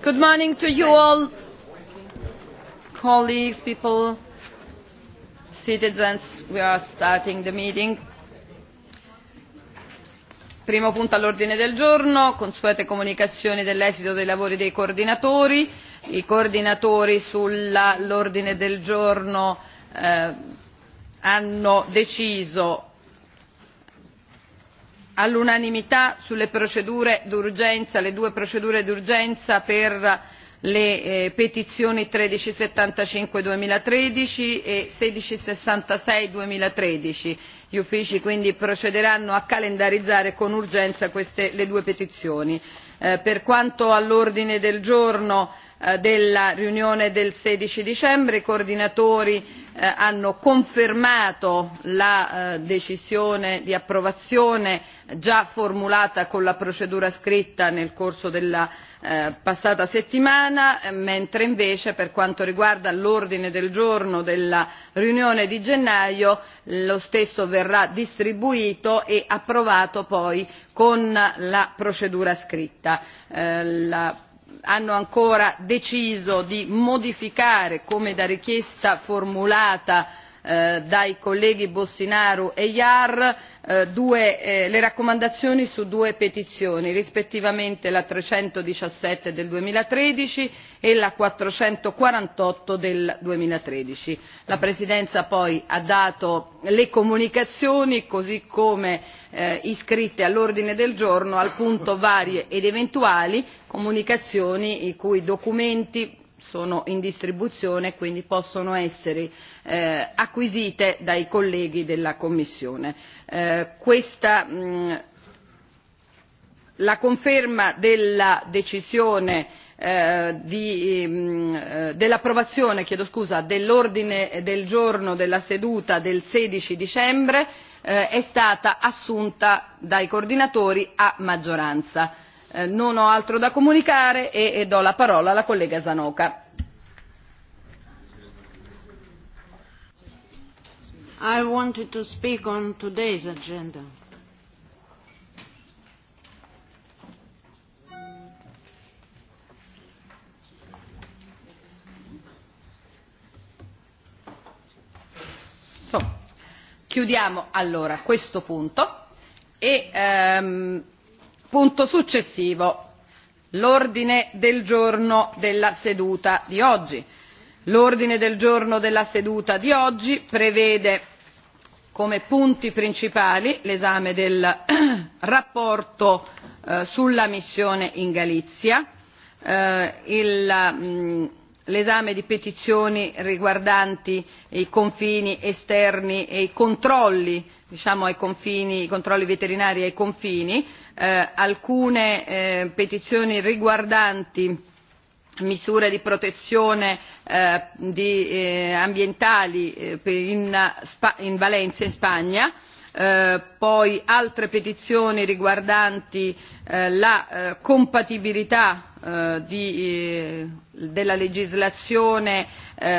Good morning to you all, colleagues, people, citizens. We are starting the meeting. Primo punto all'ordine del giorno, consuete comunicazioni dell'esito dei lavori dei coordinatori. I coordinatori sull'ordine del giorno eh, hanno deciso all'unanimità sulle procedure d'urgenza le due procedure d'urgenza per le petizioni millenovecentosettantacinque duemilatredici e milleseicentosessantasei duemilatredici gli uffici quindi procederanno a calendarizzare con urgenza le due petizioni. per quanto all'ordine del giorno della riunione del sedici dicembre i coordinatori hanno confermato la decisione di approvazione già formulata con la procedura scritta nel corso della passata settimana mentre invece per quanto riguarda l'ordine del giorno della riunione di gennaio lo stesso verrà distribuito e approvato poi con la procedura scritta. la hanno ancora deciso di modificare come da richiesta formulata dai colleghi botinaru e Iar le raccomandazioni su due petizioni, rispettivamente la trecentodiciassette del duemilatredici e la quattrocentoquarantotto del duemilatredici. La Presidenza poi ha dato le comunicazioni così come iscritte all'ordine del giorno al punto varie ed eventuali comunicazioni i cui documenti sono in distribuzione e quindi possono essere eh, acquisite dai colleghi della Commissione. Eh, questa, mh, la conferma della decisione dell'approvazione dell'ordine del giorno della seduta del sedici dicembre è stata assunta dai coordinatori a maggioranza. non ho altro da comunicare e do la parola alla collega Zanoca. I wanted to speak on today's agenda. So, chiudiamo allora questo punto e ehm, punto successivo, l'ordine del giorno della seduta di oggi l'ordine del giorno della seduta di oggi prevede come punti principali l'esame della relazione sulla missione in galizia l'esame di petizioni riguardanti i confini esterni e i controlli diciamo ai confini i controlli veterinari ai confini alcune petizioni riguardanti misure di protezione ambientali in valencia in spagna poi altre petizioni riguardanti la compatibilità della legislazione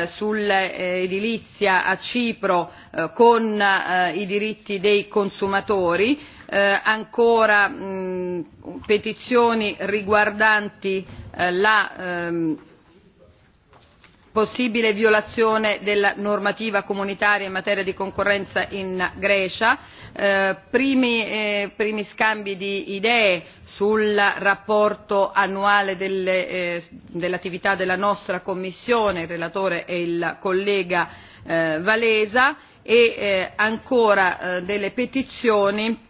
sull'edilizia a cipro con i diritti dei consumatori ancora petizioni riguardanti la possibile violazione della normativa comunitaria in materia di concorrenza in Grecia, primi scambi di idee sul rapporto annuale dell'attività della nostra Commissione, il relatore e il collega Valesa, e ancora delle petizioni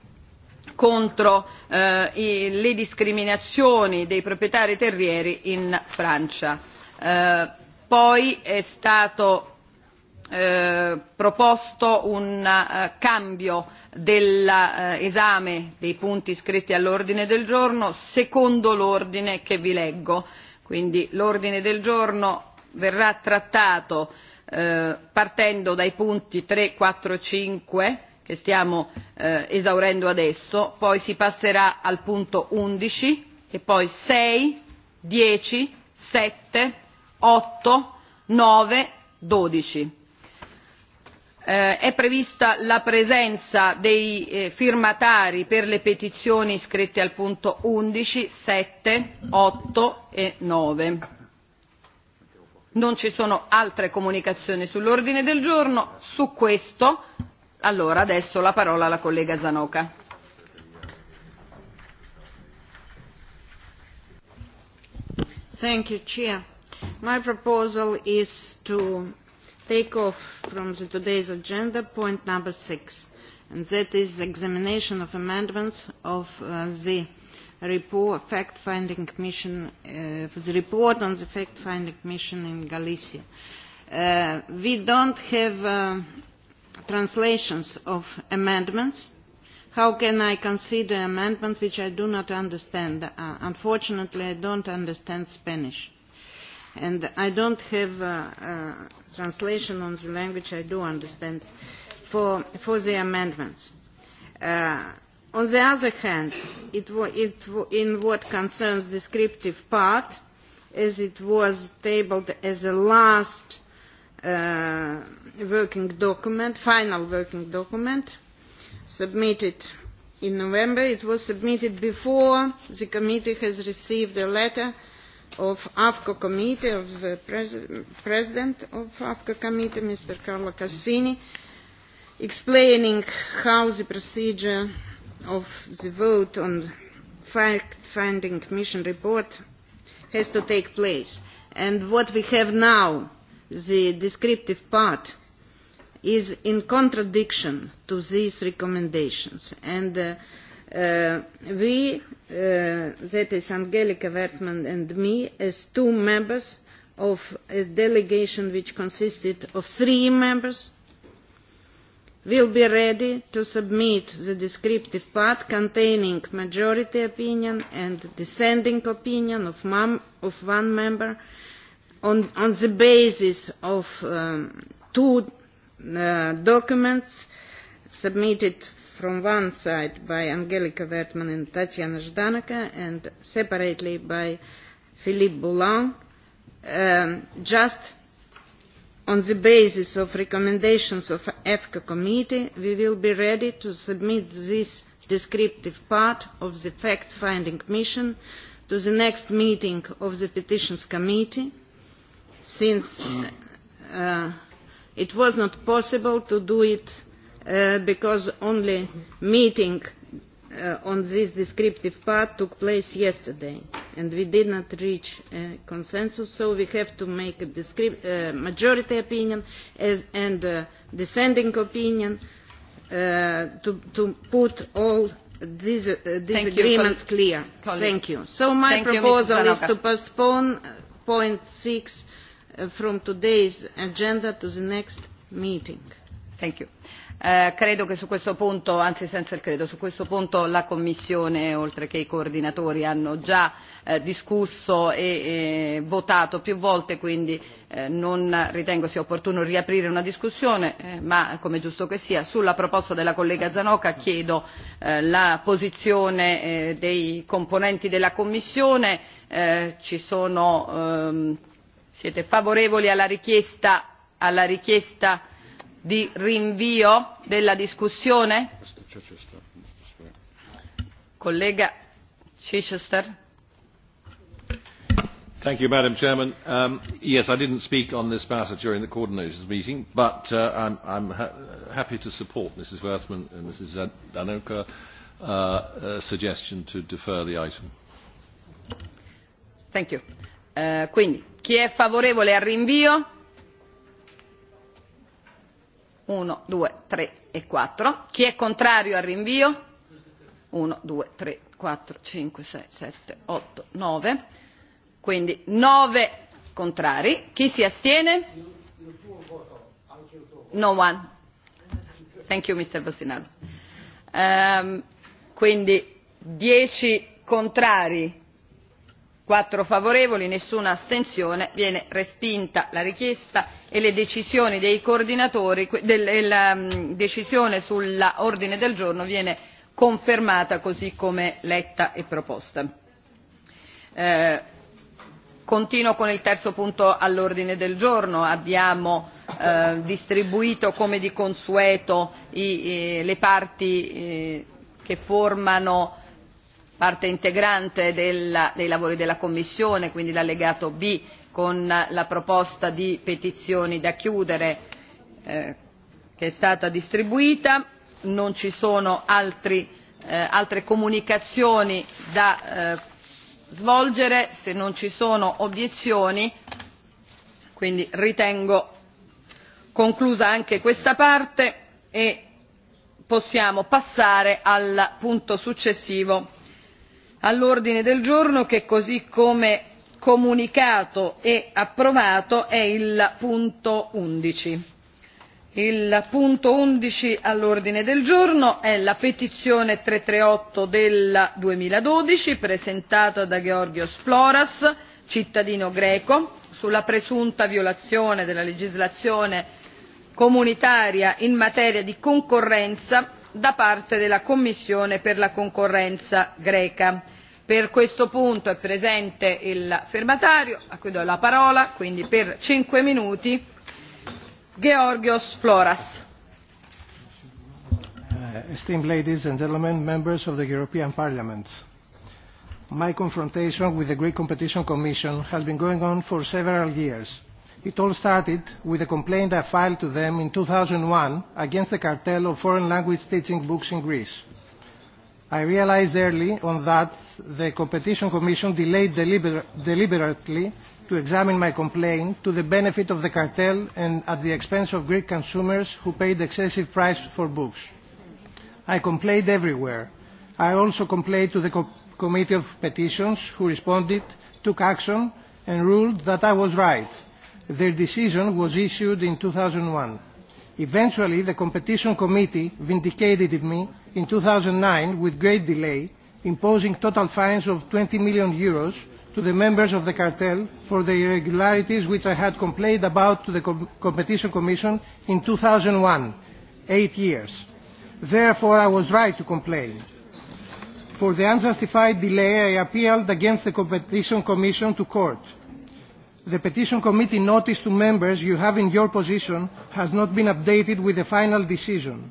contro le discriminazioni dei proprietari terrieri in Francia. Poi è stato proposto un cambio dell'esame dei punti iscritti all'ordine del giorno secondo l'ordine che vi leggo. Quindi l'ordine del giorno verrà trattato partendo dai punti tre, quattro, cinque che stiamo eh, esaurendo adesso, poi si passerà al punto 11 e poi 6, 10, 7, 8, 9, 12. Eh, è prevista la presenza dei eh, firmatari per le petizioni iscritte al punto 11, 7, 8 e 9. Non ci sono altre comunicazioni sull'ordine del giorno, su questo Allora adesso la parola alla collega Zanoka. Thank you, Chair. My proposal is to take off from the today's agenda point number six, and that is examination of amendments of uh, the report, fact-finding commission, uh, the report on the fact-finding mission in Galicia. Uh, we don't have uh, translations of amendments. How can I consider amendment which I do not understand? Uh, unfortunately, I don't understand Spanish. And I don't have uh, uh, translation on the language I do understand for, for the amendments. Uh, on the other hand, it, it, in what concerns descriptive part, as it was tabled as the last uh, working document, final working document, submitted in November. It was submitted before the committee has received a letter of AFCO committee, of the pres president of AFCO committee, Mr. Carlo Cassini, explaining how the procedure of the vote on fact-finding mission report has to take place. And what we have now the descriptive part is in contradiction to these recommendations. And uh, uh, we, uh, that is Angelica Wertmann and me, as two members of a delegation which consisted of three members, will be ready to submit the descriptive part containing majority opinion and dissenting opinion of, mom, of one member on, the basis of um, two uh, documents submitted from one side by Angelika Wertmann and Tatiana Zdanaka and separately by Philippe Boulan, um, just on the basis of recommendations of EFCA committee, we will be ready to submit this descriptive part of the fact-finding mission to the next meeting of the Petitions Committee since uh, it was not possible to do it uh, because only meeting uh, on this descriptive part took place yesterday and we did not reach a consensus so we have to make a uh, majority opinion as, and a dissenting opinion uh, to, to put all these uh, disagreements clear. Thank you. So my proposal is to postpone point six from today's agenda to the next meeting. Thank you. credo che su questo punto, anzi senza il credo, su questo punto la Commissione, oltre che i coordinatori, hanno già discusso e votato più volte, quindi non ritengo sia opportuno riaprire una discussione, ma come giusto che sia, sulla proposta della collega Zanocca chiedo la posizione dei componenti della Commissione. ci sono siete favorevoli alla richiesta alla richiesta di rinvio della discussione? collega chichester madam president yes i did not speak on this matter during the coordinators' meeting but I'm am happy to support mrs werthmann and mrs danoka's suggestion to defer the item chi è favorevole al rinvio? uno, due, tre e quattro. Chi è contrario al rinvio? uno, due, tre, quattro, cinque, sei, sette, otto, nove. Quindi nove contrari. Chi si astiene? No one. Thank you, Mr. Bossinaro. Um, quindi dieci contrari quattro favorevoli nessuna astensione viene respinta la richiesta e le decisioni dei coordinatori la decisione sull'ordine del giorno viene confermata così come letta e proposta. continuo con il terzo punto all'ordine del giorno abbiamo distribuito come di consueto le parti che formano parte integrante della, dei lavori della Commissione, quindi l'allegato B con la proposta di petizioni da chiudere eh, che è stata distribuita. Non ci sono altri, eh, altre comunicazioni da eh, svolgere, se non ci sono obiezioni, quindi ritengo conclusa anche questa parte e possiamo passare al punto successivo all'ordine del giorno che così come comunicato e approvato è il punto. undici il punto undici all'ordine del giorno è la petizione trecentotrentotto del duemiladodici presentata da georgios floras cittadino greco sulla presunta violazione della legislazione comunitaria in materia di concorrenza da parte della commissione per la concorrenza greca Per questo punto è presente il firmatario, a cui do la parola, quindi per cinque minuti, Georgios Floras. Esteemed ladies and gentlemen, members of the European Parliament, my confrontation with the Greek Competition Commission has been going on for several years. It all started with a complaint I filed to them in 2001 against the cartel of foreign language teaching books in Greece I realised early on that the Competition Commission delayed deliberately to examine my complaint to the benefit of the cartel and at the expense of Greek consumers who paid excessive price for books. I complained everywhere. I also complained to the Committee of Petitions who responded, took action and ruled that I was right. Their decision was issued in two thousand one Eventually, the Competition Committee vindicated me in 2009 with great delay, imposing total fines of 20 million euros to the members of the cartel for the irregularities which I had complained about to the Com Competition Commission in 2001, eight years. Therefore, I was right to complain. For the unjustified delay, I appealed against the Competition Commission to court The Petition Committee notice to members you have in your position has not been updated with the final decision.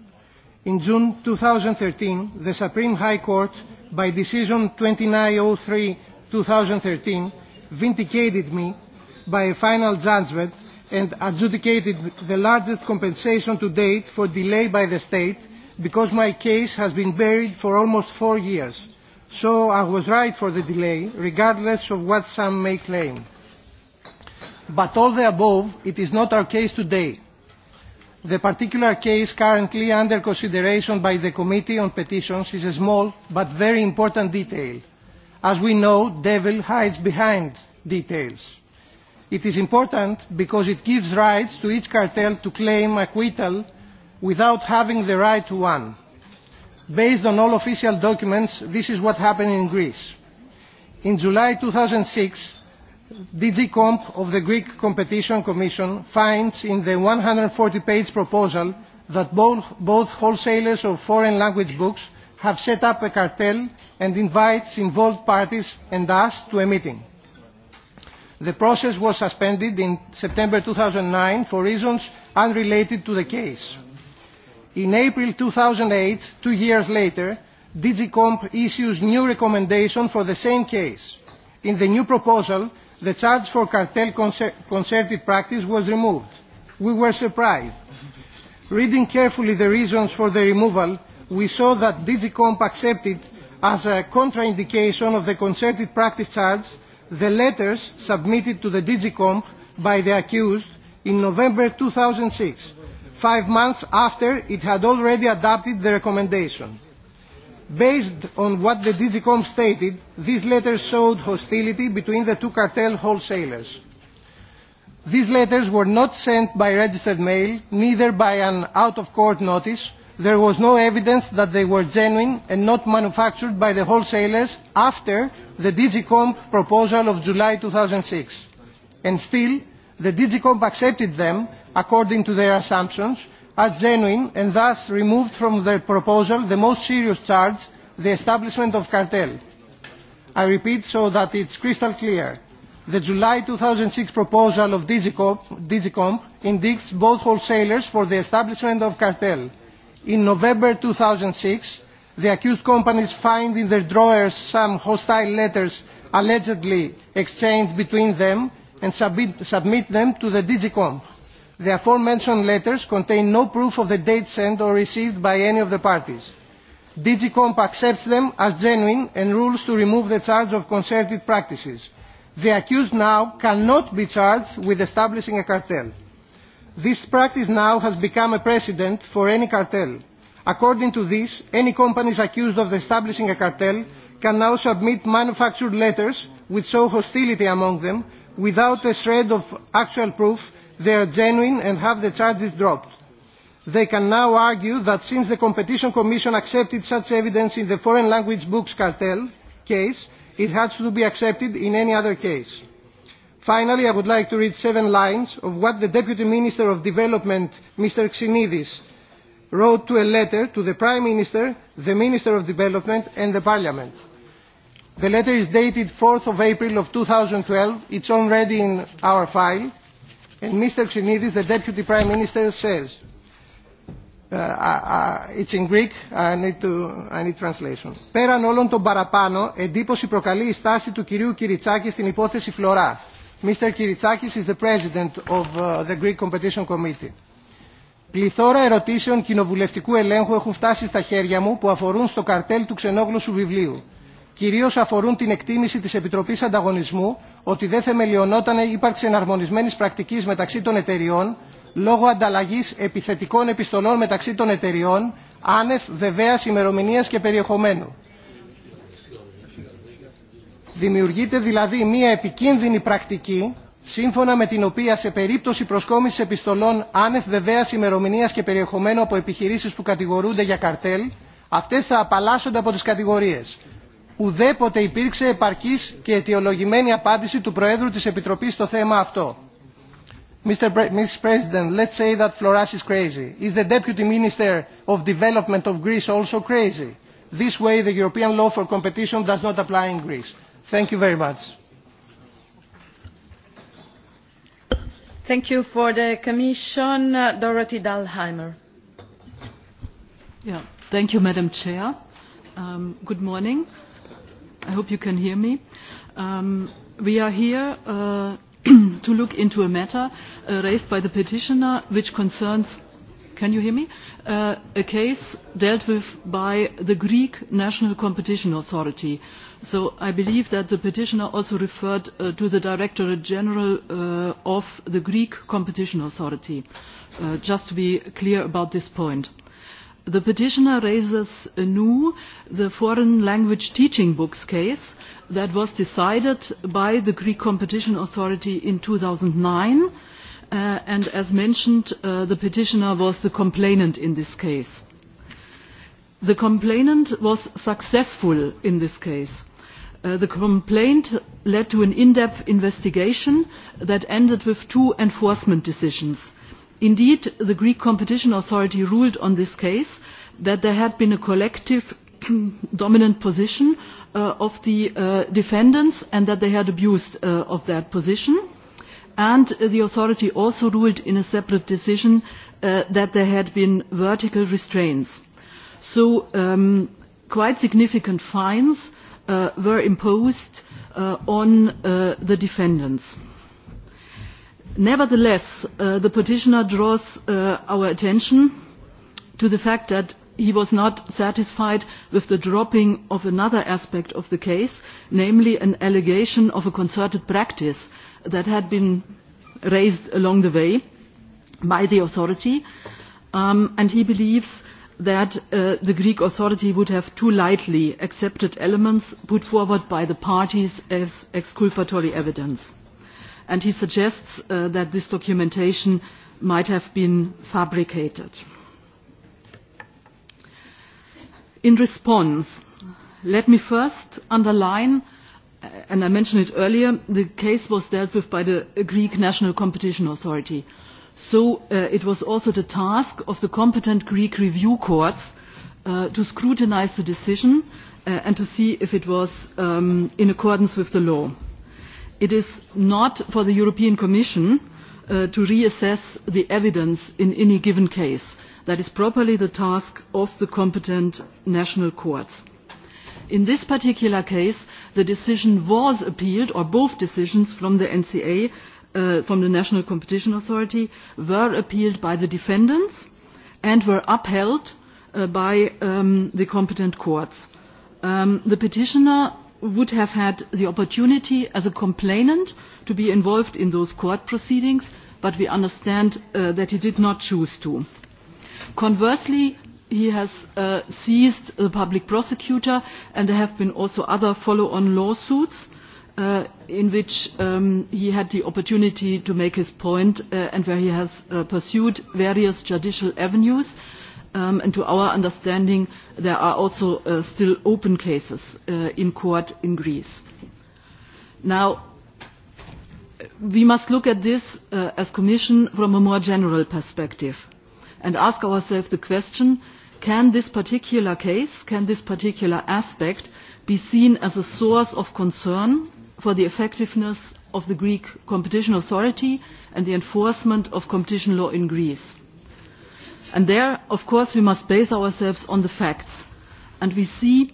In June 2013, the Supreme High Court, by decision 2903-2013, vindicated me by a final judgment and adjudicated the largest compensation to date for delay by the state because my case has been buried for almost four years. So I was right for the delay, regardless of what some may claim. But all the above, it is not our case today. The particular case currently under consideration by the Committee on Petitions is a small but very important detail. As we know, devil hides behind details. It is important because it gives rights to each cartel to claim acquittal without having the right to one. Based on all official documents, this is what happened in Greece. In July 2006, dg comp of the greek competition commission finds in the one hundred and forty page proposal that both wholesalers of foreign language books have set up a cartel and invites involved parties and us to a meeting. the process was suspended in september two thousand nine for reasons unrelated to the case. in april two thousand eight two years later dg comp issues new recommendations for the same case. in the new proposal the charge for cartel concerted practice was removed. We were surprised. Reading carefully the reasons for the removal, we saw that DigiComp accepted as a contraindication of the concerted practice charge the letters submitted to the DigiComp by the accused in November 2006, five months after it had already adopted the recommendation Based on what the DGCOM stated, this letter showed hostility between the two cartel wholesalers. These letters were not sent by registered mail, neither by an out-of-court notice. There was no evidence that they were genuine and not manufactured by the wholesalers after the DGCOMP proposal of July 2006. And still, the DGCOMP accepted them according to their assumptions as genuine and thus removed from the proposal the most serious charge, the establishment of cartel. I repeat so that it's crystal clear. The July 2006 proposal of DigiComp indicts both wholesalers for the establishment of cartel. In November 2006, the accused companies find in their drawers some hostile letters allegedly exchanged between them and submit, submit them to the DigiComp The aforementioned letters contain no proof of the date sent or received by any of the parties. Digicomp accepts them as genuine and rules to remove the charge of concerted practices. The accused now cannot be charged with establishing a cartel. This practice now has become a precedent for any cartel. According to this, any companies accused of establishing a cartel can now submit manufactured letters which show hostility among them without a shred of actual proof they are genuine and have the charges dropped. They can now argue that since the Competition Commission accepted such evidence in the foreign language books cartel case, it has to be accepted in any other case. Finally, I would like to read seven lines of what the Deputy Minister of Development, Mr. Xenidis, wrote to a letter to the Prime Minister, the Minister of Development and the Parliament. The letter is dated 4th of April of 2012. It's already in our file And Mr. Xenidis, the Deputy Prime Minister, says, uh, uh, it's in Greek, I need, to, I need translation. Πέραν όλων των παραπάνω, εντύπωση προκαλεί η στάση του κυρίου Κυριτσάκη στην υπόθεση Φλωρά. Mr. Κυριτσάκη is the president of uh, the Greek Competition Committee. Πληθώρα ερωτήσεων κοινοβουλευτικού ελέγχου έχουν φτάσει στα χέρια μου που αφορούν στο καρτέλ του ξενόγλωσσου βιβλίου κυρίως αφορούν την εκτίμηση της Επιτροπής Ανταγωνισμού ότι δεν θεμελιωνόταν η ύπαρξη εναρμονισμένης πρακτικής μεταξύ των εταιριών λόγω ανταλλαγής επιθετικών επιστολών μεταξύ των εταιριών άνευ βεβαίας ημερομηνίας και περιεχομένου. Δημιουργείται δηλαδή μία επικίνδυνη πρακτική σύμφωνα με την οποία σε περίπτωση προσκόμισης επιστολών άνευ βεβαίας ημερομηνίας και περιεχομένου από επιχειρήσεις που κατηγορούνται για καρτέλ, αυτές θα απαλλάσσονται από τις κατηγορίες ουδέποτε υπήρξε επαρκής και αιτιολογημένη απάντηση του Προέδρου της Επιτροπής στο θέμα αυτό. Mr. Pre Mr. President, let's say that Floras is crazy. Is the Deputy Minister of Development of Greece also crazy? This way the European law for competition does not apply in Greece. Thank you very much. Thank you for the Commission, uh, Dorothy Dahlheimer. Yeah, thank you, Madam Chair. Um, good morning. I hope you can hear me. Um, we are here uh, to look into a matter uh, raised by the petitioner which concerns can you hear me? Uh, a case dealt with by the Greek National Competition Authority. So I believe that the petitioner also referred uh, to the Directorate General uh, of the Greek Competition Authority, uh, just to be clear about this point. The petitioner raises anew the foreign language teaching books case that was decided by the Greek Competition Authority in 2009 uh, and as mentioned uh, the petitioner was the complainant in this case. The complainant was successful in this case. Uh, the complaint led to an in-depth investigation that ended with two enforcement decisions – Indeed, the Greek competition authority ruled on this case that there had been a collective dominant position uh, of the uh, defendants and that they had abused uh, of that position. And uh, the authority also ruled in a separate decision uh, that there had been vertical restraints. So um, quite significant fines uh, were imposed uh, on uh, the defendants. Nevertheless, uh, the petitioner draws uh, our attention to the fact that he was not satisfied with the dropping of another aspect of the case, namely an allegation of a concerted practice that had been raised along the way by the authority, um, and he believes that uh, the Greek authority would have too lightly accepted elements put forward by the parties as exculpatory evidence and he suggests uh, that this documentation might have been fabricated. In response, let me first underline, and I mentioned it earlier, the case was dealt with by the Greek National Competition Authority. So uh, it was also the task of the competent Greek review courts uh, to scrutinize the decision uh, and to see if it was um, in accordance with the law it is not for the European Commission to reassess the evidence in any given case. That is properly the task of the competent national courts. In this particular case, the decision was appealed, or both decisions from the NCA, uh, from the National Competition Authority, were appealed by the defendants and were upheld uh, by um, the competent courts. Um, the petitioner would have had the opportunity as a complainant to be involved in those court proceedings, but we understand uh, that he did not choose to. Conversely, he has uh, seized the public prosecutor, and there have been also other follow-on lawsuits uh, in which um, he had the opportunity to make his point uh, and where he has uh, pursued various judicial avenues. Uh, Um, and to our understanding, there are also uh, still open cases uh, in court in Greece. Now, we must look at this uh, as Commission from a more general perspective and ask ourselves the question, can this particular case, can this particular aspect be seen as a source of concern for the effectiveness of the Greek competition authority and the enforcement of competition law in Greece? And there, of course, we must base ourselves on the facts. And we see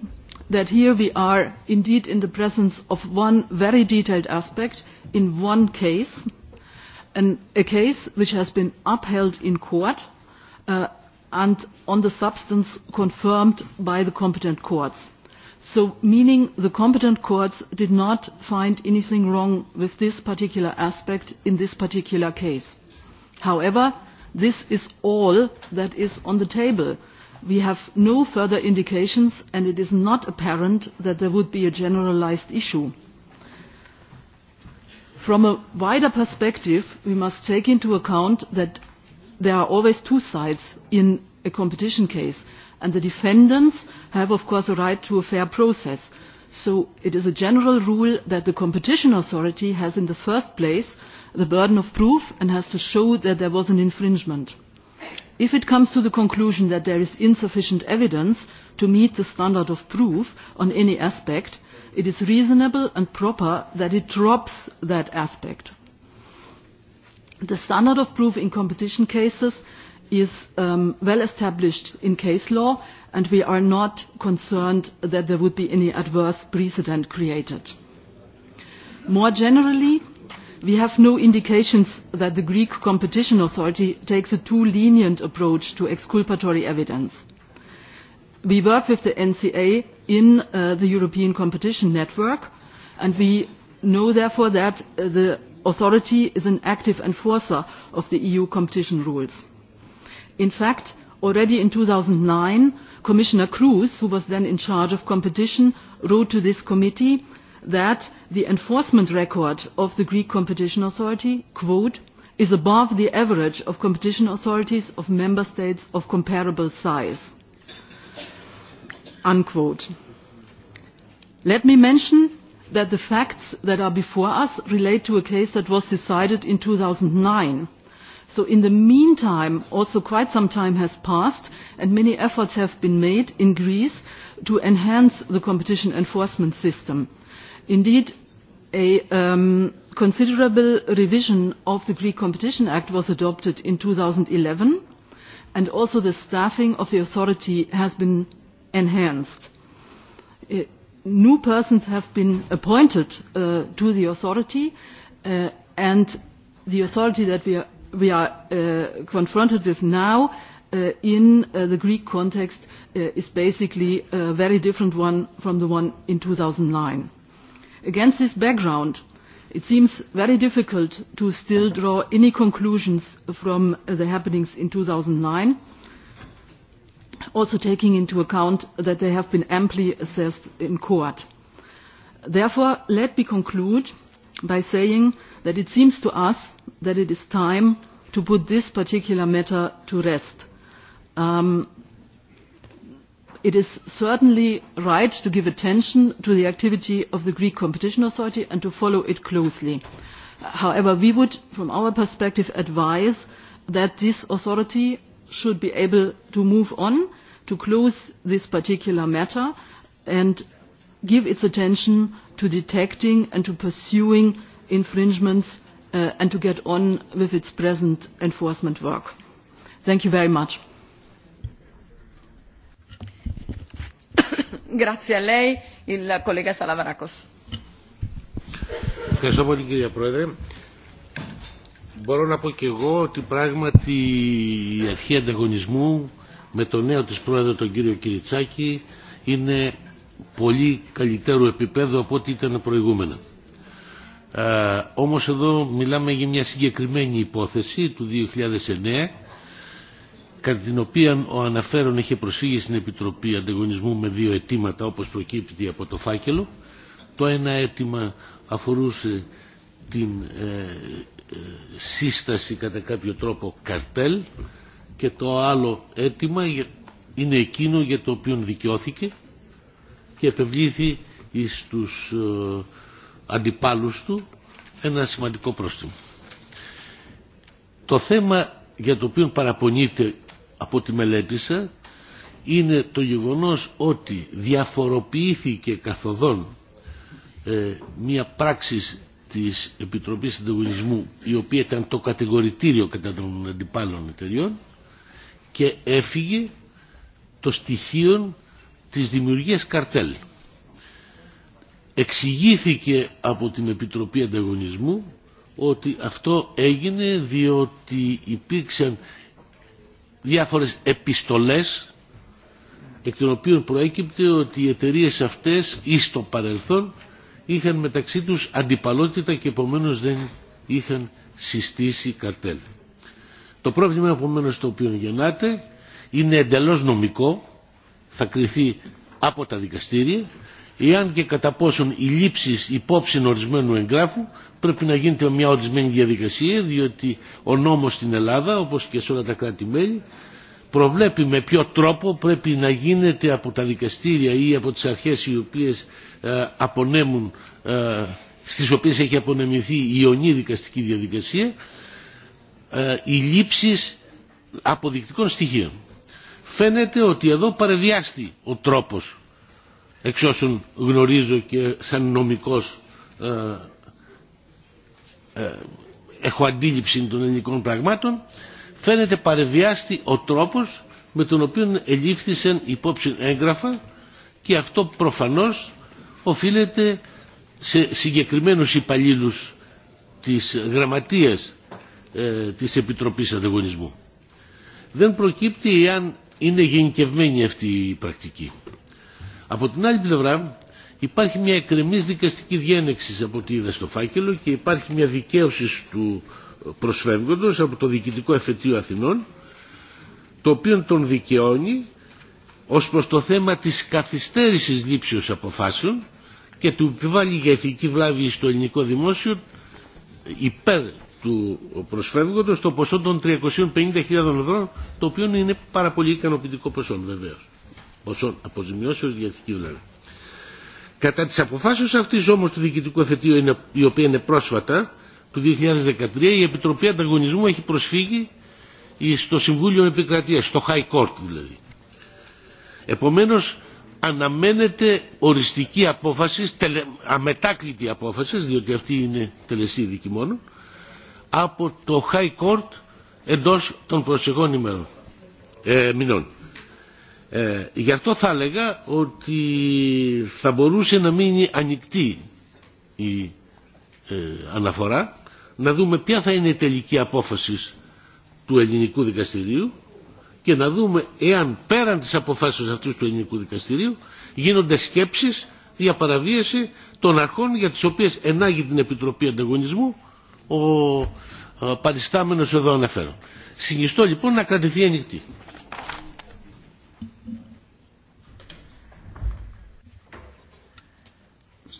that here we are indeed in the presence of one very detailed aspect in one case, and a case which has been upheld in court uh, and on the substance confirmed by the competent courts. So, meaning the competent courts did not find anything wrong with this particular aspect in this particular case. However, This is all that is on the table. We have no further indications, and it is not apparent that there would be a generalized issue. From a wider perspective, we must take into account that there are always two sides in a competition case, and the defendants have, of course, a right to a fair process. So it is a general rule that the competition authority has, in the first place, the burden of proof and has to show that there was an infringement. If it comes to the conclusion that there is insufficient evidence to meet the standard of proof on any aspect, it is reasonable and proper that it drops that aspect. The standard of proof in competition cases is um, well established in case law and we are not concerned that there would be any adverse precedent created. More generally, we have no indications that the greek competition authority takes a too lenient approach to exculpatory evidence. we work with the nca in the european competition network and we know therefore that the authority is an active enforcer of the eu competition rules. in fact already in two thousand and nine commissioner kroes who was then in charge of competition wrote to this committee that the enforcement record of the Greek competition authority, quote, is above the average of competition authorities of member states of comparable size, unquote. Let me mention that the facts that are before us relate to a case that was decided in 2009. So in the meantime, also quite some time has passed and many efforts have been made in Greece to enhance the competition enforcement system. Indeed, a um, considerable revision of the Greek Competition Act was adopted in 2011, and also the staffing of the authority has been enhanced. Uh, new persons have been appointed uh, to the authority, uh, and the authority that we are, we are uh, confronted with now uh, in uh, the Greek context uh, is basically a very different one from the one in 2009 Against this background, it seems very difficult to still draw any conclusions from the happenings in 2009, also taking into account that they have been amply assessed in court. Therefore, let me conclude by saying that it seems to us that it is time to put this particular matter to rest. Um, it is certainly right to give attention to the activity of the Greek competition authority and to follow it closely. However, we would, from our perspective, advise that this authority should be able to move on to close this particular matter and give its attention to detecting and to pursuing infringements uh, and to get on with its present enforcement work. Thank you very much. Ευχαριστώ πολύ κυρία Πρόεδρε. Μπορώ να πω και εγώ ότι πράγματι η αρχή ανταγωνισμού με τον νέο της Πρόεδρο τον κύριο Κυριτσάκη είναι πολύ καλύτερο επίπεδο από ό,τι ήταν προηγούμενα. Ε, όμως εδώ μιλάμε για μια συγκεκριμένη υπόθεση του 2009 κατά την οποία ο αναφέρον είχε προσφύγει στην Επιτροπή Ανταγωνισμού με δύο αιτήματα όπως προκύπτει από το φάκελο. Το ένα αίτημα αφορούσε την ε, σύσταση κατά κάποιο τρόπο καρτέλ και το άλλο αίτημα είναι εκείνο για το οποίο δικαιώθηκε και επευλήθη εις τους ε, αντιπάλους του ένα σημαντικό πρόστιμο. Το θέμα για το οποίο παραπονείται από τη μελέτησα είναι το γεγονός ότι διαφοροποιήθηκε καθοδόν ε, μια πράξη της Επιτροπής Συνταγωνισμού η οποία ήταν το κατηγορητήριο κατά των αντιπάλων εταιριών και έφυγε το στοιχείο της δημιουργίας καρτέλ. Εξηγήθηκε από την Επιτροπή Ανταγωνισμού ότι αυτό έγινε διότι υπήρξαν διάφορες επιστολές εκ των οποίων προέκυπτε ότι οι εταιρείες αυτές ή στο παρελθόν είχαν μεταξύ τους αντιπαλότητα και επομένως δεν είχαν συστήσει καρτέλ. Το πρόβλημα επομένως το οποίο γεννάται είναι εντελώς νομικό, θα κριθεί από τα δικαστήρια εάν και κατά πόσον η λήψη υπόψη ορισμένου εγγράφου πρέπει να γίνεται μια ορισμένη διαδικασία, διότι ο νόμος στην Ελλάδα, όπως και σε όλα τα κράτη-μέλη, προβλέπει με ποιο τρόπο πρέπει να γίνεται από τα δικαστήρια ή από τις αρχές οι οποίες ε, απονέμουν, ε, στις οποίες έχει απονεμηθεί η ιονή δικαστική διαδικασία, ε, οι λήψεις αποδεικτικών στοιχείων. Φαίνεται ότι εδώ παρεδιάστη ο τρόπος εξ όσων γνωρίζω και σαν νομικός ε, ε, έχω αντίληψη των ελληνικών πραγμάτων φαίνεται παρεβιάστη ο τρόπος με τον οποίο ελήφθησαν υπόψη έγγραφα και αυτό προφανώς οφείλεται σε συγκεκριμένους υπαλλήλους της γραμματείας ε, της Επιτροπής Ανταγωνισμού. Δεν προκύπτει εάν είναι γενικευμένη αυτή η πρακτική. Από την άλλη πλευρά υπάρχει μια εκκρεμής δικαστική διένεξη από ό,τι είδα στο φάκελο και υπάρχει μια δικαίωση του προσφεύγοντος από το Διοικητικό Εφετείο Αθηνών το οποίο τον δικαιώνει ως προς το θέμα της καθυστέρησης λήψεως αποφάσεων και του επιβάλλει για ηθική βλάβη στο ελληνικό δημόσιο υπέρ του προσφεύγοντος το ποσό των 350.000 ευρώ το οποίο είναι πάρα πολύ ικανοποιητικό ποσό βεβαίως ποσών αποζημιώσεως διαιτητή ουλάνα. Κατά τις αποφάσεις αυτής όμως του διοικητικού εφετείου η οποία είναι πρόσφατα του 2013 η Επιτροπή Ανταγωνισμού έχει προσφύγει στο Συμβούλιο Επικρατείας, στο High Court δηλαδή. Επομένως αναμένεται οριστική απόφαση, τελε, αμετάκλητη απόφαση, διότι αυτή είναι τελεσίδικη μόνο, από το High Court εντός των προσεχών ημερών, ε, μηνών. Ε, γι' αυτό θα έλεγα ότι θα μπορούσε να μείνει ανοιχτή η ε, αναφορά, να δούμε ποια θα είναι η τελική απόφαση του ελληνικού δικαστηρίου και να δούμε εάν πέραν της αποφάσεως αυτού του ελληνικού δικαστηρίου γίνονται σκέψεις για παραβίαση των αρχών για τις οποίες ενάγει την Επιτροπή Ανταγωνισμού ο παριστάμενος εδώ αναφέρον. Συνιστώ λοιπόν να κρατηθεί ανοιχτή.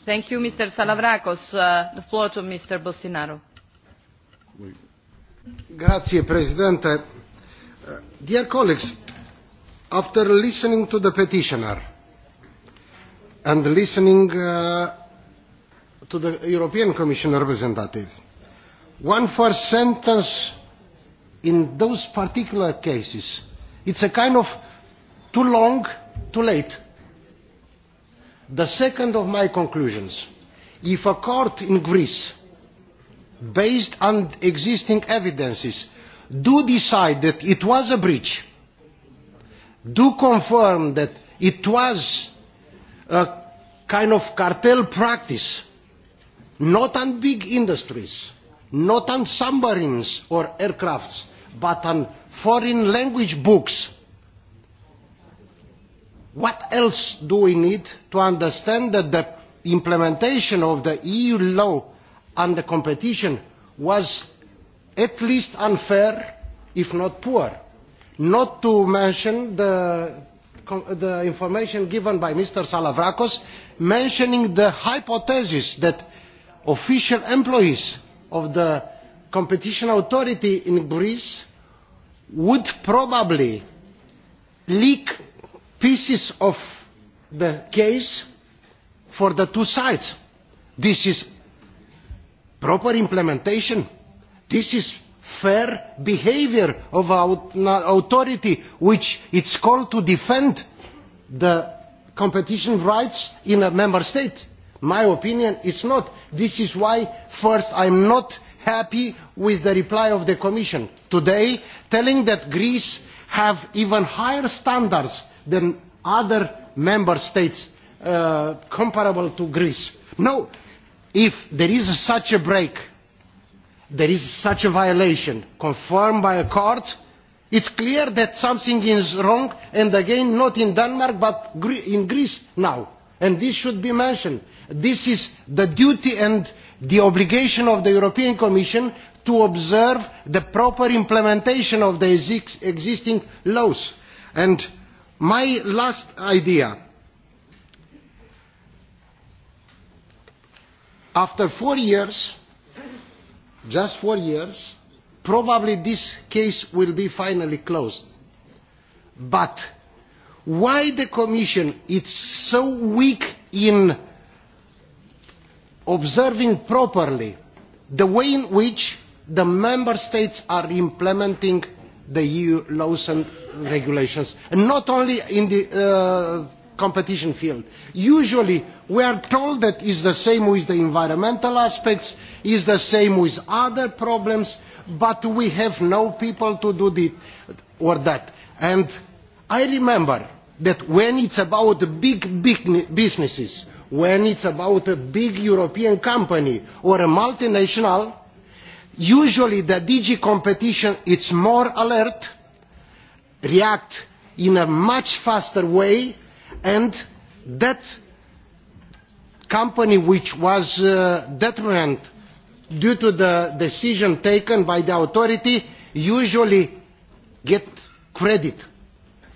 Thank you, Mr. Salavrakos. Uh, the floor to Mr. Bostinaro Grazie, Presidente. Uh, dear colleagues, after listening to the petitioner and listening uh, to the European Commission representatives, one first sentence in those particular cases, it's a kind of too long, too late. The second of my conclusions, if a court in Greece, based on existing evidences, do decide that it was a breach, do confirm that it was a kind of cartel practice, not on big industries, not on submarines or aircrafts, but on foreign language books What else do we need to understand that the implementation of the EU law on the competition was at least unfair, if not poor? Not to mention the, the information given by Mr. Salavrakos mentioning the hypothesis that official employees of the competition authority in Greece would probably leak pieces of the case for the two sides. This is proper implementation. This is fair behavior of our authority, which it's called to defend the competition rights in a member state. My opinion is not. This is why, first, I'm not happy with the reply of the Commission today, telling that Greece have even higher standards than other member states uh, comparable to Greece. No, if there is such a break, there is such a violation confirmed by a court, it's clear that something is wrong, and again, not in Denmark, but in Greece now. And this should be mentioned. This is the duty and the obligation of the European Commission to observe the proper implementation of the existing laws. And My last idea. After four years, just four years, probably this case will be finally closed. But why the Commission is so weak in observing properly the way in which the Member States are implementing the EU laws and regulations, and not only in the uh, competition field. Usually we are told that it's the same with the environmental aspects, it's the same with other problems, but we have no people to do this or that. And I remember that when it's about big, big businesses, when it's about a big European company or a multinational, usually the DG competition is more alert react in a much faster way and that company which was determined due to the decision taken by the authority usually get credit.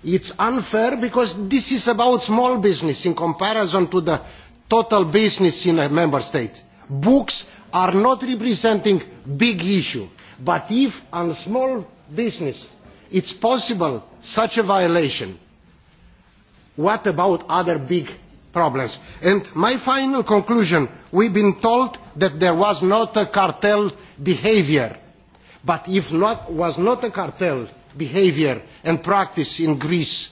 It is unfair because this is about small business in comparison to the total business in a member state. Books are not representing big issue, but if a small business It's possible such a violation. What about other big problems? And my final conclusion, we've been told that there was not a cartel behavior. But if not, was not a cartel behavior and practice in Greece,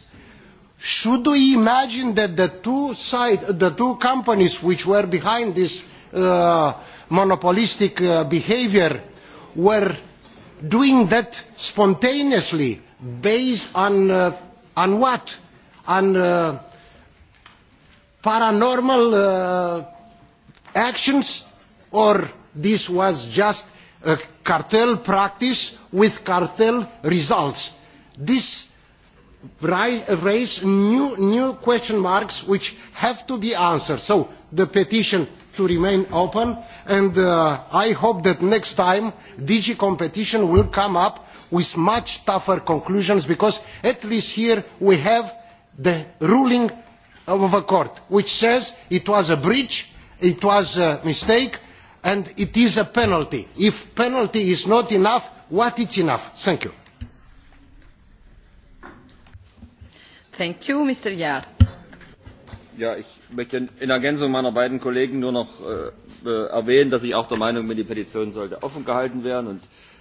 should we imagine that the two, side, the two companies which were behind this uh, monopolistic uh, behavior were doing that spontaneously based on, uh, on what? On uh, paranormal uh, actions? Or this was just a cartel practice with cartel results? This raise new, new question marks which have to be answered. So the petition to remain open and i hope that next time dg competition will come up with much tougher conclusions because at least here we have the ruling of a court which says it was a breach it was a mistake and it is a penalty. if a penalty is not enough what is enough? thank you ich möchte in Ergänzung meiner beiden Kollegen nur noch erwähnen, dass ich auch der Meinung bin, die Petition sollte offen gehalten werden.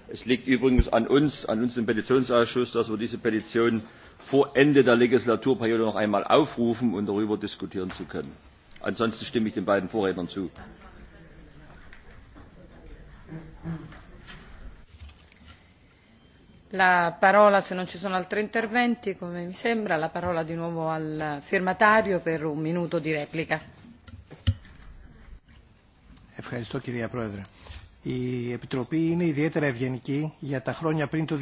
es liegt übrigens an uns, an uns im Petitionsausschuss, dass wir diese Petition vor Ende der Legislaturperiode noch einmal aufrufen, um darüber diskutieren zu können. Ansonsten stimme ich den beiden Vorrednern zu la parola se non ci sono altri interventi come mi sembra la parola di nuovo al firmatario per un minuto di replica. Ευχαριστώ κυρία Πρόεδρε. Η Επιτροπή είναι ιδιαίτερα ευγενική για τα χρόνια πριν το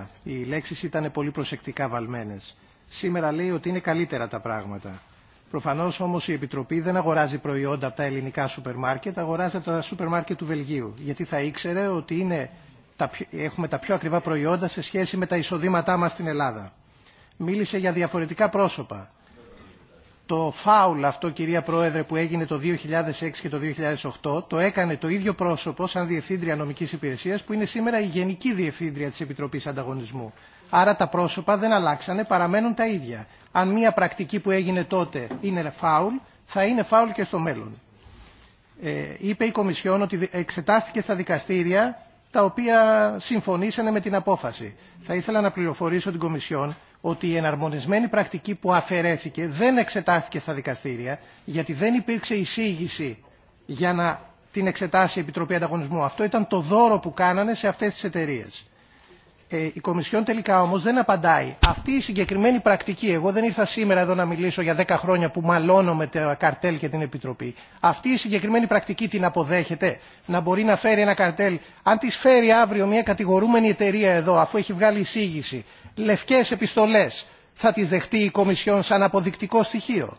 2009. Οι λέξεις ήταν πολύ προσεκτικά βαλμένες. Σήμερα λέει ότι είναι καλύτερα τα πράγματα. Προφανώς όμως η Επιτροπή δεν αγοράζει προϊόντα από τα ελληνικά σούπερ μάρκετ, αγοράζει από τα σούπερ μάρκετ του Βελγίου. Γιατί θα ήξερε ότι είναι τα πιο, έχουμε τα πιο ακριβά προϊόντα σε σχέση με τα εισοδήματά μας στην Ελλάδα. Μίλησε για διαφορετικά πρόσωπα. Το φάουλ αυτό, κυρία Πρόεδρε, που έγινε το 2006 και το 2008, το έκανε το ίδιο πρόσωπο σαν Διευθύντρια Νομικής Υπηρεσίας, που είναι σήμερα η Γενική Διευθύντρια της Επιτροπής Ανταγωνισμού. Άρα τα πρόσωπα δεν αλλάξανε, παραμένουν τα ίδια. Αν μία πρακτική που έγινε τότε είναι φάουλ, θα είναι φάουλ και στο μέλλον. Ε, είπε η Κομισιόν ότι εξετάστηκε στα δικαστήρια τα οποία συμφωνήσανε με την απόφαση. Θα ήθελα να πληροφορήσω την Κομισιόν ότι η εναρμονισμένη πρακτική που αφαιρέθηκε δεν εξετάστηκε στα δικαστήρια γιατί δεν υπήρξε εισήγηση για να την εξετάσει η Επιτροπή Ανταγωνισμού. Αυτό ήταν το δώρο που κάνανε σε αυτές τις εταιρείες. Ε, η Κομισιόν τελικά όμως δεν απαντάει. Αυτή η συγκεκριμένη πρακτική, εγώ δεν ήρθα σήμερα εδώ να μιλήσω για 10 χρόνια που μαλώνω με τα καρτέλ και την Επιτροπή. Αυτή η συγκεκριμένη πρακτική την αποδέχεται να μπορεί να φέρει ένα καρτέλ. Αν τη φέρει αύριο μια κατηγορούμενη εταιρεία εδώ, αφού έχει βγάλει εισήγηση, λευκές επιστολές, θα τις δεχτεί η Κομισιόν σαν αποδεικτικό στοιχείο.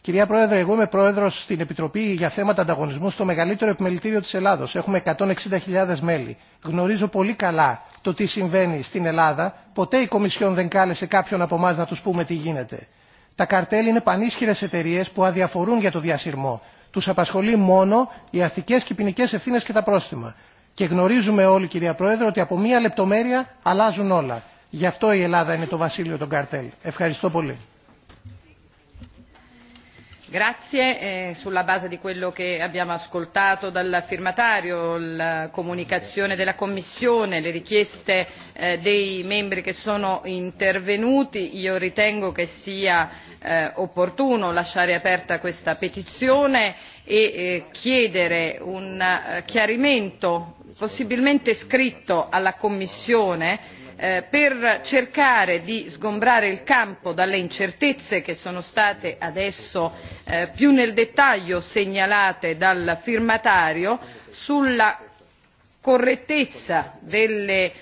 Κυρία Πρόεδρε, εγώ είμαι πρόεδρο στην Επιτροπή για θέματα ανταγωνισμού στο μεγαλύτερο επιμελητήριο τη Ελλάδο. Έχουμε 160.000 μέλη. Γνωρίζω πολύ καλά το τι συμβαίνει στην Ελλάδα. Ποτέ η Κομισιόν δεν κάλεσε κάποιον από εμά να του πούμε τι γίνεται. Τα καρτέλ είναι πανίσχυρε εταιρείε που αδιαφορούν για το διασυρμό. Του απασχολεί μόνο οι αστικέ και ποινικέ ευθύνε και τα πρόστιμα. Και γνωρίζουμε όλοι, κυρία Πρόεδρε, ότι από μία λεπτομέρεια αλλάζουν όλα. Γι' αυτό η Ελλάδα είναι το βασίλειο των καρτέλ. Ευχαριστώ πολύ. Grazie. sulla base di quello che abbiamo ascoltato dal firmatario, la comunicazione della Commissione, le richieste dei membri che sono intervenuti, io ritengo che sia opportuno lasciare aperta questa petizione e chiedere un chiarimento possibilmente scritto alla Commissione per cercare di sgombrare il campo dalle incertezze che sono state adesso più nel dettaglio segnalate dal firmatario sulla correttezza delle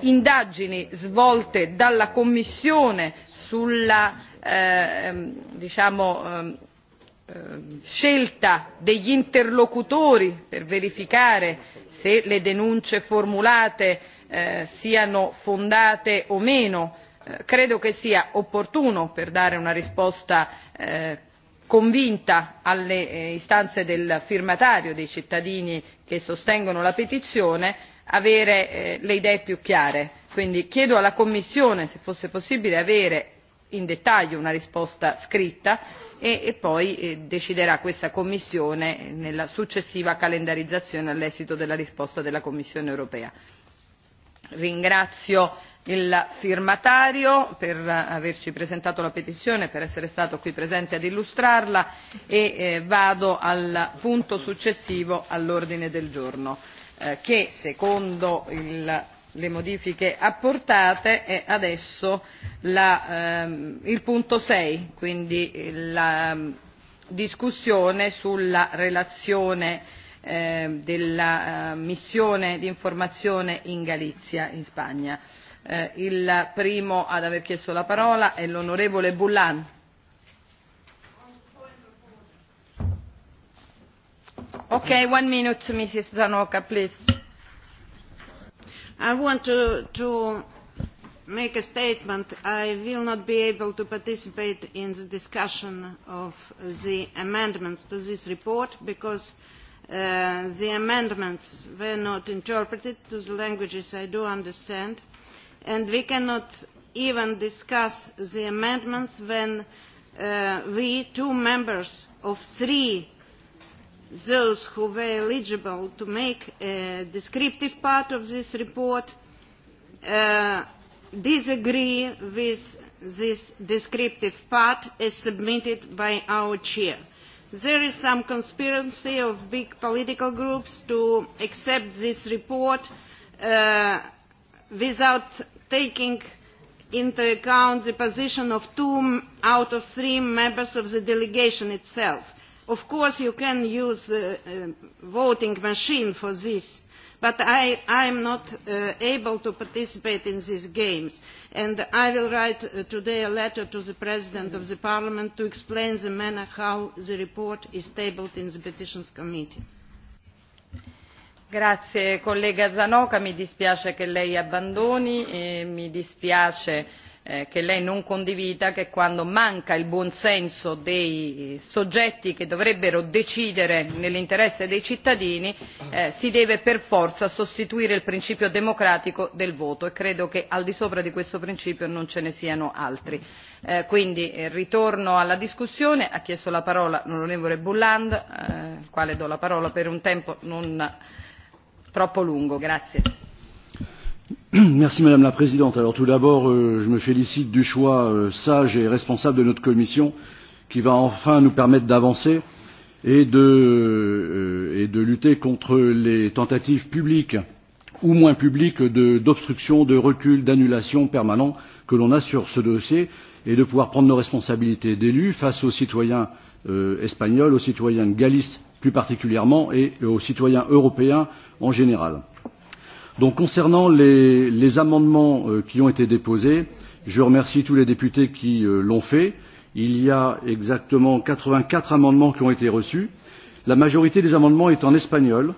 indagini svolte dalla commissione sulla diciamo scelta degli interlocutori per verificare se le denunce formulate siano fondate o meno credo che sia opportuno per dare una risposta convinta alle istanze del firmatario dei cittadini che sostengono la petizione avere le idee più chiare quindi chiedo alla commissione se fosse possibile avere in dettaglio una risposta scritta e poi deciderà questa commissione nella successiva calendarizzazione all'esito della risposta della commissione europea ringrazio il firmatario per averci presentato la petizione e per essere stato qui presente ad illustrarla e vado al punto successivo all'ordine del giorno che secondo le modifiche apportate è adesso il punto sei quindi la discussione sulla relazione eh, della eh, missione di informazione in Galizia, in Spagna. Eh, il primo ad aver chiesto la parola è l'onorevole Bullan. one minute, Mrs. Zanoka, please. I want to, to make a statement. I will not be able to participate in the discussion of the amendments to this report because the amendments were not interpreted to the languages I do understand, and we cannot even discuss the amendments when we, two members of three, those who were eligible to make a descriptive part of this report, disagree with this descriptive part as submitted by our chair there is some conspiracy of big political groups to accept this report without taking into account the position of two out of three members of the delegation itself Of course, you can use a voting machine for this, but I, am not able to participate in these games. And I will write today a letter to the President of the Parliament to explain the manner how the report is tabled in the Petitions Committee. Grazie collega Zanoka, mi dispiace che lei abbandoni e mi dispiace che lei non condivida che quando manca il buon senso dei soggetti che dovrebbero decidere nell'interesse dei cittadini si deve per forza sostituire il principio democratico del voto e credo che al di sopra di questo principio non ce ne siano altri. quindi ritorno alla discussione ha chiesto la parola l'onorevole boulland al quale do la parola per un tempo non troppo lungo. grazie madame la présidente tout d'abord je me félicite du choix sage et responsable de notre commission qui va enfin nous permettre d'avancer et de lutter contre les tentatives publiques ou moins publiques d'obstruction de recul d'annulation permanents que l'on a sur ce dossier et de pouvoir prendre nos responsabilités d'élus face aux citoyens espagnols aux citoyens galistes plus particulièrement et aux citoyens européens en général. Donc concernant les, les amendements euh, qui ont été déposés, je remercie tous les députés qui euh, l'ont fait. Il y a exactement 84 amendements qui ont été reçus. La majorité des amendements est en espagnol.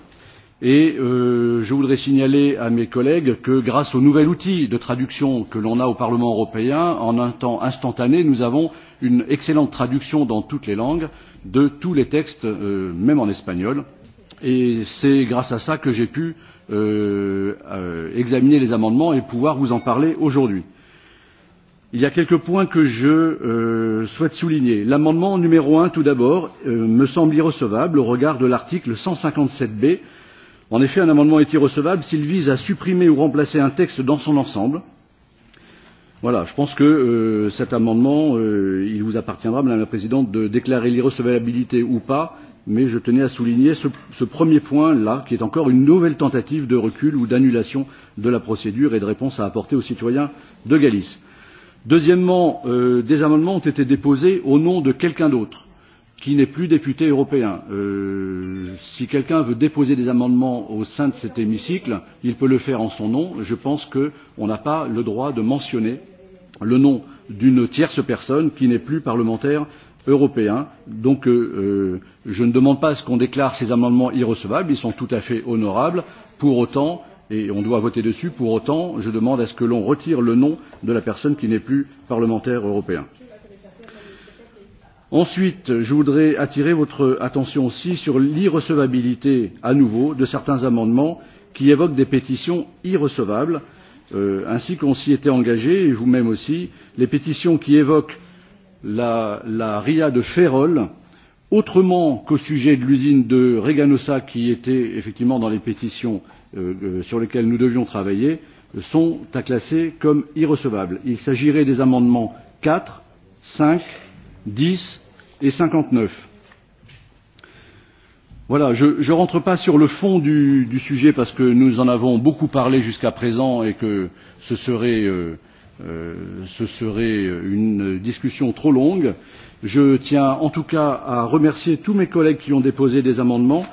Et euh, je voudrais signaler à mes collègues que grâce au nouvel outil de traduction que l'on a au Parlement européen, en un temps instantané, nous avons une excellente traduction dans toutes les langues de tous les textes, euh, même en espagnol. Et c'est grâce à ça que j'ai pu euh, euh, euh, examiner les amendements et pouvoir vous en parler aujourd'hui. Il y a quelques points que je euh, souhaite souligner. L'amendement numéro 1, tout d'abord, euh, me semble irrecevable au regard de l'article 157b. En effet, un amendement est irrecevable s'il vise à supprimer ou remplacer un texte dans son ensemble. Voilà, je pense que euh, cet amendement, euh, il vous appartiendra, Madame la Présidente, de déclarer l'irrecevabilité ou pas, mais je tenais à souligner ce, ce premier point là, qui est encore une nouvelle tentative de recul ou d'annulation de la procédure et de réponse à apporter aux citoyens de Galice. Deuxièmement, euh, des amendements ont été déposés au nom de quelqu'un d'autre qui n'est plus député européen. Euh, si quelqu'un veut déposer des amendements au sein de cet hémicycle, il peut le faire en son nom. Je pense qu'on n'a pas le droit de mentionner le nom d'une tierce personne qui n'est plus parlementaire européen. Donc euh, je ne demande pas à ce qu'on déclare ces amendements irrecevables, ils sont tout à fait honorables. Pour autant, et on doit voter dessus, pour autant, je demande à ce que l'on retire le nom de la personne qui n'est plus parlementaire européen. Ensuite, je voudrais attirer votre attention aussi sur l'irrecevabilité à nouveau de certains amendements qui évoquent des pétitions irrecevables, euh, ainsi qu'on s'y était engagé, et vous-même aussi, les pétitions qui évoquent la, la RIA de Férol, autrement qu'au sujet de l'usine de Reganosa qui était effectivement dans les pétitions euh, sur lesquelles nous devions travailler, sont à classer comme irrecevables. Il s'agirait des amendements 4, 5, 10 et 59. Voilà, je ne rentre pas sur le fond du, du sujet parce que nous en avons beaucoup parlé jusqu'à présent et que ce serait euh, ce serait une discussion trop longue. Je tiens en tout cas à remercier tous mes collègues qui ont déposé des amendements.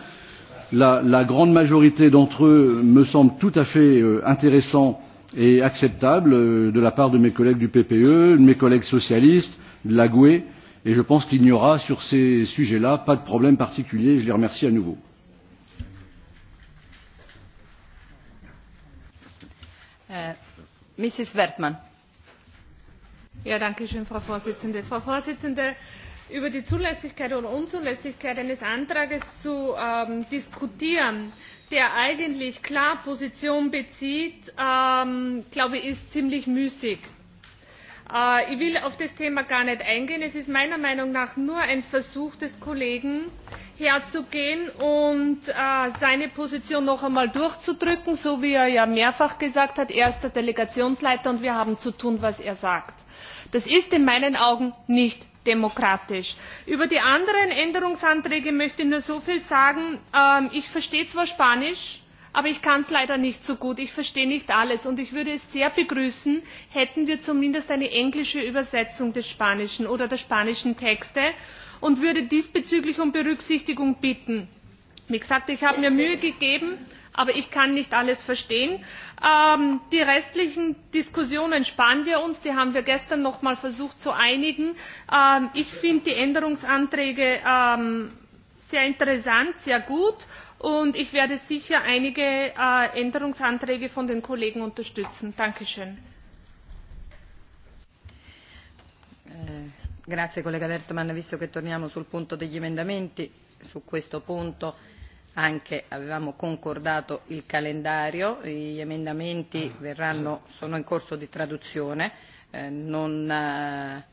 La, la grande majorité d'entre eux me semble tout à fait intéressant et acceptable de la part de mes collègues du PPE, de mes collègues socialistes, de la GUE, et je pense qu'il n'y aura sur ces sujets-là pas de problème particulier. Je les remercie à nouveau. Mrs. Wertmann frau präsidentin! Frau Vorsitzende. über die zulässigkeit oder unzulässigkeit eines antrags zu diskutieren der eigentlich klar position bezieht ist ziemlich müßig. ich will auf das thema gar nicht eingehen. es ist meiner meinung nach nur ein versuch des kollegen herzugehen und seine position noch einmal durchzudrücken so wie er ja mehrfach gesagt hat er ist der delegationsleiter und wir haben zu tun was er sagt das ist in meinen augen nicht demokratisch. über die anderen änderungsanträge möchte ich nur so viel sagen ich verstehe zwar spanisch aber ich kann es leider nicht so gut ich verstehe nicht alles und ich würde es sehr begrüßen hätten wir zumindest eine englische übersetzung des spanischen oder der spanischen texte und würde diesbezüglich um berücksichtigung bitten. wie gesagt ich habe mir mühe gegeben aber ich kann nicht alles verstehen. die restlichen diskussionen sparen wir uns die haben wir gestern noch einmal versucht zu einigen. ich finde die änderungsanträge sehr interessant sehr gut und ich werde sicher einige änderungsanträge von den kollegen unterstützen. danke schön. grazie collega Vertman, visto che torniamo sul punto degli emendamenti, su questo punto anche avevamo concordato il calendario, gli emendamenti verranno, sono in corso di traduzione, eh, non, eh,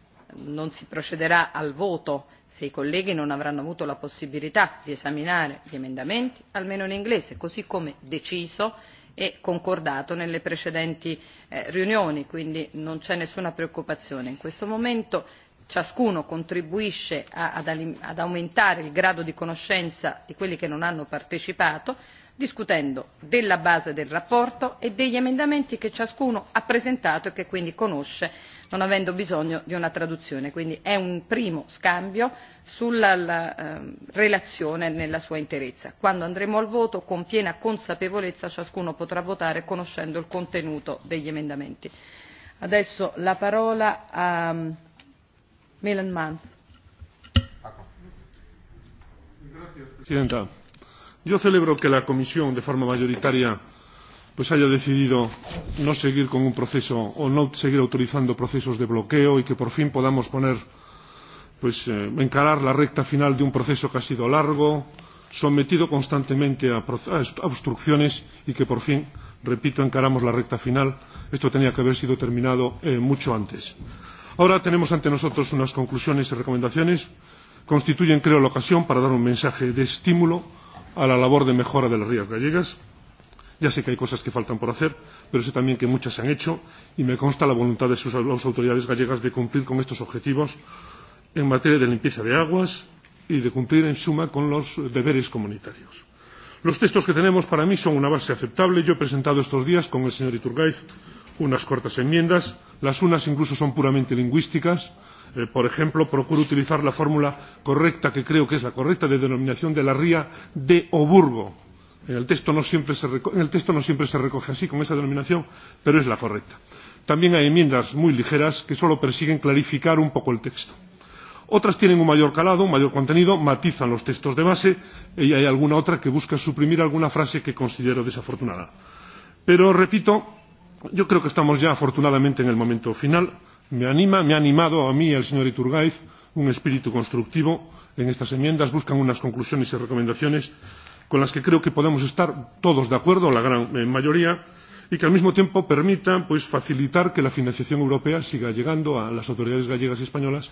non si procederà al voto se i colleghi non avranno avuto la possibilità di esaminare gli emendamenti, almeno in inglese, così come deciso e concordato nelle precedenti eh, riunioni, quindi non c'è nessuna preoccupazione. In questo momento ciascuno contribuisce ad aumentare il grado di conoscenza di quelli che non hanno partecipato discutendo della base della relazione e degli emendamenti che ciascuno ha presentato e che quindi conosce non avendo bisogno di una traduzione quindi è un primo scambio sulla relazione nella sua interezza. quando andremo al voto con piena consapevolezza ciascuno potrà votare conoscendo il contenuto degli emendamenti. adesso la parola Señora presidenta, yo celebro que la Comisión, de forma mayoritaria, pues haya decidido no seguir con un proceso o no seguir autorizando procesos de bloqueo y que por fin podamos poner pues eh, encarar la recta final de un proceso que ha sido largo, sometido constantemente a, a obstrucciones y que por fin, repito, encaramos la recta final. Esto tenía que haber sido terminado eh, mucho antes. Ahora tenemos ante nosotros unas conclusiones y recomendaciones. que Constituyen, creo, la ocasión para dar un mensaje de estímulo a la labor de mejora de las rías gallegas. Ya sé que hay cosas que faltan por hacer, pero sé también que muchas se han hecho y me consta la voluntad de sus, las autoridades gallegas de cumplir con estos objetivos en materia de limpieza de aguas y de cumplir, en suma, con los deberes comunitarios. Los textos que tenemos para mí son una base aceptable. Yo he presentado estos días con el señor Iturgaiz unas cortas enmiendas las unas incluso son puramente lingüísticas por ejemplo procuro utilizar la fórmula correcta que creo que es la correcta de denominación de la ría de oburgo en el texto no siempre se recoge así con esa denominación pero es la correcta. también hay enmiendas muy ligeras que solo persiguen clarificar un poco el texto. otras tienen un mayor calado un mayor contenido matizan los textos de base y hay alguna otra que busca suprimir alguna frase que considero desafortunada. pero repito yo creo que estamos ya afortunadamente en el momento final. Me anima, me ha animado a mí y al señor Iturgaiz un espíritu constructivo en estas enmiendas. Buscan unas conclusiones y recomendaciones con las que creo que podemos estar todos de acuerdo, la gran mayoría, y que al mismo tiempo permitan facilitar que la financiación europea siga llegando a las autoridades gallegas y españolas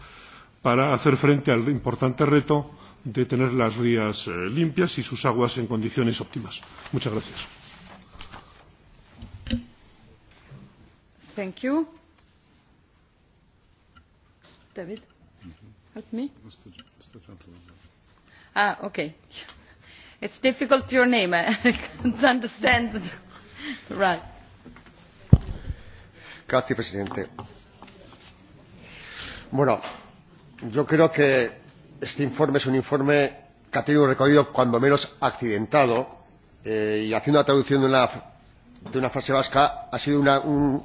para hacer frente al importante reto de tener las rías limpias y sus aguas en condiciones óptimas. Muchas gracias. Bueno, yo creo que este informe es un informe que ha tenido un recorrido cuando menos accidentado y haciendo la traducción de una, de una frase vasca ha sido una, un,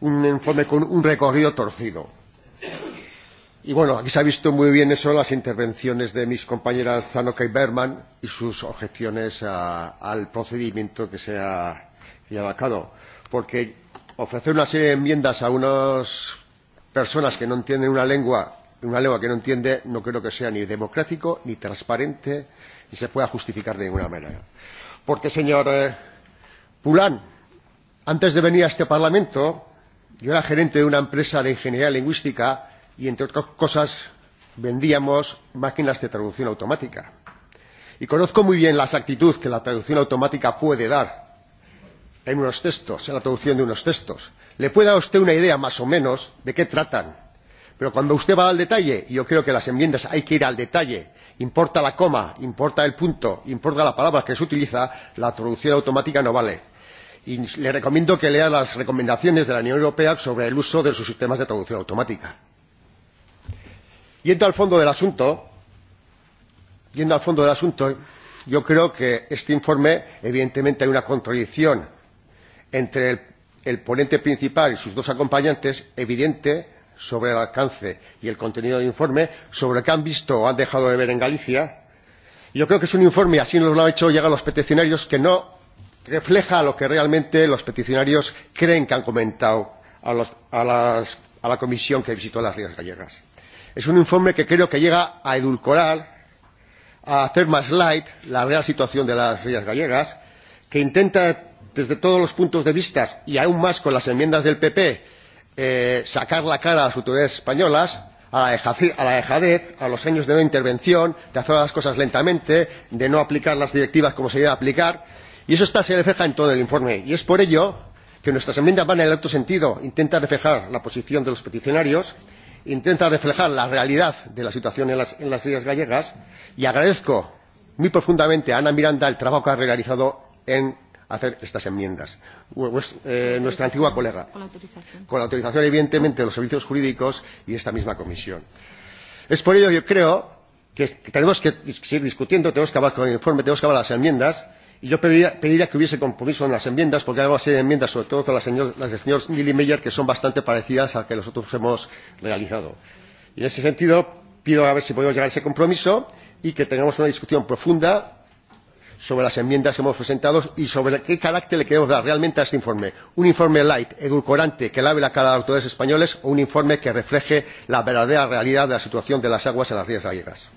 un informe con un recorrido torcido. Y bueno, aquí se ha visto muy bien eso en las intervenciones de mis compañeras Zanoka y Berman y sus objeciones a, al procedimiento que se ha llevado a cabo. Porque ofrecer una serie de enmiendas a unas personas que no entienden una lengua, una lengua que no entiende, no creo que sea ni democrático, ni transparente, ni se pueda justificar de ninguna manera. Porque, señor eh, Pulán, antes de venir a este Parlamento, Yo era gerente de una empresa de ingeniería lingüística y, entre otras cosas, vendíamos máquinas de traducción automática. Y conozco muy bien la exactitud que la traducción automática puede dar en unos textos, en la traducción de unos textos. Le puede dar a usted una idea más o menos de qué tratan. Pero cuando usted va al detalle, y yo creo que las enmiendas hay que ir al detalle, importa la coma, importa el punto, importa la palabra que se utiliza, la traducción automática no vale y le recomiendo que lea las recomendaciones de la unión europea sobre el uso de sus sistemas de traducción automática. yendo al fondo del asunto yo creo que en este informe evidentemente hay una contradicción entre el ponente principal y sus dos acompañantes evidente sobre el alcance y el contenido del informe sobre qué han visto o han dejado de ver en galicia. yo creo que es un informe así nos lo han hecho llegar los peticionarios que no refleja lo que realmente los peticionarios creen que han comentado a, los, a, las, a la comisión que visitó las Rías Gallegas. Es un informe que creo que llega a edulcorar, a hacer más light la real situación de las Rías Gallegas, que intenta desde todos los puntos de vista y aún más con las enmiendas del PP eh, sacar la cara a las autoridades españolas, a la dejadez, a los años de no intervención, de hacer las cosas lentamente, de no aplicar las directivas como se debe aplicar y eso se refleja en todo el informe y es por ello que nuestras enmiendas van en el otro sentido intentan reflejar la posición de los peticionarios intentan reflejar la realidad de la situación en las islas gallegas y agradezco muy profundamente a ana miranda el trabajo que ha realizado en hacer estas enmiendas. nuestra antigua colega con la autorización evidentemente de los servicios jurídicos y de esta misma comisión. es por ello que yo creo que tenemos que seguir discutiendo tenemos que hablar con el informe tenemos que hablar de las enmiendas y yo pediría que hubiese compromiso en las enmiendas porque hay una serie de enmiendas sobre todo con las del señor Meyer que son bastante parecidas a las que nosotros hemos realizado. y en ese sentido pido a ver si podemos llegar a ese compromiso y que tengamos una discusión profunda sobre las enmiendas que hemos presentado y sobre qué carácter le queremos dar realmente a este informe un informe light edulcorante que lave la cara a las autoridades españoles o un informe que refleje la verdadera realidad de la situación de las aguas en las rías gallegas?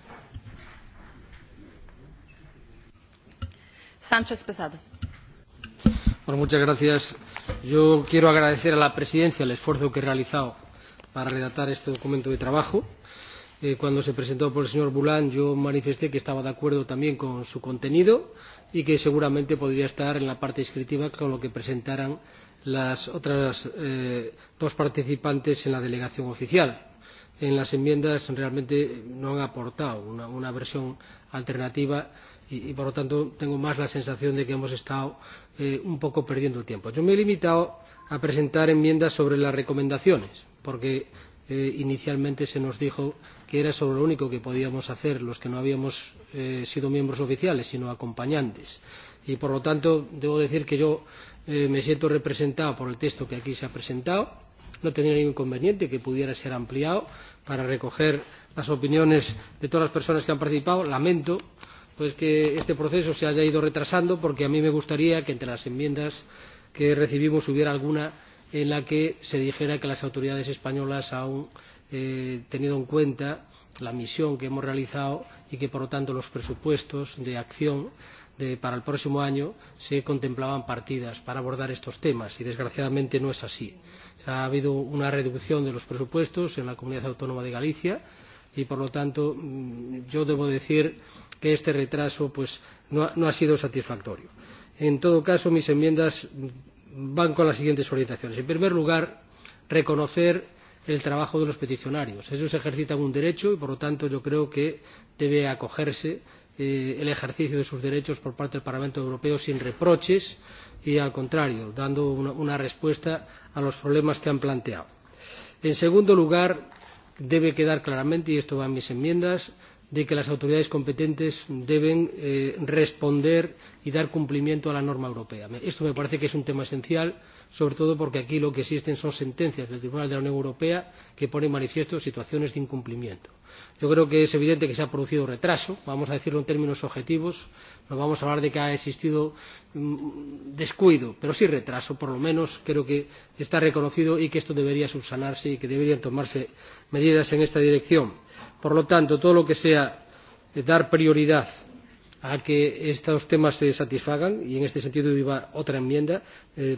Sánchez Pesado. muchas gracias. Yo quiero agradecer a la presidencia el esfuerzo que ha realizado para redactar este documento de trabajo. Eh, cuando se presentó por el señor Boulán, yo manifesté que estaba de acuerdo también con su contenido y que seguramente podría estar en la parte descriptiva con lo que presentaran las otras eh, dos participantes en la delegación oficial. En las enmiendas realmente no han aportado una, una versión alternativa y, por lo tanto tengo más la sensación de que hemos estado un poco perdiendo el tiempo. Yo me he limitado a presentar enmiendas sobre las recomendaciones porque inicialmente se nos dijo que era sobre lo único que podíamos hacer los que no habíamos sido miembros oficiales sino acompañantes y por lo tanto debo decir que yo me siento representado por el texto que aquí se ha presentado no tenía ningún inconveniente que pudiera ser ampliado para recoger las opiniones de todas las personas que han participado lamento pues que este proceso se haya ido retrasando porque a mí me gustaría que entre las enmiendas que recibimos hubiera alguna en la que se dijera que las autoridades españolas aún teniendo en cuenta la misión que hemos realizado y que por lo tanto los presupuestos de acción para el próximo año se contemplaban partidas para abordar estos temas y desgraciadamente no es así. ha habido una reducción de los presupuestos en la comunidad autónoma de galicia y por lo tanto yo debo decir que este retraso no ha sido satisfactorio. en todo caso mis enmiendas van con las siguientes orientaciones en primer lugar reconocer el trabajo de los peticionarios. ellos ejercitan un derecho y por lo tanto yo creo que debe acogerse el ejercicio de sus derechos por parte del parlamento europeo sin reproches y al contrario dando una respuesta a los problemas que han planteado. en segundo lugar debe quedar claramente y esto va en mis enmiendas de que las autoridades competentes deben responder y dar cumplimiento a la norma europea. esto me parece que es un tema esencial sobre todo porque aquí lo que existen son sentencias del tribunal de la unión europea que ponen de manifiesto situaciones de incumplimiento. Yo creo que es evidente que se ha producido un retraso, vamos a decirlo en términos objetivos, no vamos a hablar de que ha existido descuido, pero sí retraso, por lo menos creo que está reconocido y que esto debería subsanarse y que deberían tomarse medidas en esta dirección. Por lo tanto, todo lo que sea dar prioridad a que estos temas se satisfagan y en este sentido iba otra enmienda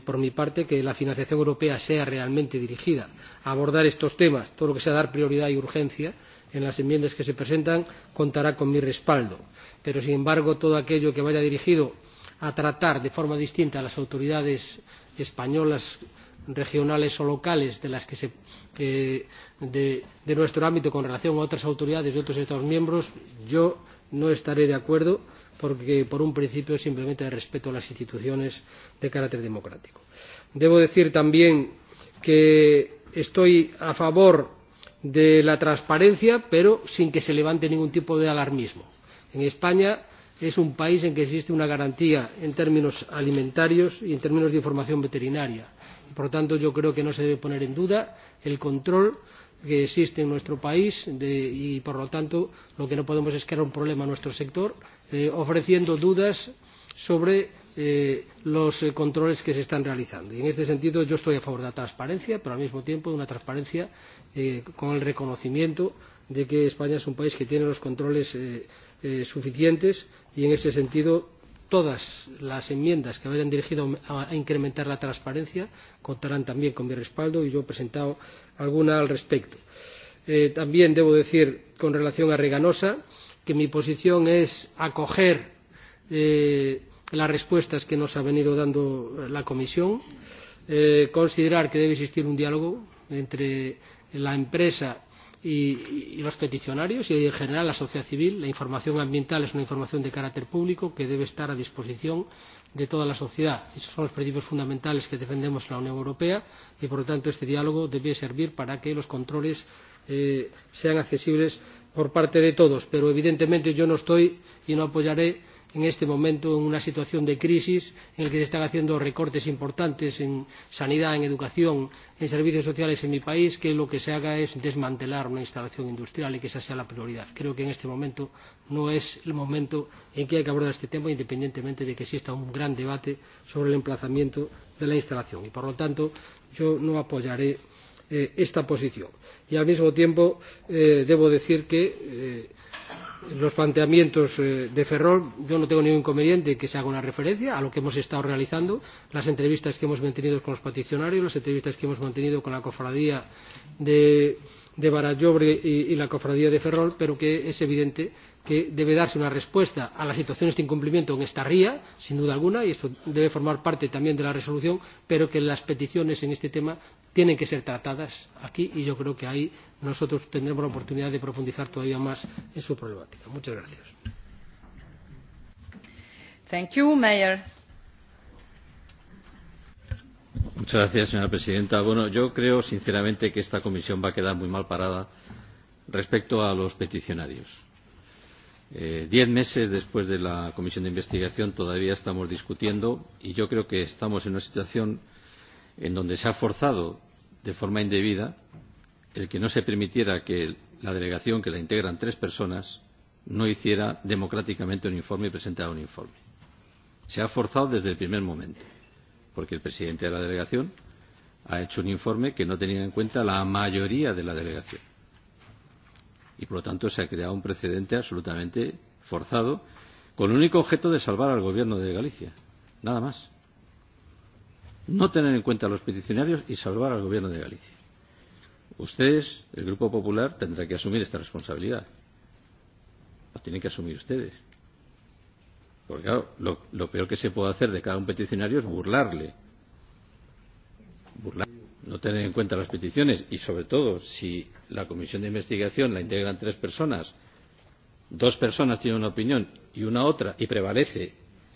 por mi parte que la financiación europea sea realmente dirigida a abordar estos temas todo lo que sea dar prioridad y urgencia en las enmiendas que se presentan contará con mi respaldo. Pero, sin embargo, todo aquello que vaya dirigido a tratar de forma distinta a las autoridades españolas, regionales o locales de, las que se, eh, de, de nuestro ámbito con relación a otras autoridades de otros Estados miembros, yo no estaré de acuerdo porque por un principio simplemente de respeto a las instituciones de carácter democrático. Debo decir también que estoy a favor de la transparencia, pero sin que se levante ningún tipo de alarmismo. En España es un país en que existe una garantía en términos alimentarios y en términos de información veterinaria. Por lo tanto, yo creo que no se debe poner en duda el control que existe en nuestro país y, por lo tanto, lo que no podemos es crear un problema a nuestro sector ofreciendo dudas sobre los controles que se están realizando. Y en este sentido yo estoy a favor de la transparencia, pero al mismo tiempo de una transparencia con el reconocimiento de que España es un país que tiene los controles suficientes y en ese sentido todas las enmiendas que vayan dirigidas a incrementar la transparencia contarán también con mi respaldo y yo he presentado alguna al respecto. también debo decir con relación a Reganosa que mi posición es acoger eh, las respuestas que nos ha venido dando la Comisión, considerar que debe existir un diálogo entre la empresa y, los peticionarios y en general la sociedad civil. La información ambiental es una información de carácter público que debe estar a disposición de toda la sociedad. Esos son los principios fundamentales que defendemos en la Unión Europea y, por lo tanto, este diálogo debe servir para que los controles sean accesibles por parte de todos. Pero, evidentemente, yo no estoy y no apoyaré en este momento en una situación de crisis en la que se están haciendo recortes importantes en sanidad en educación en servicios sociales en mi país que lo que se haga es desmantelar una instalación industrial y que esa sea la prioridad. creo que en este momento no es el momento en que hay que abordar este tema independientemente de que exista un gran debate sobre el emplazamiento de la instalación y por lo tanto yo no apoyaré esta posición. y al mismo tiempo debo decir que los planteamientos de ferrol yo no tengo ningún inconveniente en que se haga una referencia a lo que hemos estado realizando las entrevistas que hemos mantenido con los peticionarios las entrevistas que hemos mantenido con la cofradía de barallobre y la cofradía de ferrol pero que es evidente que debe darse una respuesta a las situaciones de incumplimiento en esta ría sin duda alguna y esto debe formar parte también de la resolución pero que las peticiones en este tema tienen que ser tratadas aquí y yo creo que ahí nosotros tendremos la oportunidad de profundizar todavía más en su problemática. Muchas gracias. Thank you, Mayor. Muchas gracias, señora presidenta. Bueno, yo creo sinceramente que esta comisión va a quedar muy mal parada respecto a los peticionarios. Eh, diez meses después de la comisión de investigación todavía estamos discutiendo y yo creo que estamos en una situación en donde se ha forzado de forma indebida el que no se permitiera que la delegación que la integran tres personas no hiciera democráticamente un informe y presentara un informe. Se ha forzado desde el primer momento, porque el presidente de la delegación ha hecho un informe que no tenía en cuenta la mayoría de la delegación. Y por lo tanto se ha creado un precedente absolutamente forzado con el único objeto de salvar al gobierno de Galicia. Nada más no tener en cuenta a los peticionarios y salvar al gobierno de Galicia. Ustedes, el Grupo Popular, tendrá que asumir esta responsabilidad. La tienen que asumir ustedes. Porque claro, lo, lo peor que se puede hacer de cada un peticionario es burlarle. Burlar, no tener en cuenta las peticiones y sobre todo si la comisión de investigación la integran tres personas, dos personas tienen una opinión y una otra y prevalece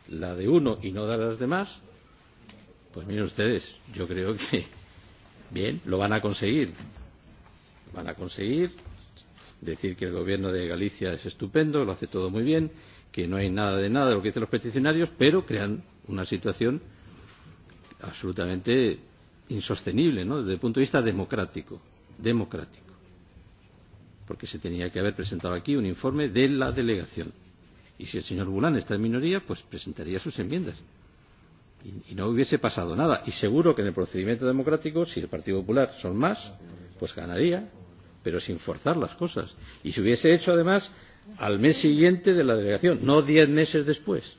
la de uno y no de las demás, Pues miren ustedes, yo creo que bien, lo van a conseguir. Van a conseguir decir que el gobierno de Galicia es estupendo, lo hace todo muy bien, que no hay nada de nada de lo que dicen los peticionarios, pero crean una situación absolutamente insostenible, ¿no? Desde el punto de vista democrático, democrático. Porque se tenía que haber presentado aquí un informe de la delegación. Y si el señor Bulán está en minoría, pues presentaría sus enmiendas y, no hubiese pasado nada. Y seguro que en el procedimiento democrático, si el Partido Popular son más, pues ganaría, pero sin forzar las cosas. Y se hubiese hecho, además, al mes siguiente de la delegación, no diez meses después.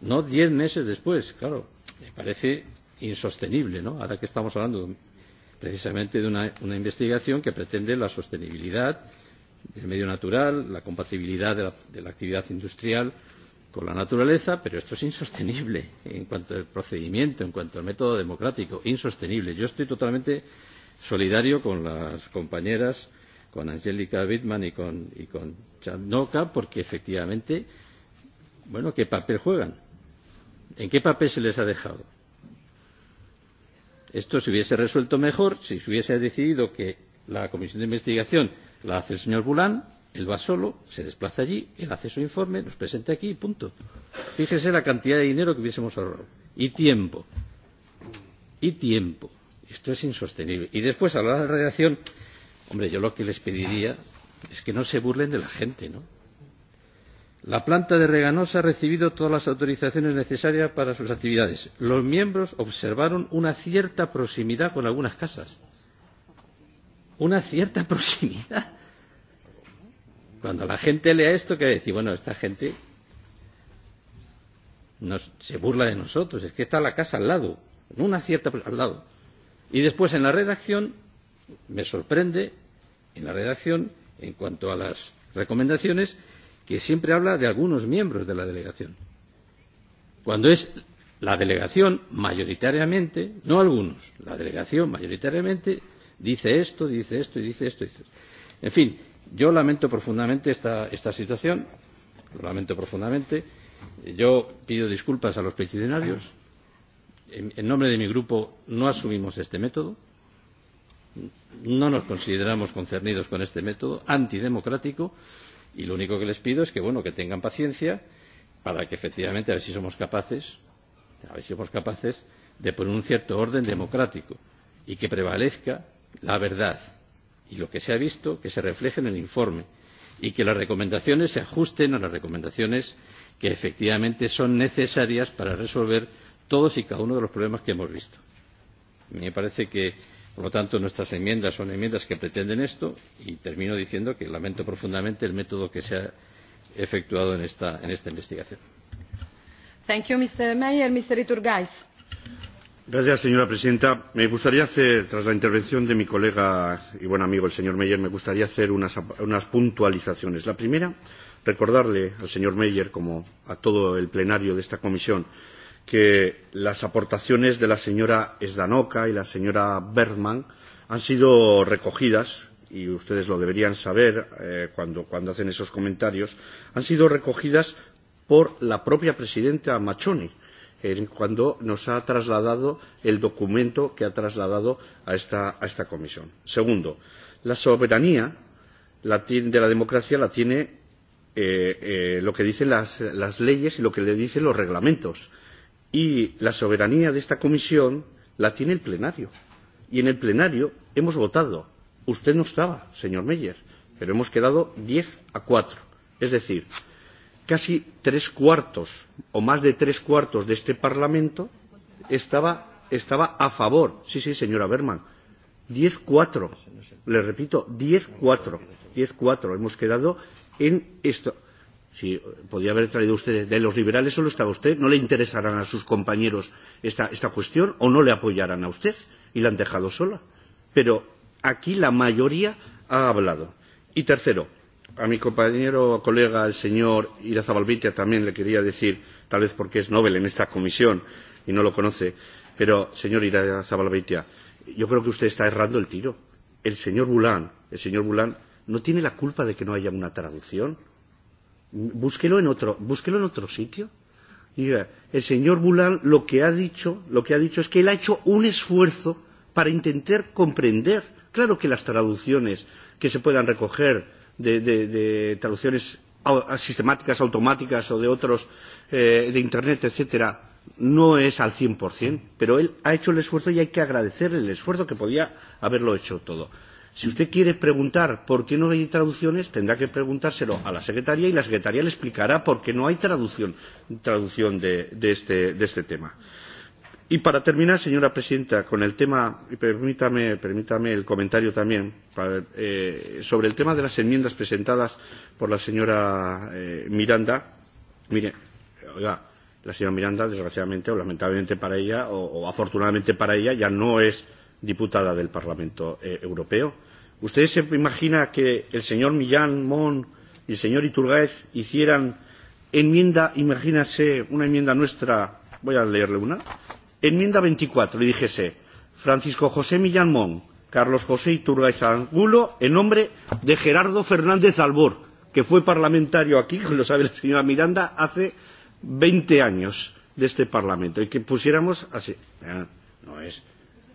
No diez meses después, claro. Me parece insostenible, ¿no? Ahora que estamos hablando precisamente de una, una investigación que pretende la sostenibilidad del medio natural, la compatibilidad de la, de la actividad industrial, con la naturaleza, pero esto es insostenible en cuanto al procedimiento, en cuanto al método democrático, insostenible. Yo estoy totalmente solidario con las compañeras, con Angélica Wittmann y con, y con Chandnoka, porque efectivamente, bueno, ¿qué papel juegan? ¿En qué papel se les ha dejado? Esto se hubiese resuelto mejor si se hubiese decidido que la comisión de investigación la hace el señor Boulán Él va solo, se desplaza allí, él hace su informe, nos presenta aquí y punto. Fíjese la cantidad de dinero que hubiésemos ahorrado. Y tiempo. Y tiempo. Esto es insostenible. Y después, a la hora de la radiación, hombre, yo lo que les pediría es que no se burlen de la gente, ¿no? La planta de Reganosa ha recibido todas las autorizaciones necesarias para sus actividades. Los miembros observaron una cierta proximidad con algunas casas. Una cierta proximidad Cuando la gente lea esto, que decir, bueno, esta gente nos, se burla de nosotros, es que está la casa al lado, en una cierta al lado. Y después en la redacción, me sorprende, en la redacción, en cuanto a las recomendaciones, que siempre habla de algunos miembros de la delegación. Cuando es la delegación mayoritariamente, no algunos, la delegación mayoritariamente dice esto, dice esto y dice esto. Dice esto. En fin, yo lamento profundamente esta situación lo lamento profundamente yo pido disculpas a los peticionarios en nombre de mi grupo no asumimos este método no nos consideramos concernidos con este método antidemocrático y lo único que les pido es que bueno que tengan paciencia para que efectivamente a ver si somos capaces a ver si somos capaces de poner un cierto orden democrático y que prevalezca la verdad y lo que se ha visto que se refleje en el informe y que las recomendaciones se ajusten a las recomendaciones que efectivamente son necesarias para resolver todos y cada uno de los problemas que hemos visto. Me parece que, por lo tanto, nuestras enmiendas son enmiendas que pretenden esto y termino diciendo que lamento profundamente el método que se ha efectuado en esta, en esta investigación. Thank you, Mr. Mayer. Mr señora presidenta me gustaría hacer tras la intervención de mi colega y buen amigo el señor meyer unas puntualizaciones. la primera recordarle al señor meyer como a todo el pleno de esta comisión que las aportaciones de la señora zdanoka y la señora bergmann han sido recogidas y ustedes lo deberían saber cuando, hacen esos comentarios han sido recogidas por la propia presidenta mazzoni en cuando nos ha trasladado el documento que ha trasladado a esta, a esta comisión. Segundo, la soberanía la, de la democracia la tiene eh, eh, lo que dicen las, las leyes y lo que le dicen los reglamentos. Y la soberanía de esta comisión la tiene el plenario. Y en el plenario hemos votado. Usted no estaba, señor Meyer, pero hemos quedado 10 a 4. Es decir, casi tres cuartos o más de tres cuartos de este Parlamento estaba, estaba a favor. Sí, sí, señora Berman. diez cuatro, Le repito, diez cuatro, diez cuatro, Hemos quedado en esto. Si podía haber traído usted de los liberales, solo estaba usted. ¿No le interesarán a sus compañeros esta, esta cuestión o no le apoyarán a usted? Y la han dejado sola. Pero aquí la mayoría ha hablado. Y tercero, a mi compañero colega, el señor Irazabalbeitia, también le quería decir, tal vez porque es Nobel en esta comisión y no lo conoce, pero, señor Irazabalbeitia, yo creo que usted está errando el tiro. El señor Bulán, el señor Bulán, no tiene la culpa de que no haya una traducción. Búsquelo en otro, búsquelo en otro sitio. Diga, el señor Bulán lo que ha dicho, lo que ha dicho es que él ha hecho un esfuerzo para intentar comprender. Claro que las traducciones que se puedan recoger de, de, de traducciones sistemáticas, automáticas o de otros, eh, de Internet, etcétera, no es al 100%, pero él ha hecho el esfuerzo y hay que agradecerle el esfuerzo que podía haberlo hecho todo. Si usted quiere preguntar por qué no hay traducciones, tendrá que preguntárselo a la secretaria y la secretaria le explicará por qué no hay traducción, traducción de, de, este, de este tema y para terminar señora presidenta con el tema y permítame el comentario también sobre el tema de las enmiendas presentadas por la señora miranda mire oiga la señora miranda desgraciadamente o lamentablemente para ella o afortunadamente para ella ya no es diputada del parlamento europeo. usted se imagina que el señor millán mon y el señor iturgaiz hicieran enmienda imagínese una enmienda nuestra voy a leerle una enmienda veinticuatro y dijese Francisco José Millán Mon, Carlos José Iturgaiz Angulo, en nombre de Gerardo Fernández Albor, que fue parlamentario aquí, como lo sabe la señora Miranda, hace veinte años de este Parlamento, y que pusiéramos así. No es.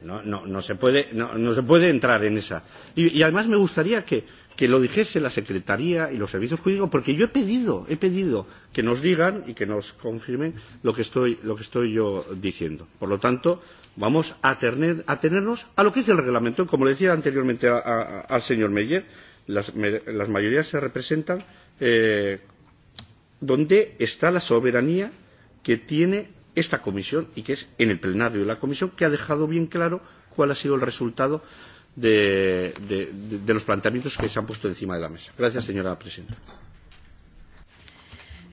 No, no, no, se puede, no, no se puede entrar en esa. Y, y además me gustaría que que lo dijese la Secretaría y los servicios jurídicos, porque yo he pedido, he pedido que nos digan y que nos confirmen lo que estoy, lo que estoy yo diciendo. Por lo tanto, vamos a, tener, a tenernos a lo que dice el reglamento. Como le decía anteriormente a, a, al señor Meyer, las, me, las mayorías se representan eh, donde está la soberanía que tiene esta comisión y que es en el plenario de la comisión que ha dejado bien claro cuál ha sido el resultado eh, de, de, de los planteamientos que se han puesto encima de la mesa. Gracias, señora presidenta.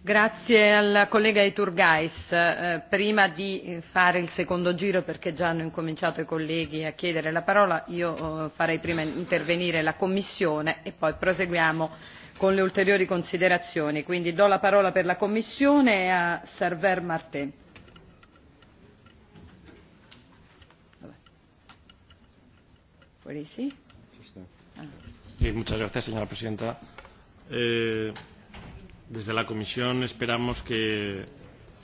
Grazie al collega Iturgais. Eh, prima di fare il secondo giro, perché già hanno incominciato i colleghi a chiedere la parola, io eh, farei prima intervenire la Commissione e poi proseguiamo con le ulteriori considerazioni. Quindi do la parola per la Commissione a Server Martin señora presidenta. desde la Comisión esperamos que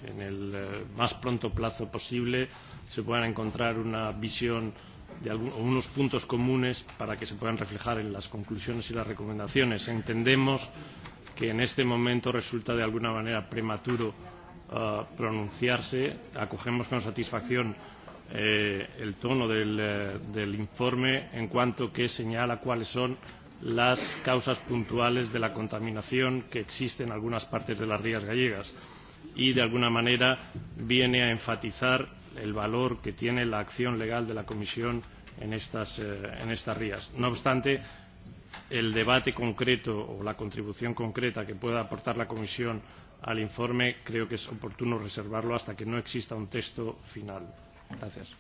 en el más pronto plazo posible se puedan encontrar una visión de unos puntos comunes para que se puedan reflejar en las conclusiones y las recomendaciones. Entendemos que en este momento resulta de alguna manera prematuro pronunciarse. Acogemos con satisfacción eh, el tono del, del informe en cuanto que señala cuáles son las causas puntuales de la contaminación que existe en algunas partes de las rías gallegas y de alguna manera viene a enfatizar el valor que tiene la acción legal de la Comisión en estas, en estas rías. No obstante, el debate concreto o la contribución concreta que pueda aportar la Comisión al informe creo que es oportuno reservarlo hasta que no exista un texto final. Gracias.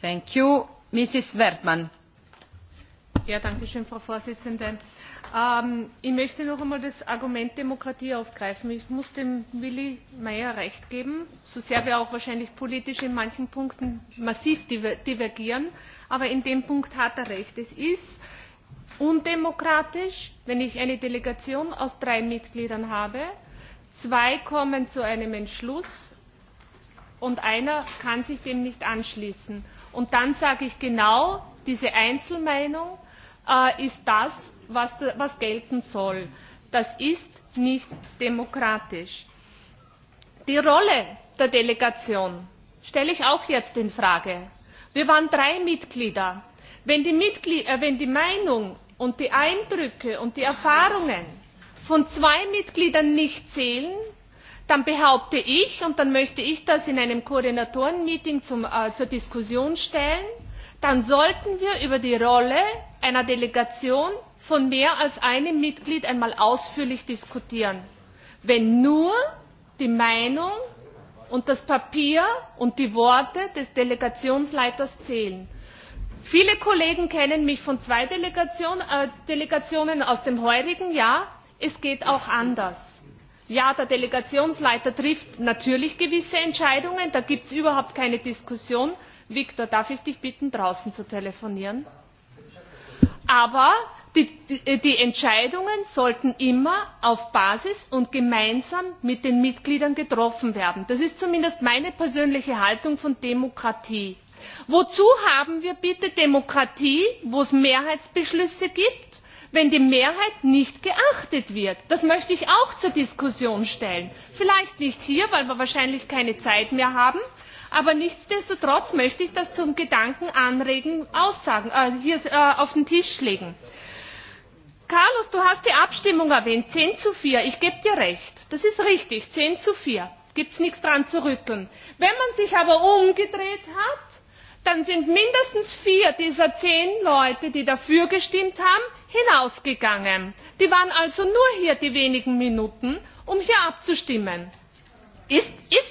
Thank you. Mrs. Wertmann. Ja, danke schön, Frau Vorsitzende. Ähm, ich möchte noch einmal das Argument Demokratie aufgreifen. Ich muss dem Willi Meyer recht geben, so sehr wir auch wahrscheinlich politisch in manchen Punkten massiv divergieren. Aber in dem Punkt hat er recht. Es ist undemokratisch, wenn ich eine Delegation aus drei Mitgliedern habe zwei kommen zu einem entschluss und einer kann sich dem nicht anschließen. und dann sage ich genau diese einzelmeinung ist das was gelten soll. das ist nicht demokratisch. die rolle der delegation stelle ich auch jetzt in frage. wir waren drei mitglieder. wenn die meinung und die eindrücke und die erfahrungen von zwei Mitgliedern nicht zählen, dann behaupte ich, und dann möchte ich das in einem Koordinatorenmeeting meeting zur Diskussion stellen, dann sollten wir über die Rolle einer Delegation von mehr als einem Mitglied einmal ausführlich diskutieren. Wenn nur die Meinung und das Papier und die Worte des Delegationsleiters zählen. Viele Kollegen kennen mich von zwei Delegationen aus dem heurigen Jahr es geht auch anders. ja der delegationsleiter trifft natürlich gewisse entscheidungen da gibt es überhaupt keine diskussion victor darf ich dich bitten draußen zu telefonieren? aber die entscheidungen sollten immer auf basis und gemeinsam mit den mitgliedern getroffen werden. das ist zumindest meine persönliche haltung von demokratie. wozu haben wir bitte demokratie wo es mehrheitsbeschlüsse gibt wenn die mehrheit nicht geachtet wird. das möchte ich auch zur diskussion stellen. vielleicht nicht hier weil wir wahrscheinlich keine zeit mehr haben aber nichtsdestotrotz möchte ich das zum gedanken anregen aussagen hier auf den tisch legen. carlos du hast die abstimmung erwähnt zehn zu vier ich gebe dir recht das ist richtig zehn zu vier gibt es nichts daran zu rütteln. wenn man sich aber umgedreht hat dann sind mindestens vier dieser zehn leute die dafür gestimmt haben hinausgegangen. die waren also nur hier die wenigen minuten um hier abzustimmen. ist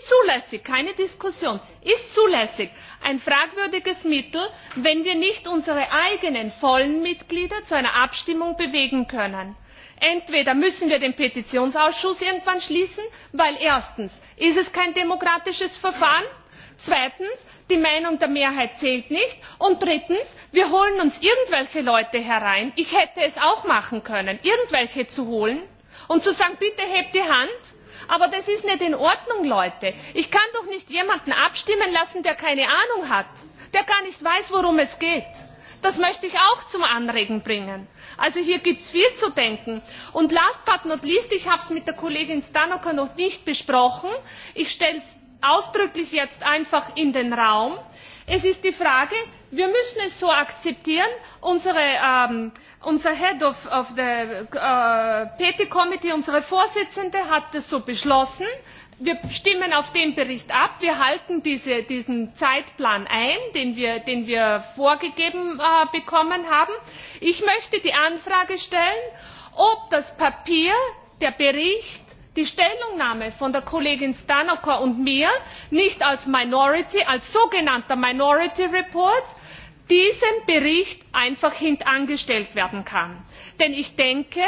zulässig keine diskussion ist zulässig ein fragwürdiges mittel wenn wir nicht unsere eigenen vollen mitglieder zu einer abstimmung bewegen können entweder müssen wir den petitionsausschuss irgendwann schließen weil erstens ist es kein demokratisches verfahren zweitens die meinung der mehrheit zählt nicht und drittens wir holen uns irgendwelche leute herein ich hätte es auch machen können irgendwelche zu holen und zu sagen bitte hebt die hand aber das ist nicht in ordnung leute! ich kann doch nicht jemanden abstimmen lassen der keine ahnung hat der gar nicht weiß worum es geht. das möchte ich auch zum anregen bringen. also hier gibt es viel zu denken. und last but not least ich habe es mit der kollegin stanoka noch nicht besprochen ich stelle ausdrücklich jetzt einfach in den Raum. Es ist die Frage, wir müssen es so akzeptieren, unser Head of, the peti Committee, unsere Vorsitzende hat das so beschlossen. Wir stimmen auf den Bericht ab, wir halten diesen Zeitplan ein, den wir, vorgegeben bekommen haben. Ich möchte die Anfrage stellen, ob das Papier, der Bericht, die stellungnahme von der kollegin stanoka und mir nicht als Minority, als sogenannter minority report diesem bericht einfach hintangestellt werden kann. denn ich denke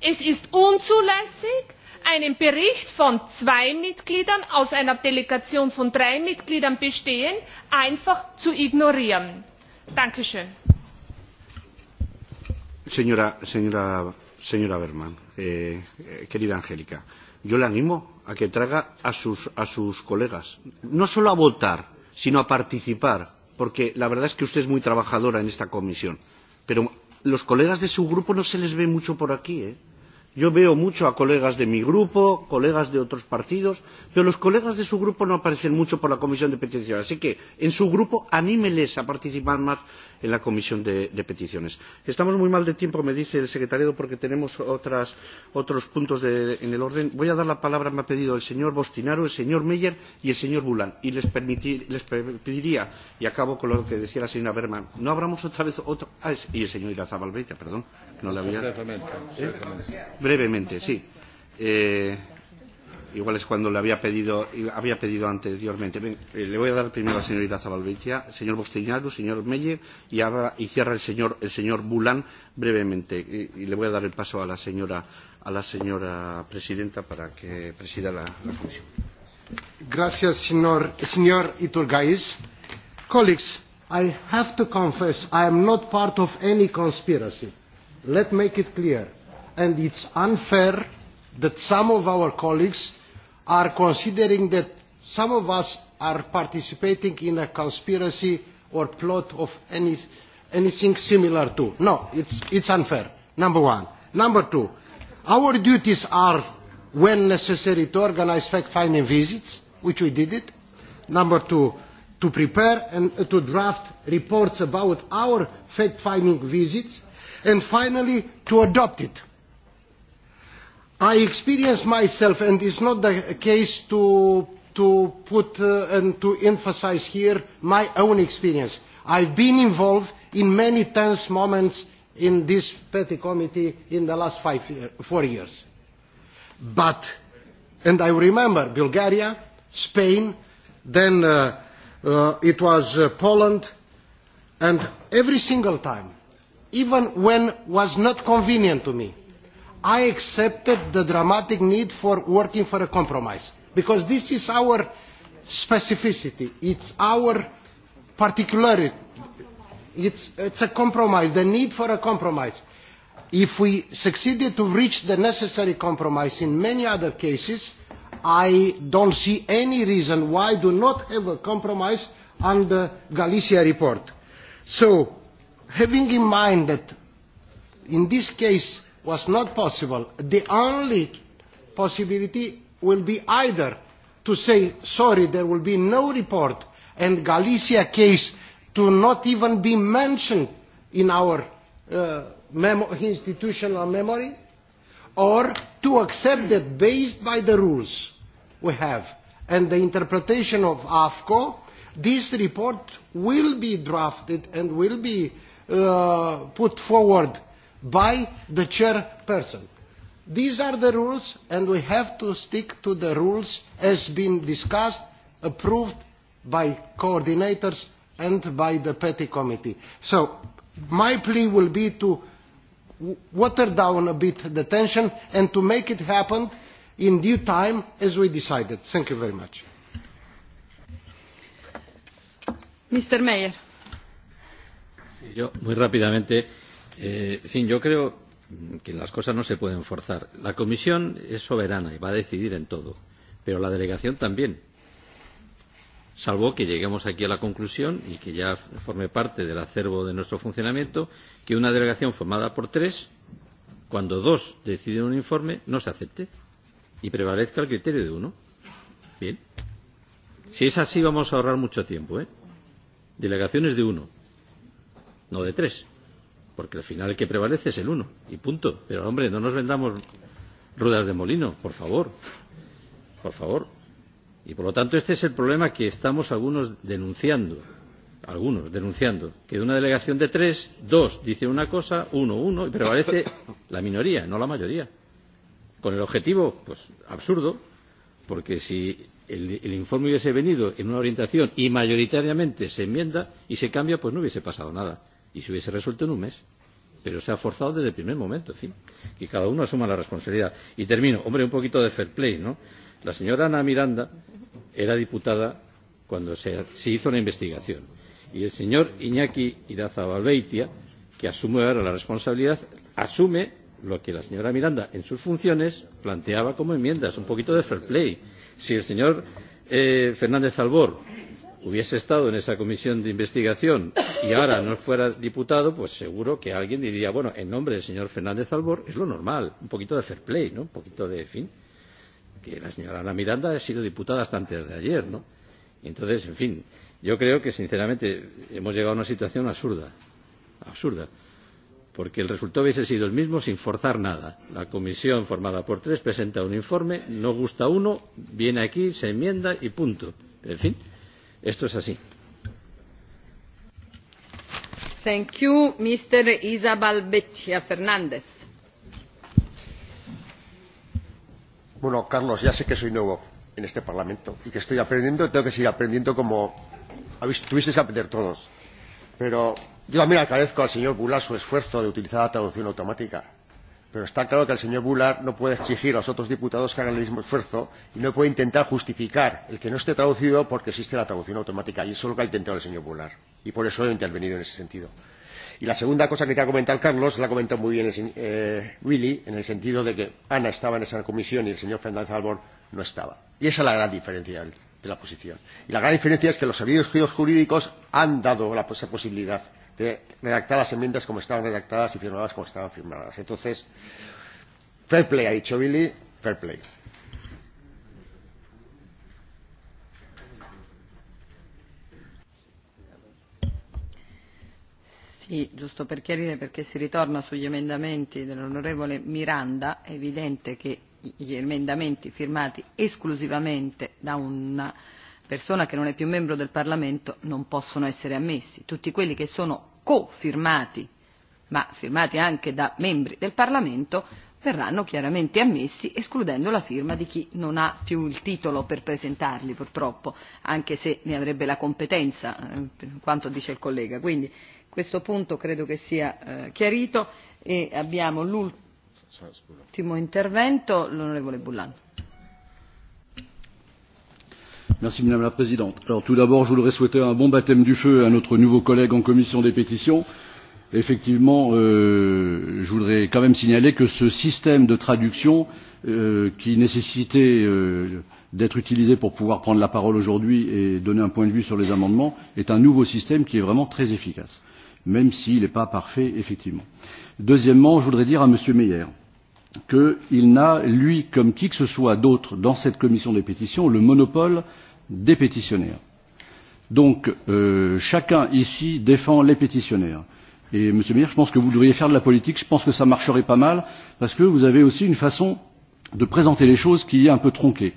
es ist unzulässig einen bericht von zwei mitgliedern aus einer delegation von drei mitgliedern bestehend einfach zu ignorieren. danke schön yo le animo a que traiga a sus, a sus colegas, no solo a votar, sino a participar, porque la verdad es que usted es muy trabajadora en esta comisión, pero los colegas de su grupo no se les ve mucho por aquí, ¿eh? Yo veo mucho a colegas de mi grupo, colegas de otros partidos, pero los colegas de su grupo no aparecen mucho por la Comisión de Peticiones. Así que en su grupo anímeles a participar más en la comisión de, de peticiones. Estamos muy mal de tiempo, me dice el secretario, porque tenemos otras, otros puntos de, en el orden. Voy a dar la palabra, me ha pedido el señor Bostinaro, el señor Meyer y el señor Bulán. Y les, permitir, les pediría, y acabo con lo que decía la señora Berman, no abramos otra vez otro. Ah, y el señor Irazabalbeita, perdón. No le había. Brevemente, sí. Eh, igual es cuando le había pedido, había pedido anteriormente. Bien, eh, le voy a dar primero a la señorita Zabalbeitia, señor Bosteñaru, señor Meyer y, ahora, y cierra el señor, el señor Bulán brevemente. Y, y le voy a dar el paso a la señora, a la señora presidenta para que presida la, la comisión. Gracias, señor, señor Iturgaiz. Colleagues, I have to confess I am not part of any conspiracy. Let's make it clear. And it's unfair that some of our colleagues are considering that some of us are participating in a conspiracy or plot of any, anything similar to. No, it's, it's unfair, number one. Number two, our duties are, when necessary, to organize fact-finding visits, which we did it. Number two, to prepare and to draft reports about our fact-finding visits. And finally, to adopt it I experienced myself, and it's not the case to, to put uh, and to emphasize here my own experience. I've been involved in many tense moments in this petty committee in the last five year, four years. But, and I remember Bulgaria, Spain, then uh, uh, it was uh, Poland, and every single time, even when was not convenient to me, I accepted the dramatic need for working for a compromise because this is our specificity. It's our particularity. It's, it's a compromise, the need for a compromise. If we succeeded to reach the necessary compromise in many other cases, I don't see any reason why do not have a compromise on the Galicia report. So, having in mind that in this case was not possible. The only possibility will be either to say, sorry, there will be no report, and Galicia case to not even be mentioned in our uh, memo institutional memory, or to accept that based by the rules we have and the interpretation of AFCO, this report will be drafted and will be uh, put forward by the chairperson. These are the rules, and we have to stick to the rules as been discussed, approved by coordinators and by the petty committee. So my plea will be to water down a bit the tension and to make it happen in due time as we decided. Thank you very much. Mr. Mayer. Yo, muy rápidamente en fin, yo creo que las cosas no se pueden forzar. La Comisión es soberana y va a decidir en todo, pero la delegación también. Salvo que lleguemos aquí a la conclusión y que ya forme parte del acervo de nuestro funcionamiento que una delegación formada por tres, cuando dos deciden un informe, no se acepte y prevalezca el criterio de uno. Bien. Si es así, vamos a ahorrar mucho tiempo. ¿eh? Delegaciones de uno, no de tres porque al final el que prevalece es el uno y punto. Pero hombre, no nos vendamos ruedas de molino, por favor, por favor. Y por lo tanto este es el problema que estamos algunos denunciando, algunos denunciando, que de una delegación de tres, dos dicen una cosa, uno, uno, y prevalece la minoría, no la mayoría. Con el objetivo, pues, absurdo, porque si el, el informe hubiese venido en una orientación y mayoritariamente se enmienda y se cambia, pues no hubiese pasado nada y se hubiese resuelto en un mes. Pero se ha forzado desde el primer momento, en fin. Que cada uno asuma la responsabilidad. Y termino. Hombre, un poquito de fair play, ¿no? La señora Ana Miranda era diputada cuando se, se hizo la investigación. Y el señor Iñaki Balbeitia, que asume ahora la responsabilidad, asume lo que la señora Miranda en sus funciones planteaba como enmiendas, un poquito de fair play. Si el señor eh, Fernández Albor hubiese estado en esa comisión de investigación y ahora no fuera diputado, pues seguro que alguien diría, bueno, en nombre del señor Fernández Albor es lo normal, un poquito de fair play, ¿no? Un poquito de, en fin, que la señora Ana Miranda ha sido diputada hasta antes de ayer, ¿no? Y entonces, en fin, yo creo que sinceramente hemos llegado a una situación absurda, absurda, porque el resultado hubiese sido el mismo sin forzar nada. La comisión formada por tres presenta un informe, no gusta uno, viene aquí, se enmienda y punto. En fin esto es así. Thank you, Mr. Isabel Bettia Fernández. Bueno, Carlos, ya sé que soy nuevo en este Parlamento y que estoy aprendiendo tengo que seguir aprendiendo como tuvisteis que aprender todos. Pero yo también agradezco al señor Bula su esfuerzo de utilizar la traducción automática pero está claro que el señor goulard no puede exigir a los otros diputados que hagan el mismo esfuerzo y no puede intentar justificar el que no esté traducido porque existe la traducción automática y eso es lo que ha intentado el señor goulard y por eso he intervenido en ese sentido. y la segunda cosa que quería comentar carlos la ha comentado muy bien el eh, willy en el sentido de que ana estaba en esa comisión y el señor fernández albor no estaba y esa es la gran diferencia de la posición. y la gran diferencia es que los servicios jurídicos han dado esa posibilidad de redactar las enmiendas como estaban redactadas y firmadas como estaban firmadas. Entonces, fair play, ha dicho Billy, fair play. Sì, giusto per chiarire perché si ritorna sugli emendamenti dell'onorevole Miranda, è evidente che gli emendamenti firmati esclusivamente da una persona che non è più membro del Parlamento non possono essere ammessi. Tutti quelli che sono cofirmati, ma firmati anche da membri del Parlamento, verranno chiaramente ammessi escludendo la firma di chi non ha più il titolo per presentarli purtroppo, anche se ne avrebbe la competenza, quanto dice il collega. Quindi questo punto credo che sia eh, chiarito e abbiamo l'ultimo intervento, l'onorevole Bullan. Merci Madame la Présidente. tout d'abord, je voudrais souhaiter un bon baptême du feu à notre nouveau collègue en commission des pétitions. Effectivement, je voudrais quand même signaler que ce système de traduction qui nécessitait d'être utilisé pour pouvoir prendre la parole aujourd'hui et donner un point de vue sur les amendements est un nouveau système qui est vraiment très efficace, même s'il n'est pas parfait, effectivement. Deuxièmement, je voudrais dire à M. Meyer qu'il n'a, lui, comme qui que ce soit d'autre dans cette commission des pétitions, le monopole des pétitionnaires. Donc euh, chacun ici défend les pétitionnaires. Et Monsieur Meyer, je pense que vous devriez faire de la politique, je pense que ça marcherait pas mal, parce que vous avez aussi une façon de présenter les choses qui est un peu tronquée.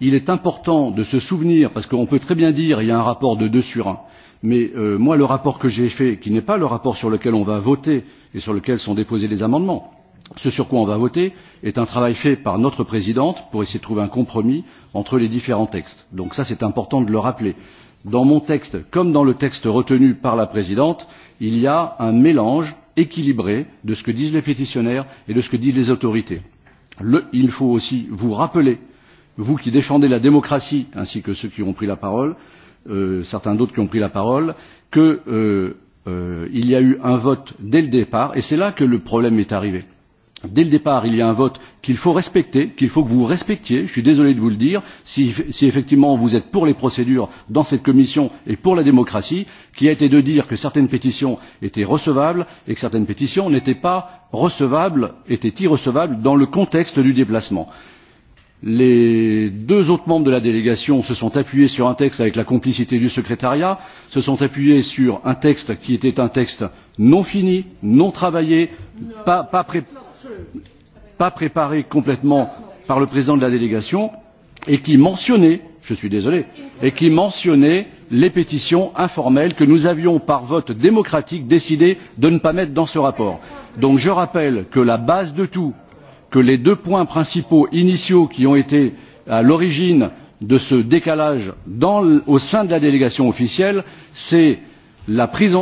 Il est important de se souvenir, parce qu'on peut très bien dire il y a un rapport de deux sur un, mais euh, moi le rapport que j'ai fait, qui n'est pas le rapport sur lequel on va voter et sur lequel sont déposés les amendements, Ce sur quoi on va voter est un travail fait par notre présidente pour essayer de trouver un compromis entre les différents textes. Donc ça, c'est important de le rappeler. Dans mon texte, comme dans le texte retenu par la présidente, il y a un mélange équilibré de ce que disent les pétitionnaires et de ce que disent les autorités. Le, il faut aussi vous rappeler, vous qui défendez la démocratie ainsi que ceux qui ont pris la parole, euh, certains d'autres qui ont pris la parole, qu'il euh, euh, y a eu un vote dès le départ et c'est là que le problème est arrivé dès le départ il y a un vote qu'il faut respecter qu'il faut que vous respectiez je suis désolé de vous le dire si, si effectivement vous êtes pour les procédures dans cette commission et pour la démocratie qui a été de dire que certaines pétitions étaient recevables et que certaines pétitions n'étaient pas recevables étaient irrecevables dans le contexte du déplacement. Les deux autres membres de la délégation se sont appuyés sur un texte avec la complicité du secrétariat, se sont appuyés sur un texte qui était un texte non fini, non travaillé, pas, pas préparé pas préparé complètement par le président de la délégation et qui mentionnait je suis désolé les pétitions informelles que nous avions par vote démocratique décidé de ne pas mettre dans ce rapport. donc je rappelle que la base de tout que les deux points principaux initiaux qui ont été à l'origine de ce décalage au sein de la délégation officielle c'est la prise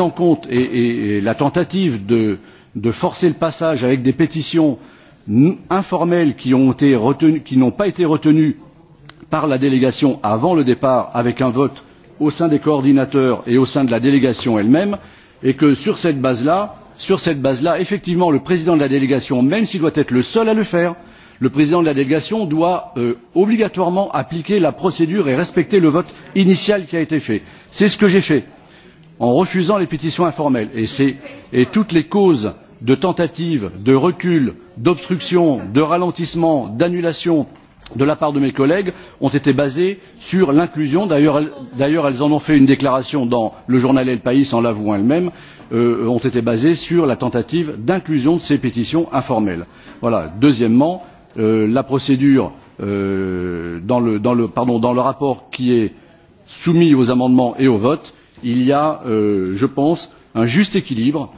en compte et la tentative de de forcer le passage avec des pétitions informelles qui n'ont pas été retenues par la délégation avant le départ avec un vote au sein des coordinateurs et au sein de la délégation elle même et que sur cette base là sur cette base là, effectivement le président de la délégation même s'il doit être le seul à le faire le président de la délégation doit obligatoirement appliquer la procédure et respecter le vote initial qui a été fait. c'est ce que j'ai fait en refusant les pétitions informelles et toutes les causes de tentatives de recul d'obstruction de ralentissement d'annulation de la part de mes collègues ont été basées sur l'inclusion d'ailleurs elles en ont fait une déclaration dans le journal el país en l'avouant elles mêmes ont été basées sur la tentative d'inclusion de ces pétitions informelles. deuxièmement la procédure dans le rapport qui est soumis aux amendements et au vote il y a je pense un juste équilibre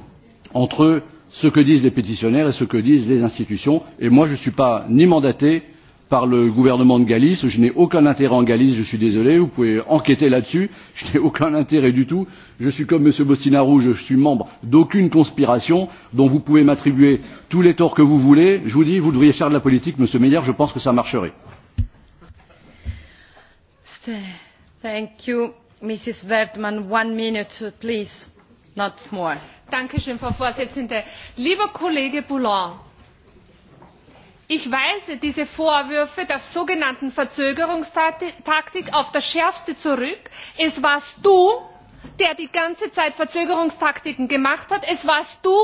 entre ce que disent les pétitionnaires et ce que disent les institutions et moi je ne suis pas ni mandaté par le gouvernement de Galice, je n'ai aucun intérêt en Galice, je suis désolé, vous pouvez enquêter là-dessus, je n'ai aucun intérêt du tout, je suis comme M. Bostinarou, je suis membre d'aucune conspiration dont vous pouvez m'attribuer tous les torts que vous voulez, je vous dis, vous devriez faire de la politique, M. Meyer, je pense que ça marcherait. Thank you, Mrs. Bertman, one minute please, not more frau präsidentin! lieber kollege boulland ich weise diese vorwürfe der sogenannten verzögerungstaktik auf das schärfste zurück. es warst du der die ganze zeit verzögerungstaktiken gemacht hat. es warst du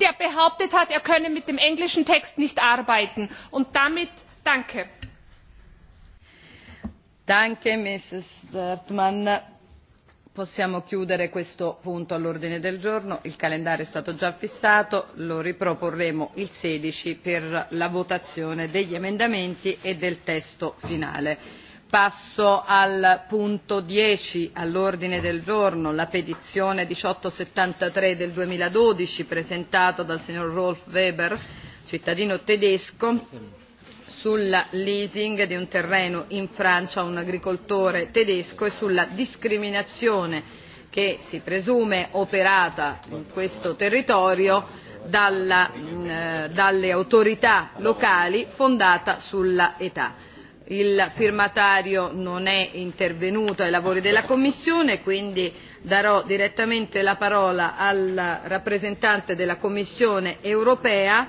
der behauptet hat er könne mit dem englischen text nicht arbeiten. und damit danke! possiamo chiudere questo punto all'ordine del giorno il calendario è stato già fissato lo riproporremo il sedici per la votazione degli emendamenti e del testo finale. Passo al punto dieci all'ordine del giorno, la petizione 1873 del duemiladodici, presentata dal signor Rolf Weber, cittadino tedesco sul leasing di un terreno in Francia a un agricoltore tedesco e sulla discriminazione che si presume operata in questo territorio dalla, dalle autorità locali fondata sulla età. Il firmatario non è intervenuto ai lavori della Commissione, quindi darò direttamente la parola al rappresentante della Commissione europea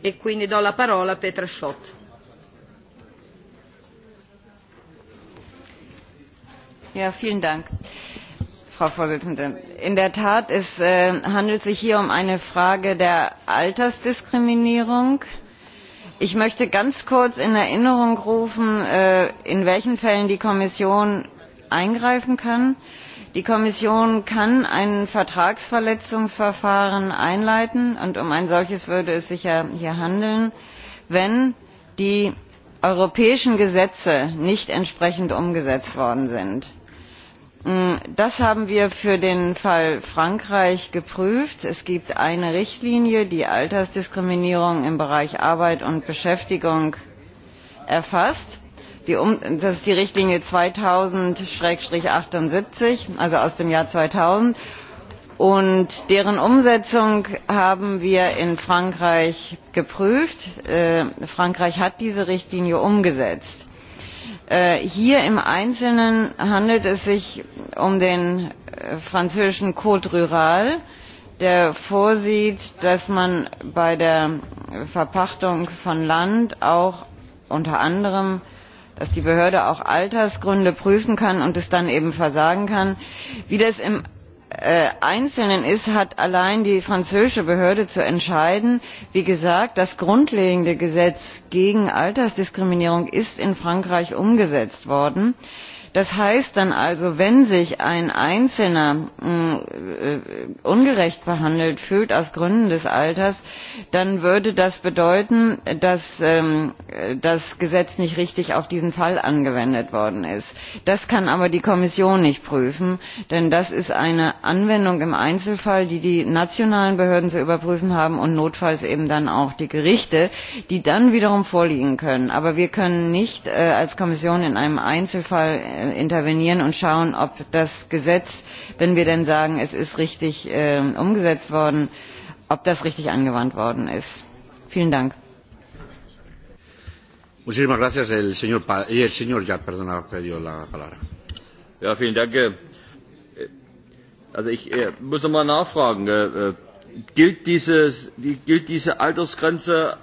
e quindi do la parola a Petra Schott. frau präsidentin! in der tat es handelt sich hier um eine frage der altersdiskriminierung. ich möchte ganz kurz in erinnerung rufen in welchen fällen die kommission eingreifen kann. die kommission kann ein vertragsverletzungsverfahren einleiten und um ein solches würde es sich ja hier handeln wenn die europäischen gesetze nicht entsprechend umgesetzt worden sind das haben wir für den fall frankreich geprüft. es gibt eine richtlinie die altersdiskriminierung im bereich arbeit und beschäftigung erfasst das ist die richtlinie zweitausend achtundsiebzig also aus dem jahr zweitausend und deren umsetzung haben wir in frankreich geprüft. frankreich hat diese richtlinie umgesetzt hier im einzelnen handelt es sich um den französischen code rural der vorsieht dass man bei der verpachtung von land auch unter anderem dass die behörde auch altersgründe prüfen kann und es dann eben versagen kann wie das im einzelnen ist hat allein die französische behörde zu entscheiden. wie gesagt das grundlegende gesetz gegen altersdiskriminierung ist in frankreich umgesetzt worden das heißt dann also wenn sich ein einzelner ungerecht behandelt fühlt aus gründen des alters dann würde das bedeuten dass das gesetz nicht richtig auf diesen fall angewendet worden ist. das kann aber die kommission nicht prüfen denn das ist eine anwendung im einzelfall die die nationalen behörden zu überprüfen haben und notfalls eben dann auch die gerichte die dann wiederum vorliegen können. aber wir können nicht als kommission in einem einzelfall intervenieren und schauen ob das gesetz wenn wir denn sagen es ist richtig umgesetzt worden ob das richtig angewandt worden ist. vielen dank. also ich muss noch mal nachfragen gilt diese altersgrenze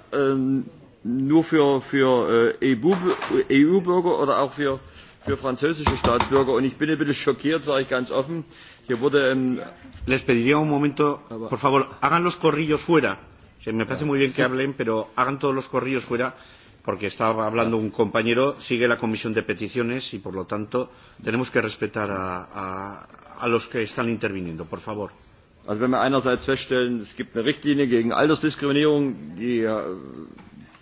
nur für eu bürger oder auch für für französische Staatsbürger. Und ich bin ein bisschen schockiert, sage ich ganz offen. Hier wurde. Les pediría un momento, por favor, hagan los corrillos fuera. me parece muy bien que hablen, pero hagan todos los corrillos fuera porque estaba hablando un compañero, sigue la comisión de peticiones y, por lo tanto, tenemos que respetar a, a, a los que están interviniendo. Por favor. Also wenn wir einerseits feststellen, es gibt eine Richtlinie gegen Altersdiskriminierung, die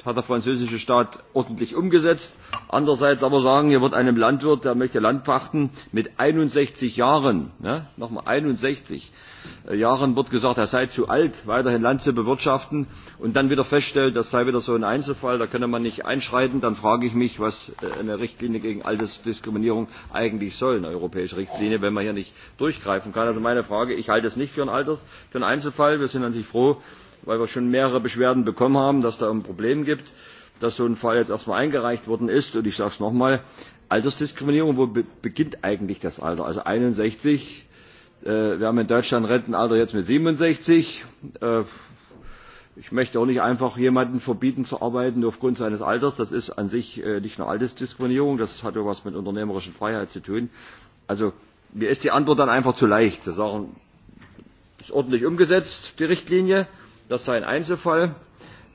hat der französische Staat ordentlich umgesetzt. Andererseits aber sagen, hier wird einem Landwirt, der möchte Land pachten, mit 61 Jahren, ne, nochmal 61 Jahren wird gesagt, er sei zu alt, weiterhin Land zu bewirtschaften und dann wieder feststellt, das sei wieder so ein Einzelfall, da könne man nicht einschreiten, dann frage ich mich, was eine Richtlinie gegen Altersdiskriminierung eigentlich soll, eine europäische Richtlinie, wenn man hier nicht durchgreifen kann. Also meine Frage, ich halte es nicht für einen Alters, für einen Einzelfall. Wir sind an sich froh, weil wir schon mehrere Beschwerden bekommen haben, dass da ein Problem gibt, dass so ein Fall jetzt erstmal eingereicht worden ist. Und ich sage es nochmal, Altersdiskriminierung, wo beginnt eigentlich das Alter? Also 61, äh, wir haben in Deutschland Rentenalter jetzt mit 67. Äh, ich möchte auch nicht einfach jemanden verbieten zu arbeiten nur aufgrund seines Alters. Das ist an sich äh, nicht nur Altersdiskriminierung, das hat ja was mit unternehmerischen Freiheit zu tun. Also mir ist die Antwort dann einfach zu leicht. Das ist ordentlich umgesetzt, die Richtlinie das sei ein Einzelfall.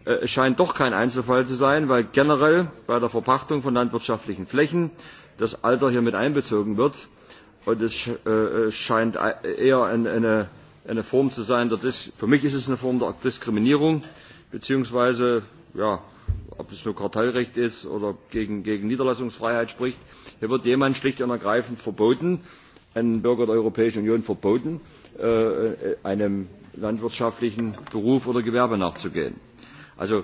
Es scheint doch kein Einzelfall zu sein, weil generell bei der Verpachtung von landwirtschaftlichen Flächen das Alter hier mit einbezogen wird. Und es scheint eher eine, eine Form zu sein, der für mich ist es eine Form der Diskriminierung, beziehungsweise, ja, ob es nur Kartellrecht ist oder gegen, gegen Niederlassungsfreiheit spricht. Hier wird jemand schlicht und ergreifend verboten, einem Bürger der Europäischen Union verboten, einem landwirtschaftlichen Beruf oder Gewerbe nachzugehen. Also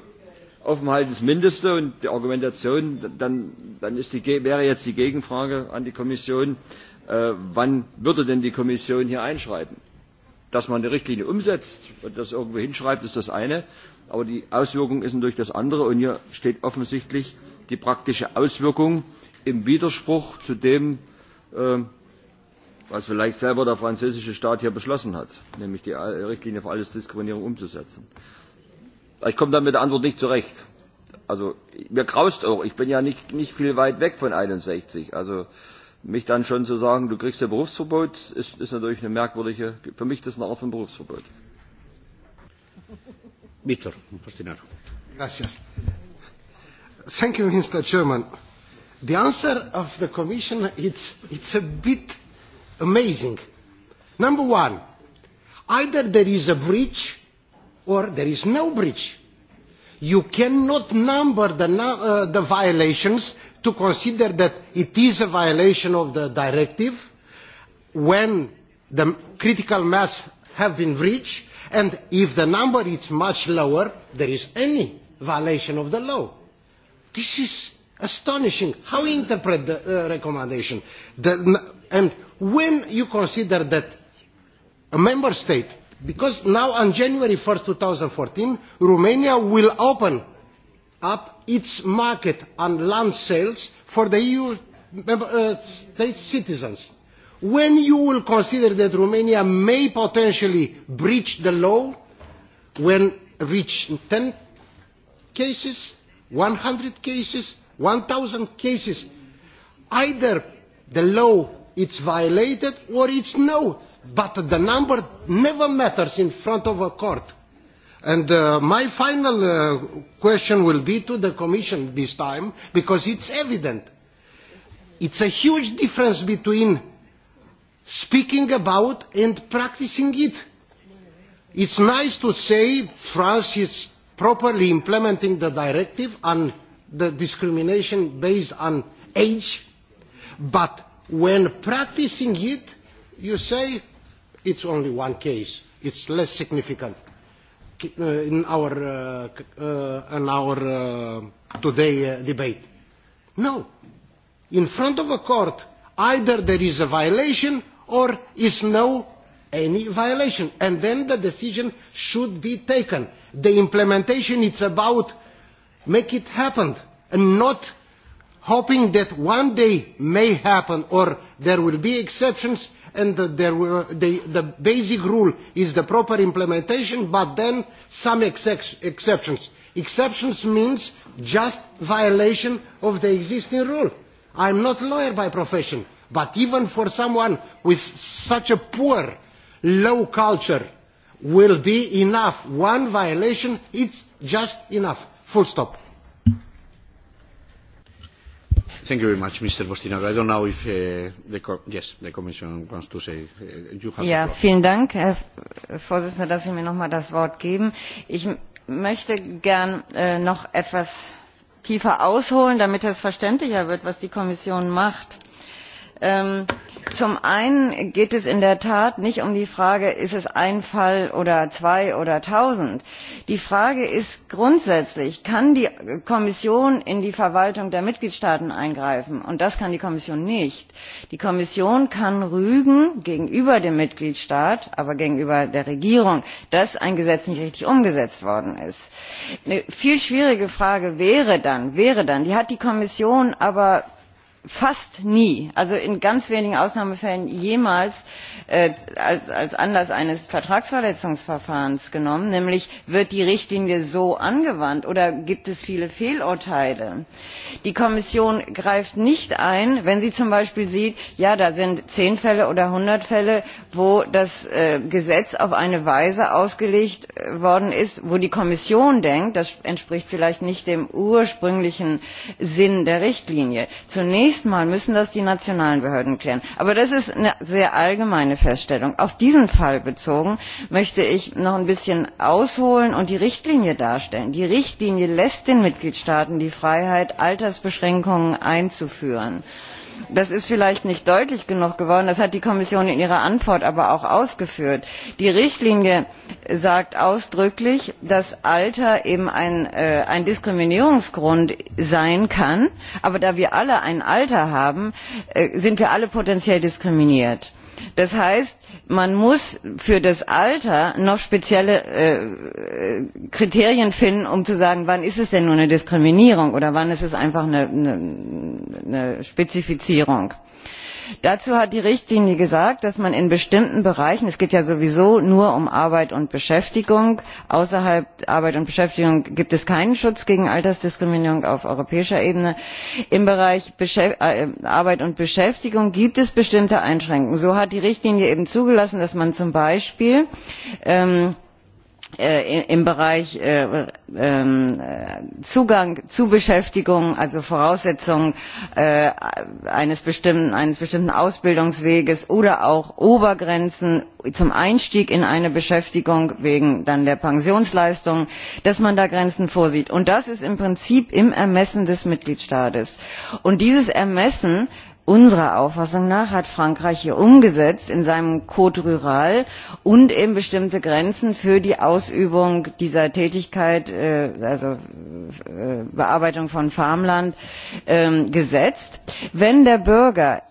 Offenheit ist das Mindeste und die Argumentation, dann, dann ist die, wäre jetzt die Gegenfrage an die Kommission, äh, wann würde denn die Kommission hier einschreiten? Dass man die Richtlinie umsetzt und das irgendwo hinschreibt, ist das eine, aber die Auswirkung ist natürlich das andere und hier steht offensichtlich die praktische Auswirkung im Widerspruch zu dem, was vielleicht selber der französische Staat hier beschlossen hat, nämlich die Richtlinie für Altersdiskriminierung umzusetzen. Ich komme dann mit der Antwort nicht zurecht. Also mir graust auch, ich bin ja nicht, nicht viel weit weg von 61. Also mich dann schon zu sagen, du kriegst ein Berufsverbot, ist, ist natürlich eine merkwürdige, für mich das eine Art von Berufsverbot. Gracias. Thank you, Mr. Chairman. The answer of the Commission, it's, it's a bit amazing. Number one, either there is a breach or there is no breach. You cannot number the, uh, the violations to consider that it is a violation of the directive when the critical mass have been reached and if the number is much lower there is any violation of the law. This is astonishing. How we interpret the uh, recommendation? The, and when you consider that a member state, because now on January 1st, 2014, Romania will open up its market on land sales for the EU member, uh, state citizens. When you will consider that Romania may potentially breach the law when reach 10 cases, 100 cases, 1,000 cases, either the law it's violated or it's no. But the number never matters in front of a court. And uh, my final uh, question will be to the Commission this time, because it's evident. It's a huge difference between speaking about and practicing it. It's nice to say France is properly implementing the directive on the discrimination based on age, but when practicing it, you say it's only one case, it's less significant. in our, uh, uh, in our uh, today uh, debate. No. In front of a court, either there is a violation or is no any violation. And then the decision should be taken. The implementation is about make it happen and not hoping that one day may happen or there will be exceptions and that there will, the, the basic rule is the proper implementation but then some exceptions. Exceptions means just violation of the existing rule. I'm not a lawyer by profession but even for someone with such a poor, low culture will be enough. One violation, is just enough. Full stop Thank you very much, Mr. Bostinaga. I don't know if uh, the, yes, the Commission wants to say. Uh, you have ja, vielen Dank, Herr Vorsitzender, dass Sie mir nochmal das Wort geben. Ich möchte gern äh, noch etwas tiefer ausholen, damit es verständlicher wird, was die Kommission macht zum einen geht es in der tat nicht um die frage ist es ein fall oder zwei oder tausend? die frage ist grundsätzlich kann die kommission in die verwaltung der mitgliedstaaten eingreifen? und das kann die kommission nicht. die kommission kann rügen gegenüber dem mitgliedstaat aber gegenüber der regierung dass ein gesetz nicht richtig umgesetzt worden ist. eine viel schwierige frage wäre dann die hat die kommission aber fast nie also in ganz wenigen ausnahmefällen jemals als anlass eines vertragsverletzungsverfahrens genommen nämlich wird die richtlinie so angewandt oder gibt es viele fehlurteile? die kommission greift nicht ein wenn sie zum beispiel sieht ja da sind zehn fälle oder hundert fälle wo das gesetz auf eine weise ausgelegt worden ist wo die kommission denkt das entspricht vielleicht nicht dem ursprünglichen sinn der richtlinie zunächst einmal müssen das die nationalen behörden klären. aber das ist eine sehr allgemeine feststellung. auf diesen fall bezogen möchte ich noch ein bisschen ausholen und die richtlinie darstellen. die richtlinie lässt den mitgliedstaaten die freiheit altersbeschränkungen einzuführen das ist vielleicht nicht deutlich genug geworden das hat die kommission in ihrer antwort aber auch ausgeführt die richtlinie sagt ausdrücklich dass alter eben ein diskriminierungsgrund sein kann aber da wir alle ein alter haben sind wir alle potenziell diskriminiert das heißt man muss für das alter noch spezielle kriterien finden um zu sagen wann ist es denn nun eine diskriminierung oder wann ist es einfach eine spezifizierung? dazu hat die richtlinie gesagt dass man in bestimmten bereichen es geht ja sowieso nur um arbeit und beschäftigung außerhalb arbeit und beschäftigung gibt es keinen schutz gegen altersdiskriminierung auf europäischer ebene im bereich arbeit und beschäftigung gibt es bestimmte einschränkungen. so hat die richtlinie eben zugelassen dass man zum beispiel im bereich zugang zu beschäftigung also voraussetzung eines bestimmten ausbildungsweges oder auch obergrenzen zum einstieg in eine beschäftigung wegen der pensionsleistung dass man da grenzen vorsieht. und das ist im prinzip im ermessen des mitgliedstaates. und dieses ermessen unserer Auffassung nach hat Frankreich hier umgesetzt in seinem Code Rural und eben bestimmte Grenzen für die Ausübung dieser Tätigkeit, also Bearbeitung von Farmland, gesetzt. Wenn der Bürger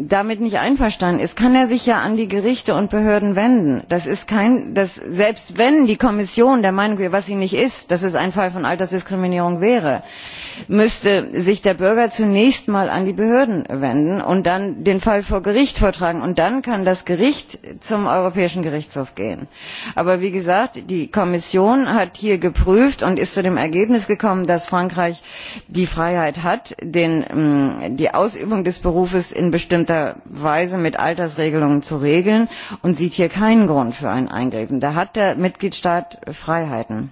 damit nicht einverstanden ist, kann er sich ja an die Gerichte und Behörden wenden. Das ist kein, das, selbst wenn die Kommission der Meinung wäre, was sie nicht ist, dass es ein Fall von Altersdiskriminierung wäre müsste sich der bürger zunächst mal an die behörden wenden und dann den fall vor gericht vortragen und dann kann das gericht zum europäischen gerichtshof gehen. aber wie gesagt die kommission hat hier geprüft und ist zu dem ergebnis gekommen dass frankreich die freiheit hat die ausübung des berufes in bestimmter weise mit altersregelungen zu regeln und sieht hier keinen grund für ein eingreifen. da hat der mitgliedstaat freiheiten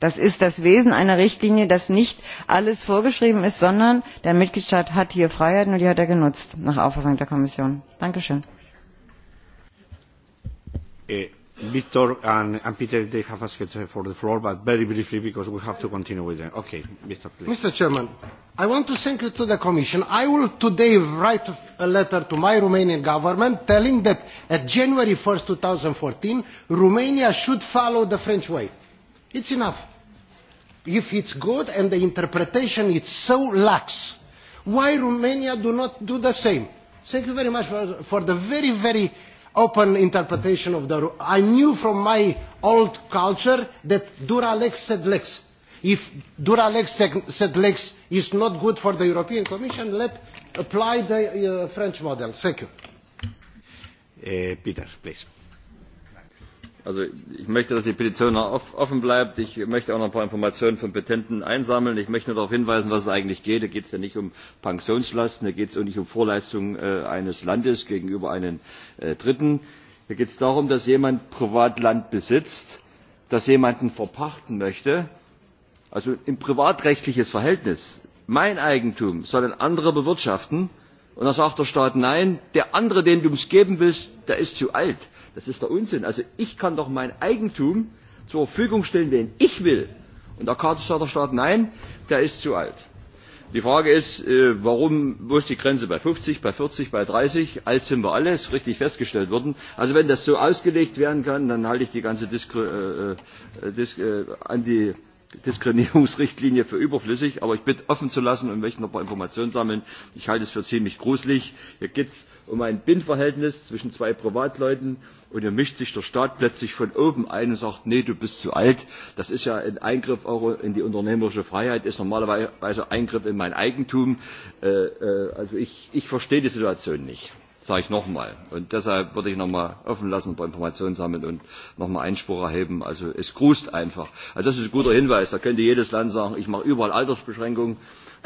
das ist das wesen einer richtlinie dass nicht alles vorgeschrieben ist sondern der mitgliedstaat hat hier freiheiten und die hat er genutzt nach auffassung der kommission. danke schön. Mr. Chairman, I want to thank you to the Commission. I will today write a letter to my Romanian government telling that at January 1st, fourteen, Romania should follow the French way It's enough. If it's good and the interpretation is so lax, why Romania do not do the same? Thank you very much for, for the very, very open interpretation of the... I knew from my old culture that dura lex sed lex. If dura lex sed lex is not good for the European Commission, let apply the uh, French model. Thank you. Uh, Peter, please also ich möchte, dass die Petition noch offen bleibt. Ich möchte auch noch ein paar Informationen von Petenten einsammeln. Ich möchte nur darauf hinweisen, was es eigentlich geht. Da geht es ja nicht um Pensionslasten, da geht es auch nicht um Vorleistungen eines Landes gegenüber einem Dritten. Hier geht es darum, dass jemand Privatland besitzt, das jemanden verpachten möchte, also ein privatrechtliches Verhältnis. Mein Eigentum soll ein anderer bewirtschaften und dann sagt der Staat, nein, der andere, dem du es geben willst, der ist zu alt Das ist der Unsinn. Also ich kann doch mein Eigentum zur Verfügung stellen, wen ich will. Und der Karte sagt der Staat, nein, der ist zu alt. Die Frage ist, warum, wo ist die Grenze bei 50, bei 40, bei 30? Alt sind wir alle, ist richtig festgestellt worden. Also wenn das so ausgelegt werden kann, dann halte ich die ganze Dis äh, Dis äh, Diskriminierungsrichtlinie für überflüssig, aber ich bitte offen zu lassen und möchte noch ein paar Informationen sammeln. Ich halte es für ziemlich gruselig. Hier geht es um ein Binnenverhältnis zwischen zwei Privatleuten und hier mischt sich der Staat plötzlich von oben ein und sagt, nee, du bist zu alt. Das ist ja ein Eingriff auch in die unternehmerische Freiheit, ist normalerweise Eingriff in mein Eigentum. Also ich, ich verstehe die Situation nicht sage ich nochmal. Und deshalb würde ich noch einmal offen lassen bei Informationen sammeln und nochmal Einspruch erheben. Also es grust einfach. Also das ist ein guter Hinweis. Da könnte jedes Land sagen, ich mache überall Altersbeschränkungen.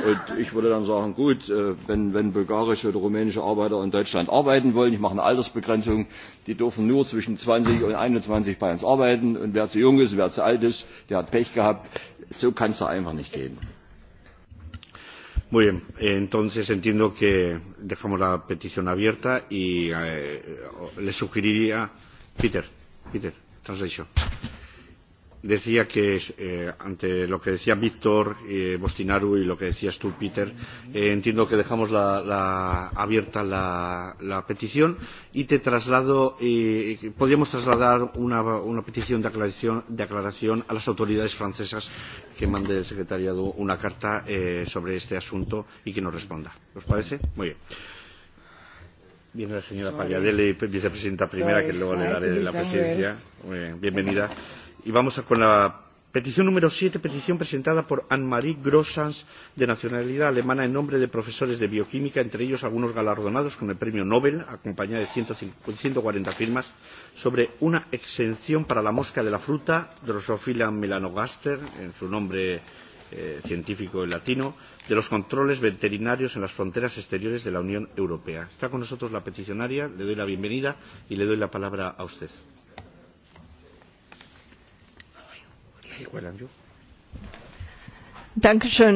Und ich würde dann sagen, gut, wenn, wenn bulgarische oder rumänische Arbeiter in Deutschland arbeiten wollen, ich mache eine Altersbegrenzung, die dürfen nur zwischen 20 und 21 bei uns arbeiten. Und wer zu jung ist, wer zu alt ist, der hat Pech gehabt. So kann es da einfach nicht gehen. Muy bien, entonces entiendo que dejamos la petición abierta y eh, le sugeriría. Peter, Peter, translation decía que eh, ante lo que decía Víctor eh, Bostinaru y lo que decías tú, Peter, eh, entiendo que dejamos la, la, abierta la, la petición y te traslado, eh, podríamos trasladar una, una petición de aclaración, de aclaración a las autoridades francesas que mande el secretariado una carta eh, sobre este asunto y que nos responda. ¿Os parece? Muy bien. Viene la señora Pagliadelli, vicepresidenta primera, que luego le daré la presidencia. Muy bien, bienvenida. Y vamos a con la petición número siete, petición presentada por Anne-Marie Grossans, de nacionalidad alemana, en nombre de profesores de bioquímica, entre ellos algunos galardonados con el premio Nobel, acompañada de ciento cuarenta firmas, sobre una exención para la mosca de la fruta, Drosophila melanogaster, en su nombre científico y latino de los controles veterinarios en las fronteras exteriores de la Unión Europea. Está con nosotros la peticionaria, le doy la bienvenida y le doy la palabra a usted.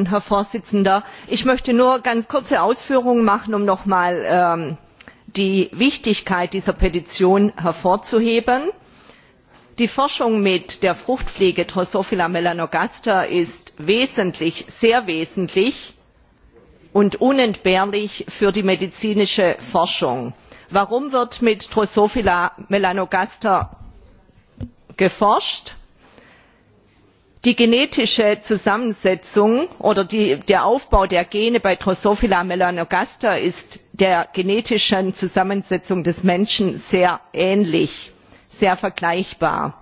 herr präsident! ich möchte nur ganz kurze ausführungen machen um noch einmal die wichtigkeit dieser petition hervorzuheben. die forschung mit der fruchtfliege drosophila melanogaster ist wesentlich sehr wesentlich und unentbehrlich für die medizinische forschung. warum wird mit drosophila melanogaster geforscht? die genetische zusammensetzung oder der aufbau der gene bei drosophila melanogaster ist der genetischen zusammensetzung des menschen sehr ähnlich sehr vergleichbar.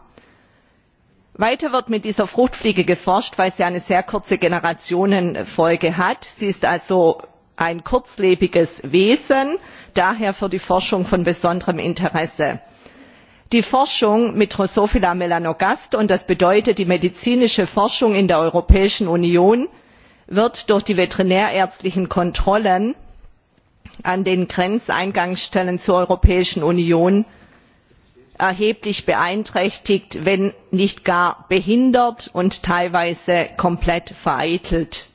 weiter wird mit dieser fruchtfliege geforscht weil sie eine sehr kurze generationenfolge hat. sie ist also ein kurzlebiges wesen daher für die forschung von besonderem interesse die forschung mit drosophila melanogast und das bedeutet die medizinische forschung in der europäischen union wird durch die veterinärärztlichen kontrollen an den grenzeingangsstellen zur europäischen union erheblich beeinträchtigt wenn nicht gar behindert und teilweise komplett vereitelt.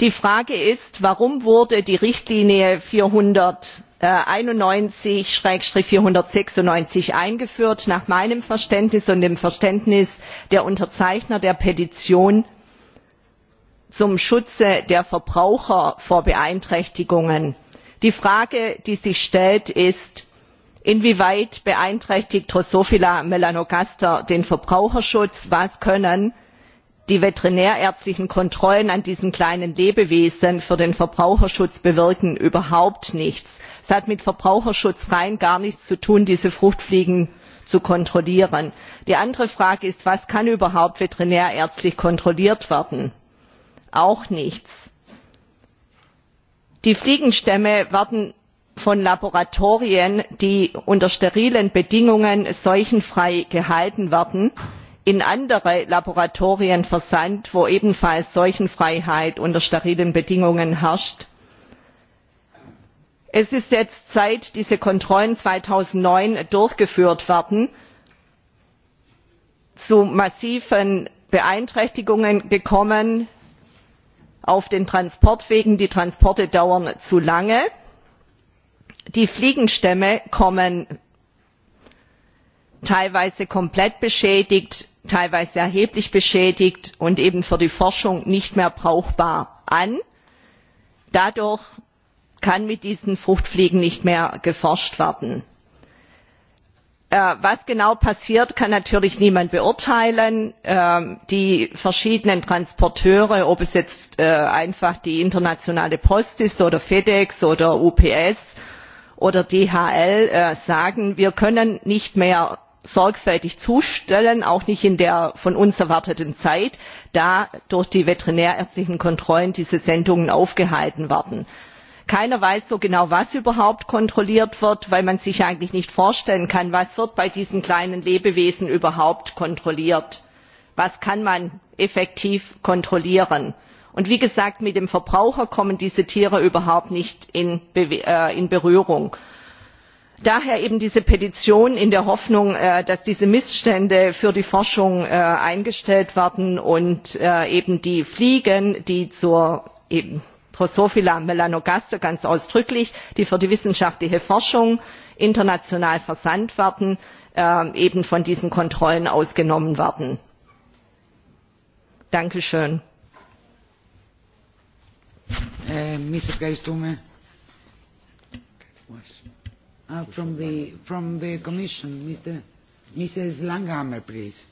die frage ist warum wurde die richtlinie vierhundert einundneunzig vierhundertsechsundneunzig eingeführt nach meinem verständnis und dem verständnis der unterzeichner der petition zum schutze der verbraucher vor beeinträchtigungen. die frage die sich stellt ist inwieweit beeinträchtigt drosophila melanogaster den verbraucherschutz? was können die veterinärärztlichen kontrollen an diesen kleinen lebewesen für den verbraucherschutz bewirken überhaupt nichts. es hat mit verbraucherschutz rein gar nichts zu tun diese fruchtfliegen zu kontrollieren. die andere frage ist was kann überhaupt veterinärärztlich kontrolliert werden? auch nichts. die fliegenstämme werden von laboratorien die unter sterilen bedingungen seuchenfrei gehalten werden in andere laboratorien versandt wo ebenfalls seuchenfreiheit unter sterilen bedingungen herrscht. es ist jetzt zeit diese kontrollen zweitausendneun durchgeführt werden zu massiven beeinträchtigungen gekommen auf den transportwegen die transporte dauern zu lange die fliegenstämme kommen teilweise komplett beschädigt teilweise erheblich beschädigt und eben für die forschung nicht mehr brauchbar an. dadurch kann mit diesen fruchtfliegen nicht mehr geforscht werden. was genau passiert kann natürlich niemand beurteilen. die verschiedenen transporteure ob es jetzt einfach die internationale post ist oder fedex oder ups oder dhl sagen wir können nicht mehr sorgfältig zustellen auch nicht in der von uns erwarteten zeit da durch die veterinärärztlichen kontrollen diese sendungen aufgehalten werden. keiner weiß so genau was überhaupt kontrolliert wird weil man sich eigentlich nicht vorstellen kann was bei diesen kleinen lebewesen überhaupt kontrolliert wird was kann man effektiv kontrollieren? und wie gesagt mit dem verbraucher kommen diese tiere überhaupt nicht in berührung daher eben diese petition in der hoffnung dass diese missstände für die forschung eingestellt werden und eben die fliegen die zur drosophila melanogaster ganz ausdrücklich die für die wissenschaftliche forschung international versandt werden eben von diesen kontrollen ausgenommen werden. Uh, from the from the Commission, Mr. Mrs. Langhammer, please.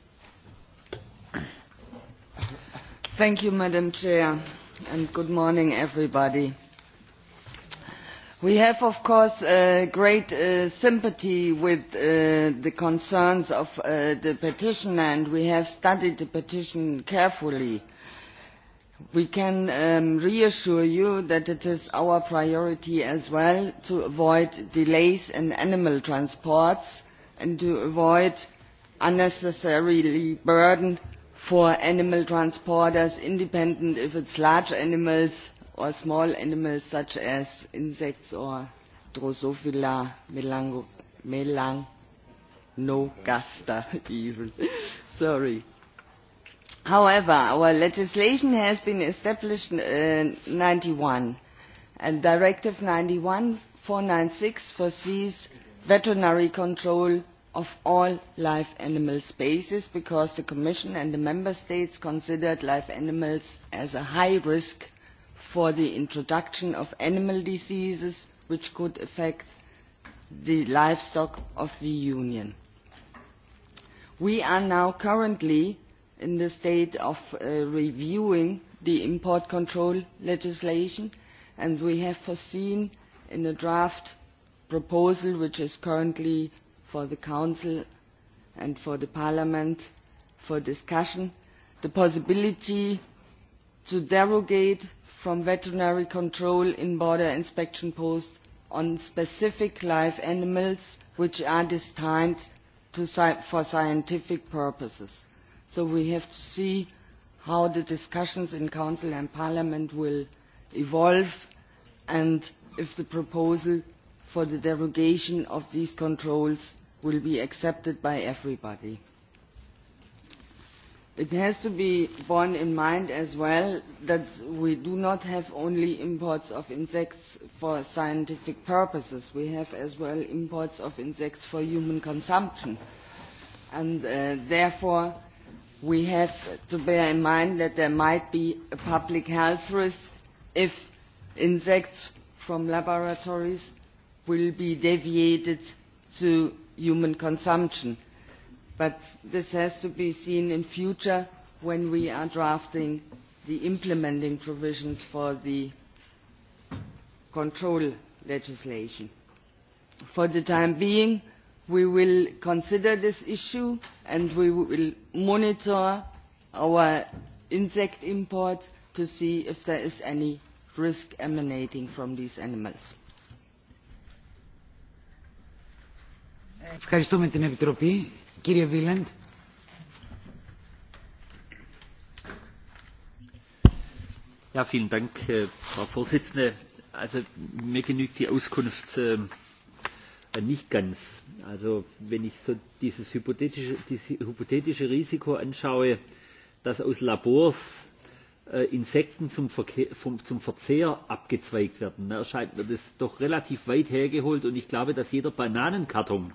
Thank you, Madam Chair, and good morning, everybody. We have, of course, uh, great uh, sympathy with uh, the concerns of uh, the petitioner, and we have studied the petition carefully we can reassure you that it is our priority as well to avoid delays in animal transports and to avoid unnecessary burden for animal transporters independent if it is large animals or small animals such as insects or drosophila melanogaster even. Sorry However, our legislation has been established in ninety one and Directive ninety one four 91 six foresees veterinary control of all live animal species because the Commission and the Member States considered live animals as a high risk for the introduction of animal diseases which could affect the livestock of the Union. We are now currently in the state of reviewing the import control legislation, and we have foreseen in a draft proposal which is currently for the Council and for the Parliament for discussion the possibility to derogate from veterinary control in border inspection posts on specific live animals which are destined for scientific purposes so we have to see how the discussions in Council and Parliament will evolve and if the proposal for the derogation of these controls will be accepted by everybody. It has to be borne in mind as well that we do not have only imports of insects for scientific purposes. We have as well imports of insects for human consumption. And therefore, we have to bear in mind that there might be a public health risk if insects from laboratories will be deviated to human consumption. But this has to be seen in future when we are drafting the implementing provisions for the control legislation. For the time being, we will consider this issue and we will monitor our insect import to see if there is any risk emanating from these animals. Ευχαριστούμε την Επιτροπή. Κύριε Βίλαντ. Ja, vielen Dank, Frau Vorsitzende. Also mir genügt die Auskunft äh, Nicht ganz. Also wenn ich so dieses hypothetische, dieses hypothetische Risiko anschaue, dass aus Labors äh, Insekten zum, Verkehr, vom, zum Verzehr abgezweigt werden, da erscheint mir das doch relativ weit hergeholt. Und ich glaube, dass jeder Bananenkarton,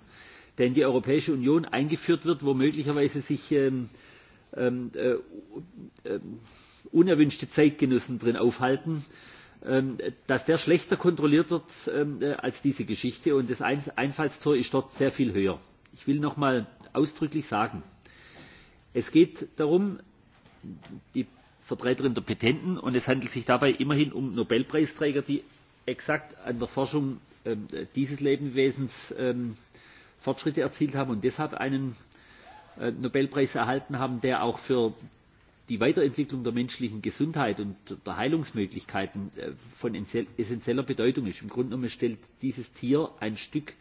der in die Europäische Union eingeführt wird, wo möglicherweise sich ähm, ähm, äh, äh, unerwünschte Zeitgenossen drin aufhalten, äh, dass der schlechter kontrolliert wird als diese Geschichte und das Einfallstor ist dort sehr viel höher. Ich will noch mal ausdrücklich sagen, es geht darum, die Vertreterin der Petenten und es handelt sich dabei immerhin um Nobelpreisträger, die exakt an der Forschung dieses Lebewesens Fortschritte erzielt haben und deshalb einen Nobelpreis erhalten haben, der auch für die Weiterentwicklung der menschlichen Gesundheit und der Heilungsmöglichkeiten von essentieller Bedeutung ist. Im Grunde genommen stellt dieses Tier ein Stück